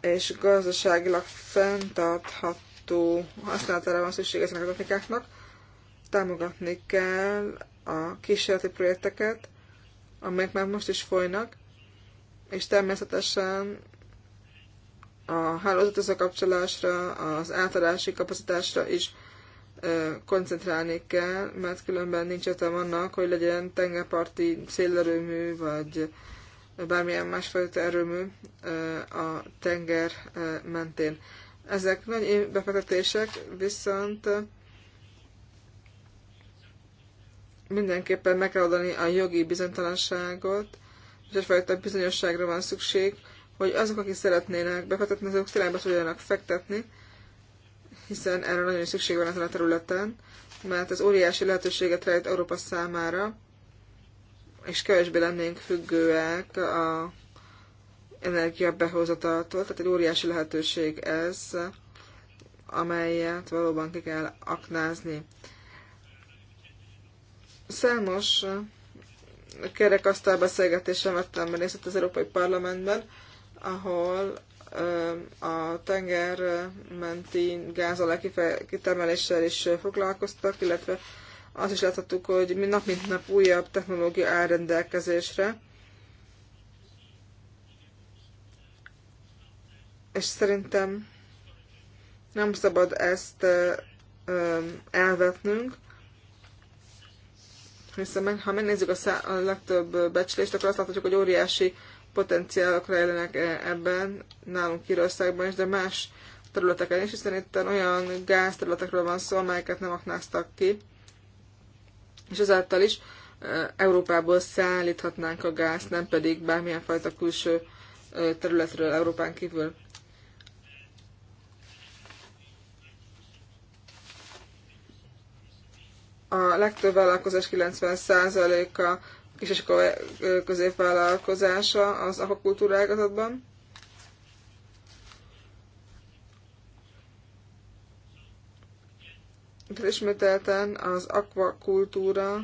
és gazdaságilag fenntarthat autó használatára van szükség ezeknek a technikáknak. Támogatni kell a kísérleti projekteket, amelyek már most is folynak, és természetesen a hálózat összekapcsolásra, az átadási kapacitásra is koncentrálni kell, mert különben nincs értelme annak, hogy legyen tengerparti szélerőmű, vagy bármilyen másfajta erőmű a tenger mentén. Ezek nagy befektetések, viszont mindenképpen meg kell adani a jogi bizonytalanságot, és egyfajta bizonyosságra van szükség, hogy azok, akik szeretnének befektetni, azok tényleg be tudjanak fektetni, hiszen erre nagyon is szükség van ezen a területen, mert ez óriási lehetőséget rejt Európa számára, és kevésbé lennénk függőek a energiabehozataltól, tehát egy óriási lehetőség ez, amelyet valóban ki kell aknázni. Számos kerekasztal beszélgetésen vettem részt az Európai Parlamentben, ahol a tenger menti gázzal kitermeléssel is foglalkoztak, illetve azt is láthattuk, hogy nap mint nap újabb technológia áll rendelkezésre, és szerintem nem szabad ezt elvetnünk, hiszen ha megnézzük a, szá- a legtöbb becslést, akkor azt láthatjuk, hogy óriási potenciálok rejlenek ebben, nálunk Kirországban is, de más területeken is, hiszen itt olyan gázterületekről van szó, amelyeket nem aknáztak ki, és ezáltal is Európából szállíthatnánk a gáz, nem pedig bármilyen fajta külső területről Európán kívül. A legtöbb vállalkozás 90%-a kis és középvállalkozása az akvakultúrágazatban. Tehát ismételten az akvakultúra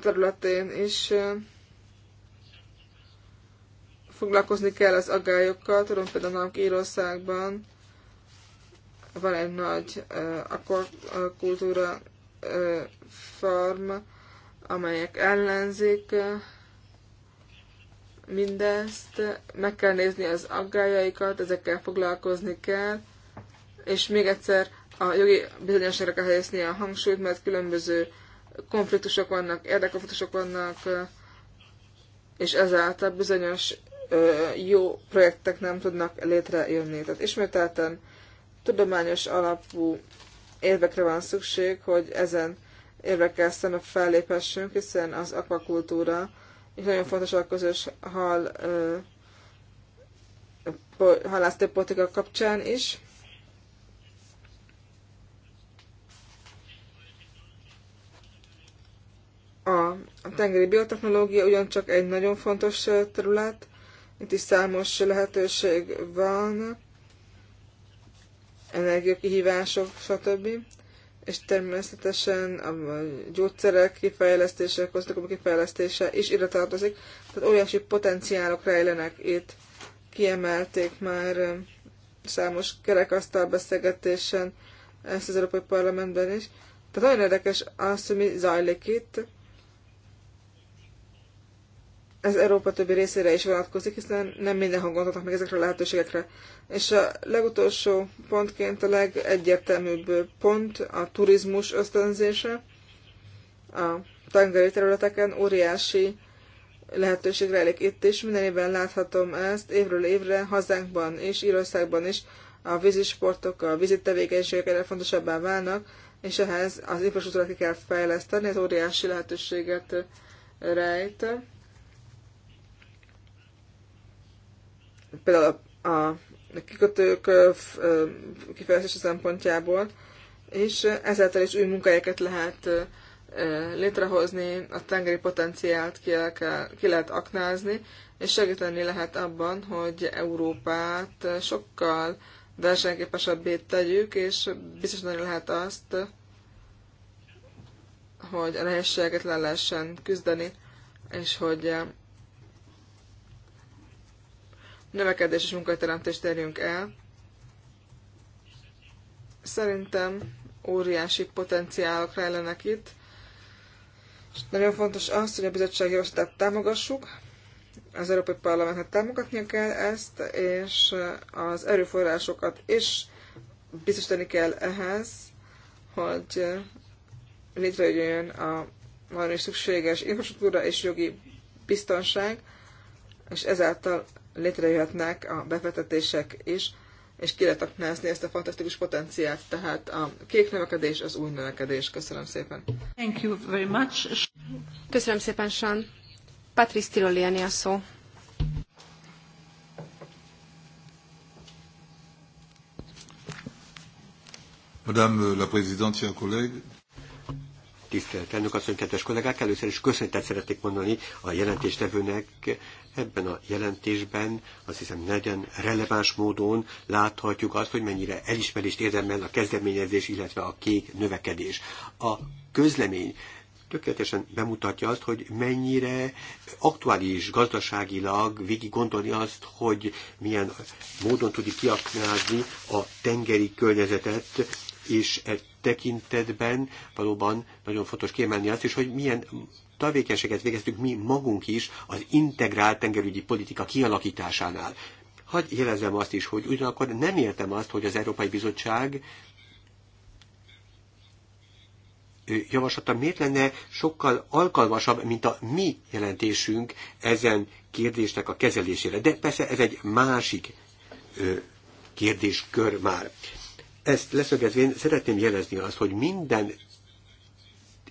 területén is foglalkozni kell az agályokkal. Tudom például a Írországban van egy nagy akvakultúra farm, amelyek ellenzik mindezt, meg kell nézni az aggájaikat, ezekkel foglalkozni kell, és még egyszer a jogi bizonyosságra kell helyezni a hangsúlyt, mert különböző konfliktusok vannak, érdekkonfliktusok vannak, és ezáltal bizonyos jó projektek nem tudnak létrejönni. Tehát ismételten Tudományos alapú érvekre van szükség, hogy ezen érvekkel szemben felléphessünk, hiszen az akvakultúra és nagyon fontos a közös hal, halásztőpolitika kapcsán is. a, a tengeri biotechnológia ugyancsak egy nagyon fontos terület, itt is számos lehetőség van, energiakihívások, stb. És természetesen a gyógyszerek kifejlesztése, kozmetikumok kifejlesztése is ide tartozik. Tehát óriási potenciálok rejlenek itt. Kiemelték már számos kerekasztal beszélgetésen ezt az Európai Parlamentben is. Tehát nagyon érdekes az, hogy mi zajlik itt ez Európa többi részére is vonatkozik, hiszen nem mindenhol gondoltak meg ezekre a lehetőségekre. És a legutolsó pontként a legegyértelműbb pont a turizmus ösztönzése. A tengeri területeken óriási lehetőség rejlik itt is, minden évben láthatom ezt, évről évre hazánkban és Írországban is a vízisportok, a tevékenységek egyre fontosabbá válnak, és ehhez az infrastruktúrát ki kell fejleszteni, ez óriási lehetőséget rejt. például a, a kikötők kifejezése szempontjából, és ezáltal is új munkahelyeket lehet létrehozni, a tengeri potenciált ki, kell, ki lehet aknázni, és segíteni lehet abban, hogy Európát sokkal versenyképesebbé tegyük, és biztosítani lehet azt, hogy a nehézségeket le lehessen küzdeni, és hogy növekedés és munkateremtést érjünk el. Szerintem óriási potenciálok rejlenek itt, és nagyon fontos az, hogy a bizottság javaslatát támogassuk, az Európai Parlamentnek támogatnia kell ezt, és az erőforrásokat is biztosítani kell ehhez, hogy létrejöjjön a nagyon is szükséges infrastruktúra és jogi biztonság, és ezáltal létrejöhetnek a befektetések is, és ki lehet aknázni ezt a fantasztikus potenciált. Tehát a kék növekedés az új növekedés. Köszönöm szépen. Thank you very much. Köszönöm szépen, Sean. Patrice Tiroliani a szó. Madame la Présidente, chers collègues. Tisztelt elnök asszony, kedves kollégák, először is köszönetet szeretnék mondani a jelentéstevőnek Ebben a jelentésben azt hiszem nagyon releváns módon láthatjuk azt, hogy mennyire elismerést érdemel a kezdeményezés, illetve a kék növekedés. A közlemény tökéletesen bemutatja azt, hogy mennyire aktuális gazdaságilag végig gondolni azt, hogy milyen módon tudjuk kiaknázni a tengeri környezetet, és e tekintetben valóban nagyon fontos kiemelni azt is, hogy milyen tevékenységet végeztünk mi magunk is az integrált tengerügyi politika kialakításánál. Hagy jelezem azt is, hogy ugyanakkor nem értem azt, hogy az Európai Bizottság javaslata miért lenne sokkal alkalmasabb, mint a mi jelentésünk ezen kérdésnek a kezelésére. De persze ez egy másik kérdéskör már. Ezt leszögezvén szeretném jelezni azt, hogy minden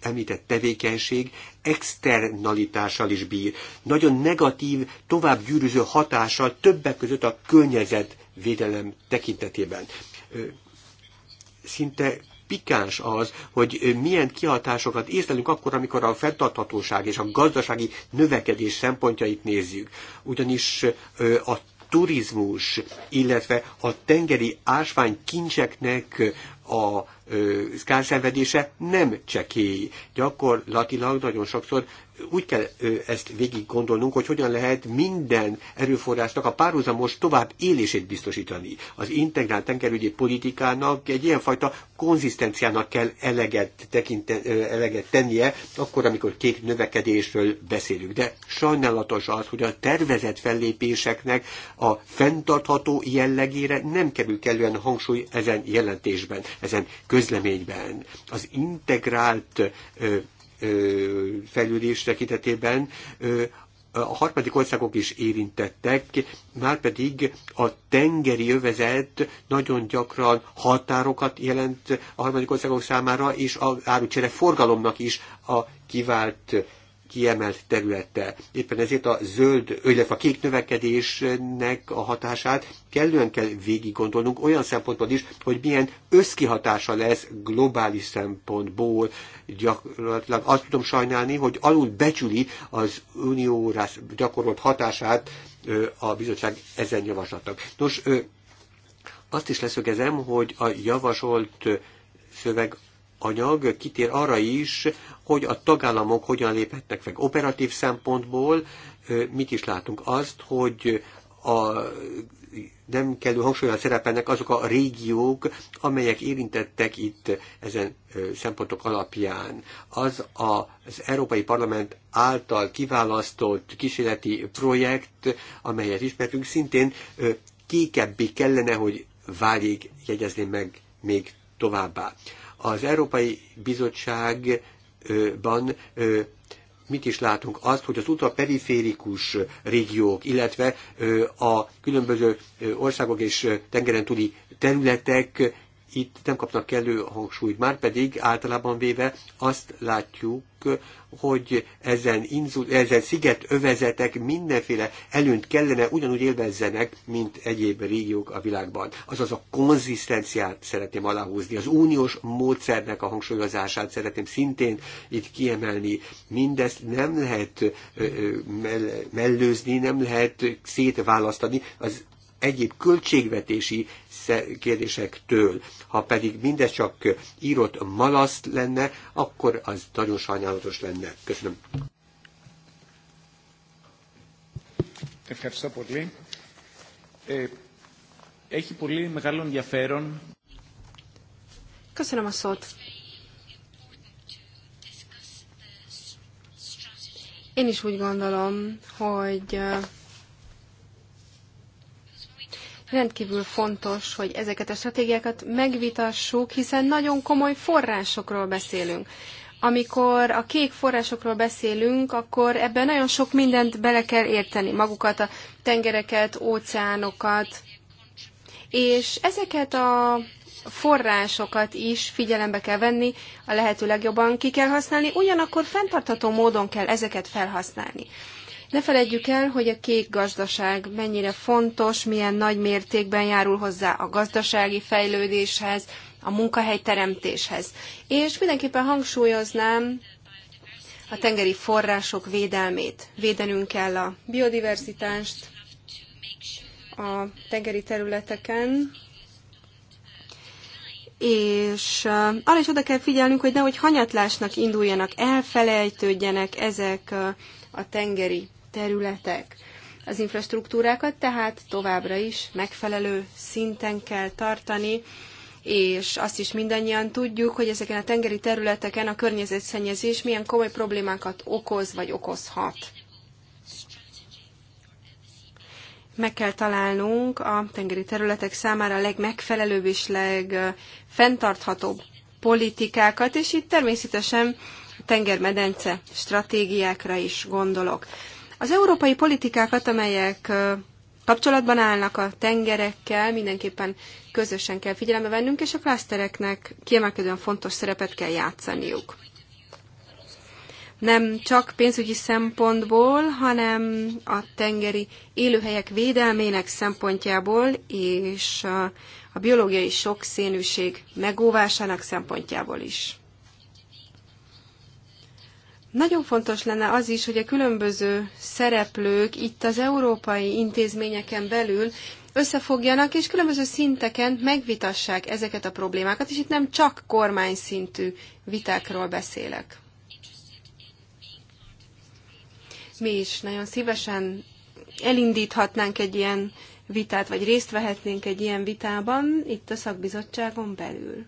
említett tevékenység externalitással is bír. Nagyon negatív, tovább gyűrűző hatással többek között a környezetvédelem tekintetében. Szinte pikáns az, hogy milyen kihatásokat észlelünk akkor, amikor a fenntarthatóság és a gazdasági növekedés szempontjait nézzük. Ugyanis a turizmus, illetve a tengeri ásványkincseknek a kárszenvedése nem csekély. Gyakorlatilag nagyon sokszor úgy kell ezt végig gondolnunk, hogy hogyan lehet minden erőforrásnak a párhuzamos tovább élését biztosítani. Az integrált tengerügyi politikának egy ilyenfajta konzisztenciának kell eleget, tekinte, eleget tennie, akkor, amikor kék növekedésről beszélünk. De sajnálatos az, hogy a tervezett fellépéseknek a fenntartható jellegére nem kerül kellően hangsúly ezen jelentésben ezen közleményben. Az integrált ö, ö, fejlődés tekintetében ö, a harmadik országok is érintettek, márpedig a tengeri övezet nagyon gyakran határokat jelent a harmadik országok számára, és a árucsere forgalomnak is a kivált kiemelt területe. Éppen ezért a zöld, illetve a kék növekedésnek a hatását kellően kell végig gondolnunk olyan szempontból is, hogy milyen összkihatása lesz globális szempontból. Gyakorlatilag azt tudom sajnálni, hogy alul becsüli az unióra gyakorolt hatását a bizottság ezen javaslatnak. Nos, azt is leszögezem, hogy a javasolt szöveg anyag kitér arra is, hogy a tagállamok hogyan léphetnek fel operatív szempontból, mit is látunk azt, hogy a nem kellő hangsúlyan szerepelnek azok a régiók, amelyek érintettek itt ezen szempontok alapján. Az a, az Európai Parlament által kiválasztott kísérleti projekt, amelyet ismertünk, szintén kékebbé kellene, hogy válik, jegyezném meg még továbbá. Az Európai Bizottságban mit is látunk? Azt, hogy az ultraperiférikus régiók, illetve a különböző országok és tengeren túli területek itt nem kapnak kellő hangsúlyt, már pedig általában véve azt látjuk, hogy ezen, inzul, ezen sziget övezetek mindenféle előnyt kellene ugyanúgy élvezzenek, mint egyéb régiók a világban. Azaz a konzisztenciát szeretném aláhúzni, az uniós módszernek a hangsúlyozását szeretném szintén itt kiemelni. Mindezt nem lehet mellőzni, nem lehet szétválasztani az egyéb költségvetési kérdésektől. Ha pedig mindez csak írott malaszt lenne, akkor az nagyon sajnálatos lenne. Köszönöm. Köszönöm a szót. Én is úgy gondolom, hogy Rendkívül fontos, hogy ezeket a stratégiákat megvitassuk, hiszen nagyon komoly forrásokról beszélünk. Amikor a kék forrásokról beszélünk, akkor ebben nagyon sok mindent bele kell érteni, magukat, a tengereket, óceánokat, és ezeket a forrásokat is figyelembe kell venni, a lehető legjobban ki kell használni, ugyanakkor fenntartható módon kell ezeket felhasználni. Ne feledjük el, hogy a kék gazdaság mennyire fontos, milyen nagy mértékben járul hozzá a gazdasági fejlődéshez, a munkahelyteremtéshez. És mindenképpen hangsúlyoznám a tengeri források védelmét. Védenünk kell a biodiverzitást a tengeri területeken, és arra is oda kell figyelnünk, hogy nehogy hanyatlásnak induljanak, elfelejtődjenek ezek a tengeri területek. Az infrastruktúrákat tehát továbbra is megfelelő szinten kell tartani, és azt is mindannyian tudjuk, hogy ezeken a tengeri területeken a környezetszennyezés milyen komoly problémákat okoz vagy okozhat. Meg kell találnunk a tengeri területek számára a legmegfelelőbb és legfenntarthatóbb politikákat, és itt természetesen tengermedence stratégiákra is gondolok. Az európai politikákat, amelyek kapcsolatban állnak a tengerekkel, mindenképpen közösen kell figyelembe vennünk, és a klasztereknek kiemelkedően fontos szerepet kell játszaniuk. Nem csak pénzügyi szempontból, hanem a tengeri élőhelyek védelmének szempontjából és a biológiai sokszínűség megóvásának szempontjából is. Nagyon fontos lenne az is, hogy a különböző szereplők itt az európai intézményeken belül összefogjanak, és különböző szinteken megvitassák ezeket a problémákat, és itt nem csak kormány szintű vitákról beszélek. Mi is nagyon szívesen elindíthatnánk egy ilyen vitát, vagy részt vehetnénk egy ilyen vitában itt a szakbizottságon belül.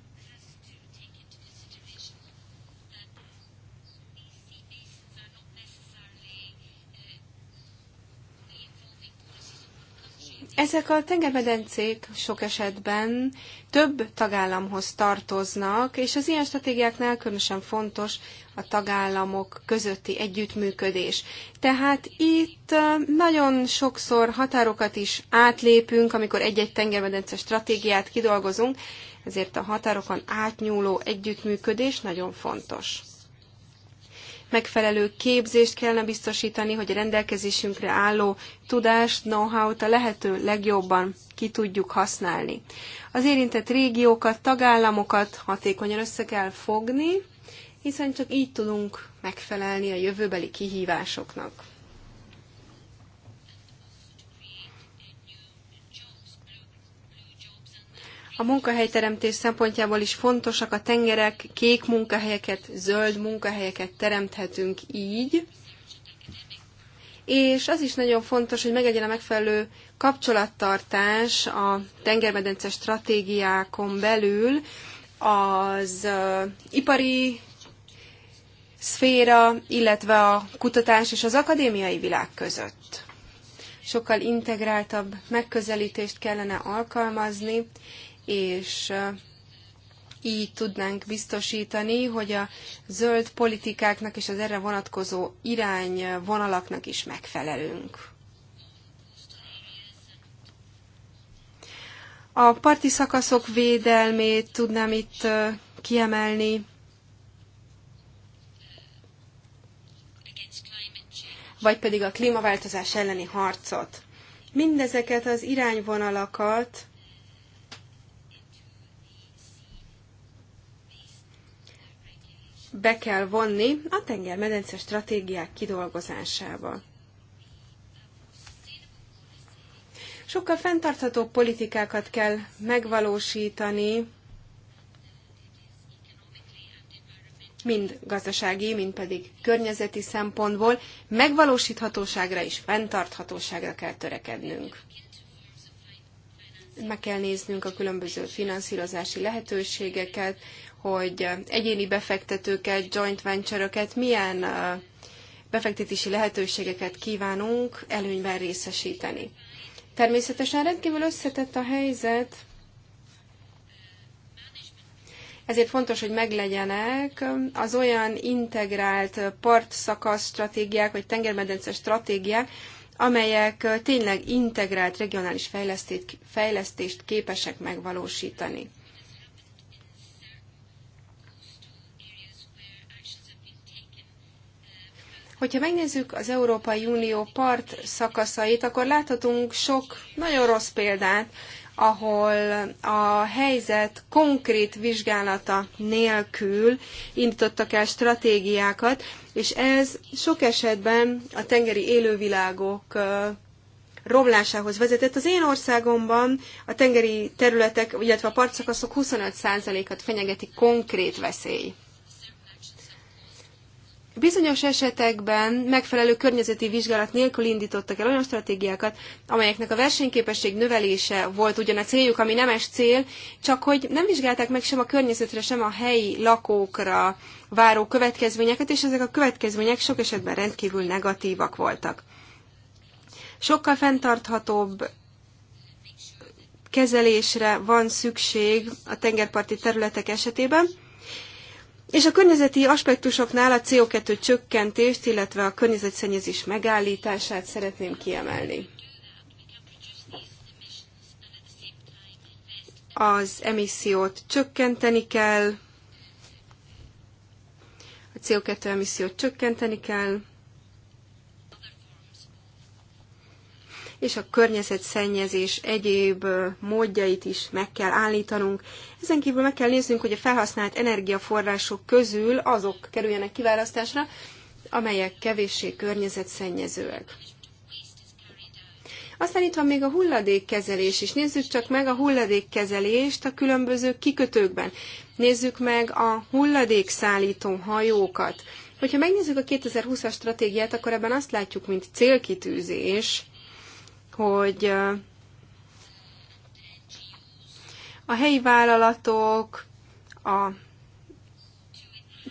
Ezek a tengermedencék sok esetben több tagállamhoz tartoznak, és az ilyen stratégiáknál különösen fontos a tagállamok közötti együttműködés. Tehát itt nagyon sokszor határokat is átlépünk, amikor egy-egy tengermedence stratégiát kidolgozunk, ezért a határokon átnyúló együttműködés nagyon fontos megfelelő képzést kellene biztosítani, hogy a rendelkezésünkre álló tudást, know-how-t a lehető legjobban ki tudjuk használni. Az érintett régiókat, tagállamokat hatékonyan össze kell fogni, hiszen csak így tudunk megfelelni a jövőbeli kihívásoknak. A munkahelyteremtés szempontjából is fontosak a tengerek, kék munkahelyeket, zöld munkahelyeket teremthetünk így, és az is nagyon fontos, hogy meglegyen a megfelelő kapcsolattartás a tengermedence stratégiákon belül az ipari szféra, illetve a kutatás és az akadémiai világ között. Sokkal integráltabb megközelítést kellene alkalmazni, és uh, így tudnánk biztosítani, hogy a zöld politikáknak és az erre vonatkozó irányvonalaknak is megfelelünk. A parti szakaszok védelmét tudnám itt uh, kiemelni. vagy pedig a klímaváltozás elleni harcot. Mindezeket az irányvonalakat be kell vonni a tengermedence stratégiák kidolgozásába. Sokkal fenntartható politikákat kell megvalósítani, mind gazdasági, mind pedig környezeti szempontból megvalósíthatóságra és fenntarthatóságra kell törekednünk. Meg kell néznünk a különböző finanszírozási lehetőségeket, hogy egyéni befektetőket, joint venture-öket, milyen befektetési lehetőségeket kívánunk előnyben részesíteni. Természetesen rendkívül összetett a helyzet, ezért fontos, hogy meglegyenek az olyan integrált partszakasz stratégiák, vagy tengermedence stratégiák, amelyek tényleg integrált regionális fejlesztést képesek megvalósítani. Hogyha megnézzük az Európai Unió part szakaszait, akkor láthatunk sok nagyon rossz példát, ahol a helyzet konkrét vizsgálata nélkül indítottak el stratégiákat, és ez sok esetben a tengeri élővilágok romlásához vezetett. Az én országomban a tengeri területek, illetve a partszakaszok 25%-at fenyegeti konkrét veszély. Bizonyos esetekben megfelelő környezeti vizsgálat nélkül indítottak el olyan stratégiákat, amelyeknek a versenyképesség növelése volt ugyan a céljuk, ami nemes cél, csak hogy nem vizsgálták meg sem a környezetre, sem a helyi lakókra váró következményeket, és ezek a következmények sok esetben rendkívül negatívak voltak. Sokkal fenntarthatóbb kezelésre van szükség a tengerparti területek esetében, és a környezeti aspektusoknál a CO2 csökkentést, illetve a környezetszennyezés megállítását szeretném kiemelni. Az emissziót csökkenteni kell, a CO2 emissziót csökkenteni kell, és a környezetszennyezés egyéb módjait is meg kell állítanunk. Ezen kívül meg kell néznünk, hogy a felhasznált energiaforrások közül azok kerüljenek kiválasztásra, amelyek kevéssé környezetszennyezőek. Aztán itt van még a hulladékkezelés is. Nézzük csak meg a hulladékkezelést a különböző kikötőkben. Nézzük meg a hulladékszállító hajókat. Hogyha megnézzük a 2020-as stratégiát, akkor ebben azt látjuk, mint célkitűzés, hogy a helyi vállalatok, a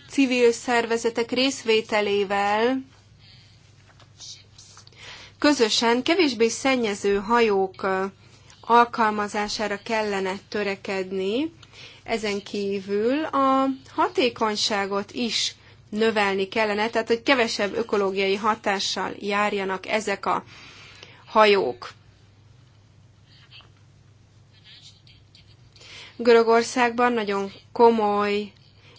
civil szervezetek részvételével közösen kevésbé szennyező hajók alkalmazására kellene törekedni. Ezen kívül a hatékonyságot is növelni kellene, tehát hogy kevesebb ökológiai hatással járjanak ezek a hajók. Görögországban nagyon komoly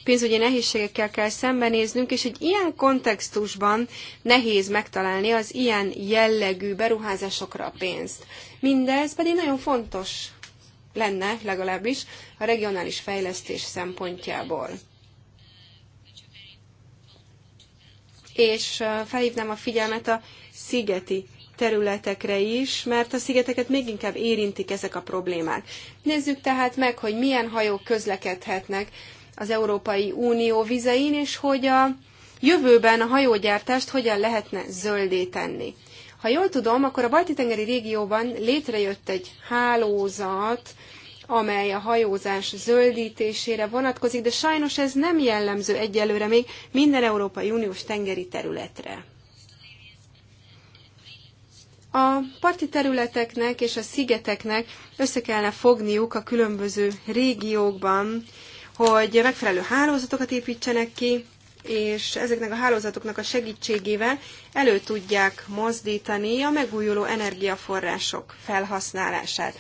pénzügyi nehézségekkel kell szembenéznünk, és egy ilyen kontextusban nehéz megtalálni az ilyen jellegű beruházásokra a pénzt. Mindez pedig nagyon fontos lenne legalábbis a regionális fejlesztés szempontjából. És felhívnám a figyelmet a szigeti területekre is, mert a szigeteket még inkább érintik ezek a problémák. Nézzük tehát meg, hogy milyen hajók közlekedhetnek az Európai Unió vizein, és hogy a jövőben a hajógyártást hogyan lehetne zöldé tenni. Ha jól tudom, akkor a Balti-tengeri régióban létrejött egy hálózat, amely a hajózás zöldítésére vonatkozik, de sajnos ez nem jellemző egyelőre még minden Európai Uniós tengeri területre. A parti területeknek és a szigeteknek össze kellene fogniuk a különböző régiókban, hogy megfelelő hálózatokat építsenek ki, és ezeknek a hálózatoknak a segítségével elő tudják mozdítani a megújuló energiaforrások felhasználását.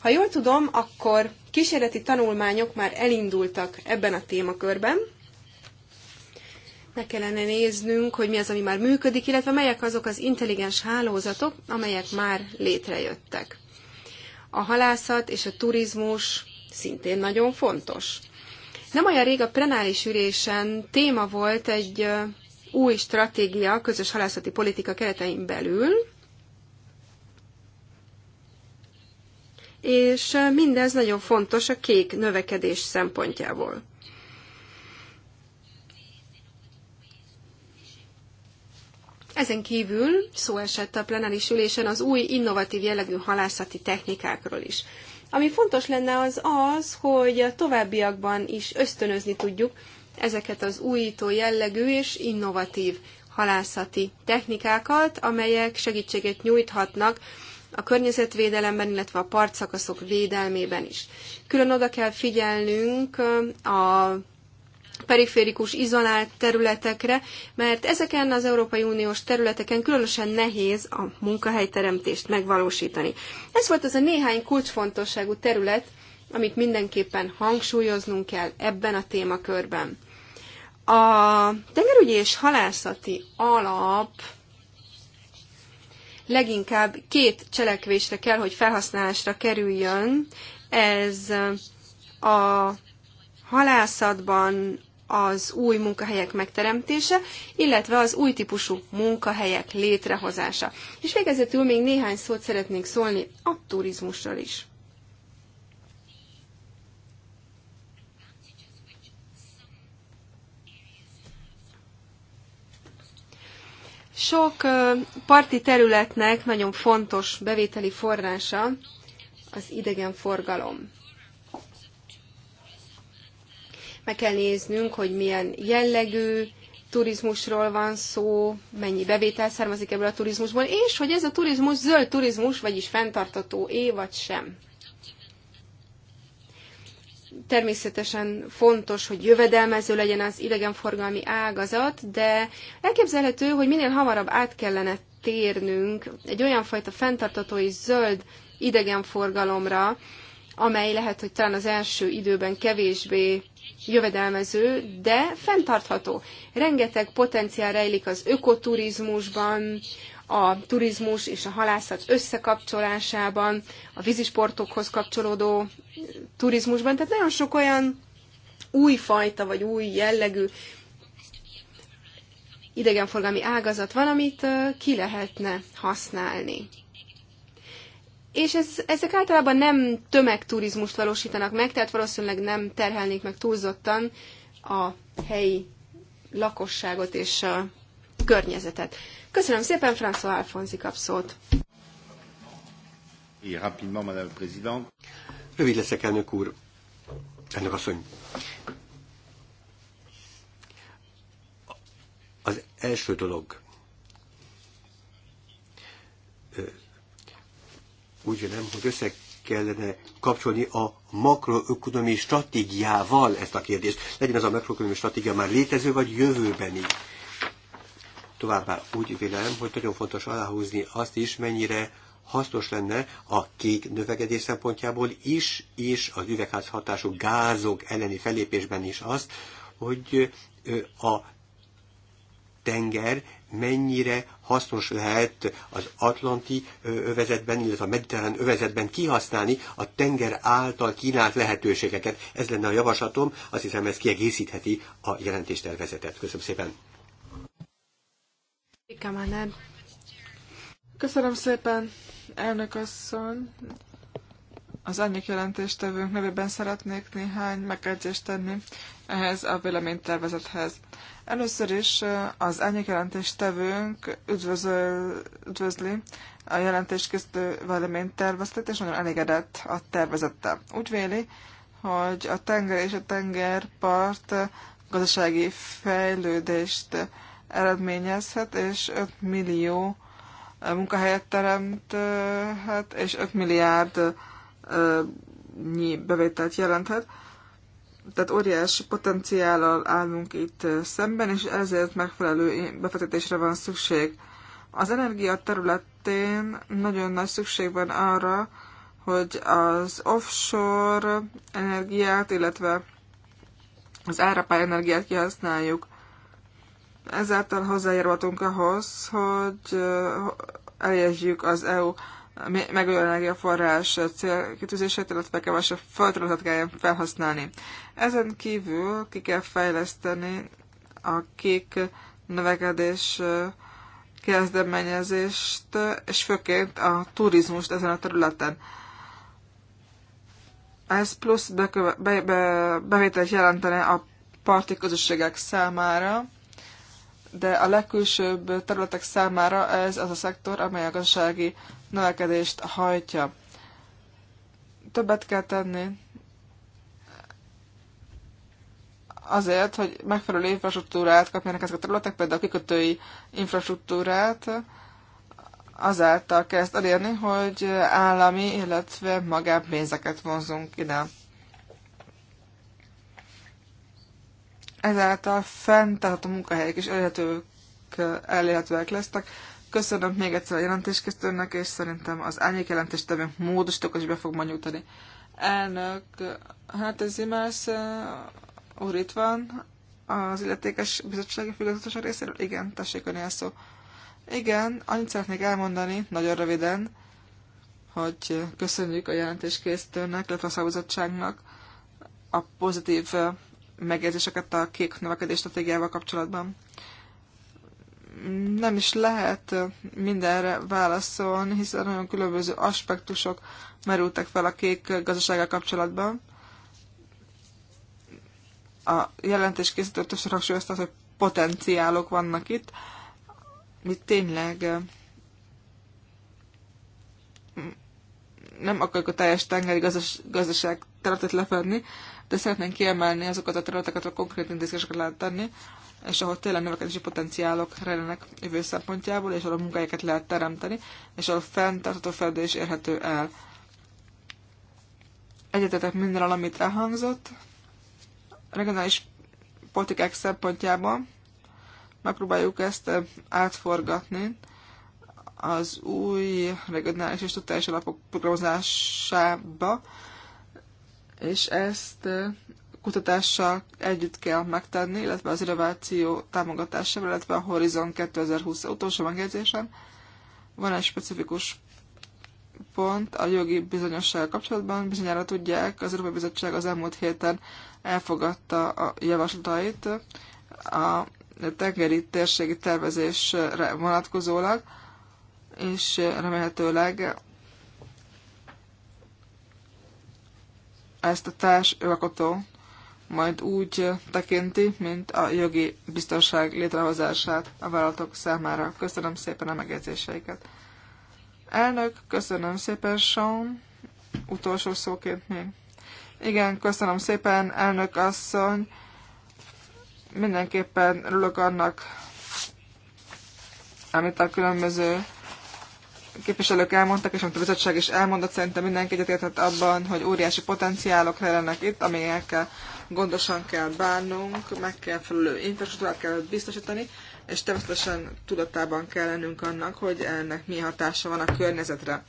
Ha jól tudom, akkor kísérleti tanulmányok már elindultak ebben a témakörben, meg kellene néznünk, hogy mi az, ami már működik, illetve melyek azok az intelligens hálózatok, amelyek már létrejöttek. A halászat és a turizmus szintén nagyon fontos. Nem olyan rég a plenáris ülésen téma volt egy új stratégia közös halászati politika keretein belül, és mindez nagyon fontos a kék növekedés szempontjából. Ezen kívül szó esett a plenáris ülésen az új innovatív jellegű halászati technikákról is. Ami fontos lenne az az, hogy a továbbiakban is ösztönözni tudjuk ezeket az újító jellegű és innovatív halászati technikákat, amelyek segítséget nyújthatnak a környezetvédelemben, illetve a partszakaszok védelmében is. Külön oda kell figyelnünk a periférikus, izolált területekre, mert ezeken az Európai Uniós területeken különösen nehéz a munkahelyteremtést megvalósítani. Ez volt az a néhány kulcsfontosságú terület, amit mindenképpen hangsúlyoznunk kell ebben a témakörben. A tengerügyi és halászati alap leginkább két cselekvésre kell, hogy felhasználásra kerüljön. Ez a halászatban az új munkahelyek megteremtése, illetve az új típusú munkahelyek létrehozása. És végezetül még néhány szót szeretnénk szólni a turizmusról is. Sok parti területnek nagyon fontos bevételi forrása az idegenforgalom. meg kell néznünk, hogy milyen jellegű turizmusról van szó, mennyi bevétel származik ebből a turizmusból, és hogy ez a turizmus zöld turizmus, vagyis fenntartató é vagy sem. Természetesen fontos, hogy jövedelmező legyen az idegenforgalmi ágazat, de elképzelhető, hogy minél hamarabb át kellene térnünk egy olyan fajta fenntartató és zöld idegenforgalomra, amely lehet, hogy talán az első időben kevésbé jövedelmező, de fenntartható. Rengeteg potenciál rejlik az ökoturizmusban, a turizmus és a halászat összekapcsolásában, a vízisportokhoz kapcsolódó turizmusban. Tehát nagyon sok olyan új fajta vagy új jellegű idegenforgalmi ágazat van, amit ki lehetne használni és ez, ezek általában nem tömegturizmust valósítanak meg, tehát valószínűleg nem terhelnék meg túlzottan a helyi lakosságot és a környezetet. Köszönöm szépen, François Alfonzi kap szót. Rövid leszek, elnök úr. Elnök asszony. Az első dolog, Úgy nem, hogy össze kellene kapcsolni a makroökonomiai stratégiával ezt a kérdést. Legyen az a makroökonomiai stratégia már létező, vagy jövőbeni. Továbbá úgy vélem, hogy nagyon fontos aláhúzni azt is, mennyire hasznos lenne a kék növekedés szempontjából is, és az üvegházhatású gázok elleni felépésben is azt, hogy a tenger mennyire hasznos lehet az Atlanti övezetben, illetve a mediterrán övezetben kihasználni a tenger által kínált lehetőségeket. Ez lenne a javaslatom, azt hiszem ez kiegészítheti a jelentéstervezetet. Köszönöm szépen. Köszönöm szépen, elnök asszony. Az annyik jelentéstevőnk nevében szeretnék néhány megjegyzést tenni ehhez a véleménytervezethez. Először is az árnyékjelentéstevőnk üdvözöl, üdvözli a jelentéskészítő vélemény tervezetét, és nagyon elégedett a tervezette. Úgy véli, hogy a tenger és a tengerpart gazdasági fejlődést eredményezhet, és 5 millió munkahelyet teremthet, és 5 milliárd nyi bevételt jelenthet tehát óriási potenciállal állunk itt szemben, és ezért megfelelő befektetésre van szükség. Az energia területén nagyon nagy szükség van arra, hogy az offshore energiát, illetve az árapály energiát kihasználjuk. Ezáltal hozzájárulhatunk ahhoz, hogy elérjük az EU megújuló energiaforrás célkitűzését, illetve kevesebb földterületet kell felhasználni. Ezen kívül ki kell fejleszteni a kék növekedés kezdeményezést, és főként a turizmust ezen a területen. Ez plusz beköve, be, be, bevételt jelentene a parti közösségek számára, de a legkülsőbb területek számára ez az a szektor, amely a gazdasági növekedést hajtja. Többet kell tenni azért, hogy megfelelő infrastruktúrát kapjanak ezek a területek, például a kikötői infrastruktúrát, azáltal kell ezt elérni, hogy állami, illetve magánpénzeket vonzunk ide. Ezáltal fent a munkahelyek is elérhetők, elérhetőek lesznek, Köszönöm még egyszer a jelentéskészítőnek, és szerintem az árnyék tevén módostok, is be fog majd nyújtani. Elnök, hát ez Zimmersz eh, úr itt van, az illetékes bizottsági főigazgatóság részéről? Igen, tessék önél szó. Igen, annyit szeretnék elmondani, nagyon röviden, hogy köszönjük a jelentéskészítőnek, illetve a szakbizottságnak a pozitív eh, megjegyzéseket a kék növekedés stratégiával kapcsolatban nem is lehet mindenre válaszolni, hiszen nagyon különböző aspektusok merültek fel a kék gazdasággal kapcsolatban. A jelentés készítő többször hangsúlyozta, hogy potenciálok vannak itt. Mi tényleg nem akarjuk a teljes tengeri gazdas- gazdaság területet lefedni, de szeretnénk kiemelni azokat a területeket, ahol konkrét intézkedéseket lehet tenni és ahol tényleg növekedési potenciálok rejlenek jövő szempontjából, és ahol a munkahelyeket lehet teremteni, és ahol fenntartható fejlődés érhető el. Egyetetek minden, amit elhangzott. A regionális politikák szempontjában megpróbáljuk ezt eh, átforgatni az új regionális és tudási alapok programozásába, és ezt eh, kutatással együtt kell megtenni, illetve az innováció támogatásával, illetve a Horizon 2020 utolsó megjegyzésen van egy specifikus pont a jogi bizonyossággal kapcsolatban. Bizonyára tudják, az Európai Bizottság az elmúlt héten elfogadta a javaslatait a tengeri térségi tervezésre vonatkozólag, és remélhetőleg ezt a társ alkotó majd úgy tekinti, mint a jogi biztonság létrehozását a vállalatok számára. Köszönöm szépen a megjegyzéseiket. Elnök, köszönöm szépen, Sean. Utolsó szóként még. Igen, köszönöm szépen, elnök asszony. Mindenképpen örülök annak, amit a különböző képviselők elmondtak, és amit a bizottság is elmondott, szerintem mindenki egyetértett abban, hogy óriási potenciálok lennek itt, amelyekkel gondosan kell bánnunk, meg kell felelő infrastruktúrát kell biztosítani, és természetesen tudatában kell lennünk annak, hogy ennek mi hatása van a környezetre.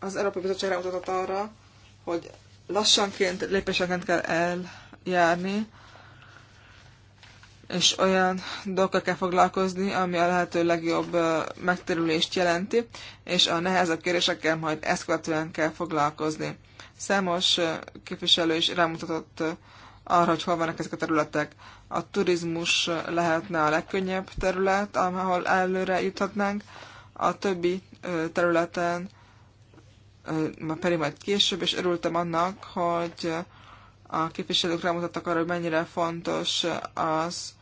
Az Európai Bizottság rámutatott arra, hogy lassanként, lépésenként kell eljárni, és olyan dolgokkal kell foglalkozni, ami a lehető legjobb megterülést jelenti, és a nehezebb kérésekkel majd ezt kell foglalkozni. Számos képviselő is rámutatott arra, hogy hol vannak ezek a területek. A turizmus lehetne a legkönnyebb terület, ahol előre juthatnánk, a többi területen pedig majd később, és örültem annak, hogy a képviselők rámutattak arra, hogy mennyire fontos az,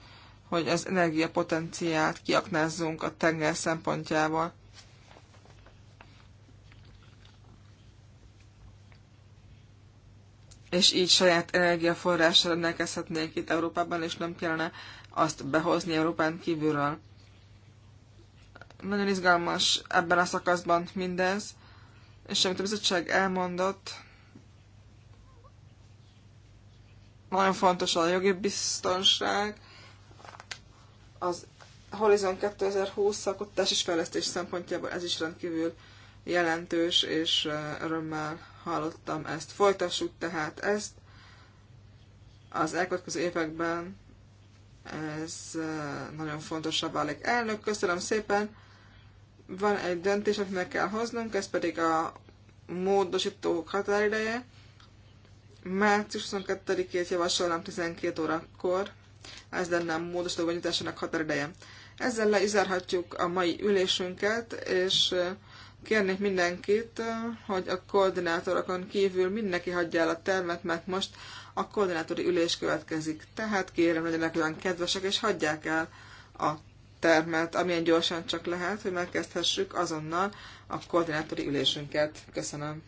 hogy az energiapotenciált kiaknázzunk a tenger szempontjából. És így saját energiaforrásra rendelkezhetnénk itt Európában, és nem kellene azt behozni Európán kívülről. Nagyon izgalmas ebben a szakaszban mindez, és amit a bizottság elmondott, Nagyon fontos a jogi biztonság, az Horizon 2020 szakottás és fejlesztés szempontjából ez is rendkívül jelentős, és örömmel hallottam ezt. Folytassuk tehát ezt. Az elkövetkező években ez nagyon fontosabb válik. Elnök, köszönöm szépen. Van egy döntés, amit meg kell hoznunk, ez pedig a módosítók határideje. Március 22-ét javasolnám 12 órakor, ez lenne a módosító benyújtásának határideje. Ezzel le is a mai ülésünket, és eh, kérnék mindenkit, eh, hogy a koordinátorokon kívül mindenki hagyja el a termet, mert most a koordinátori ülés következik. Tehát kérem, legyenek olyan kedvesek, és hagyják el a termet, amilyen gyorsan csak lehet, hogy megkezdhessük azonnal a koordinátori ülésünket. Köszönöm.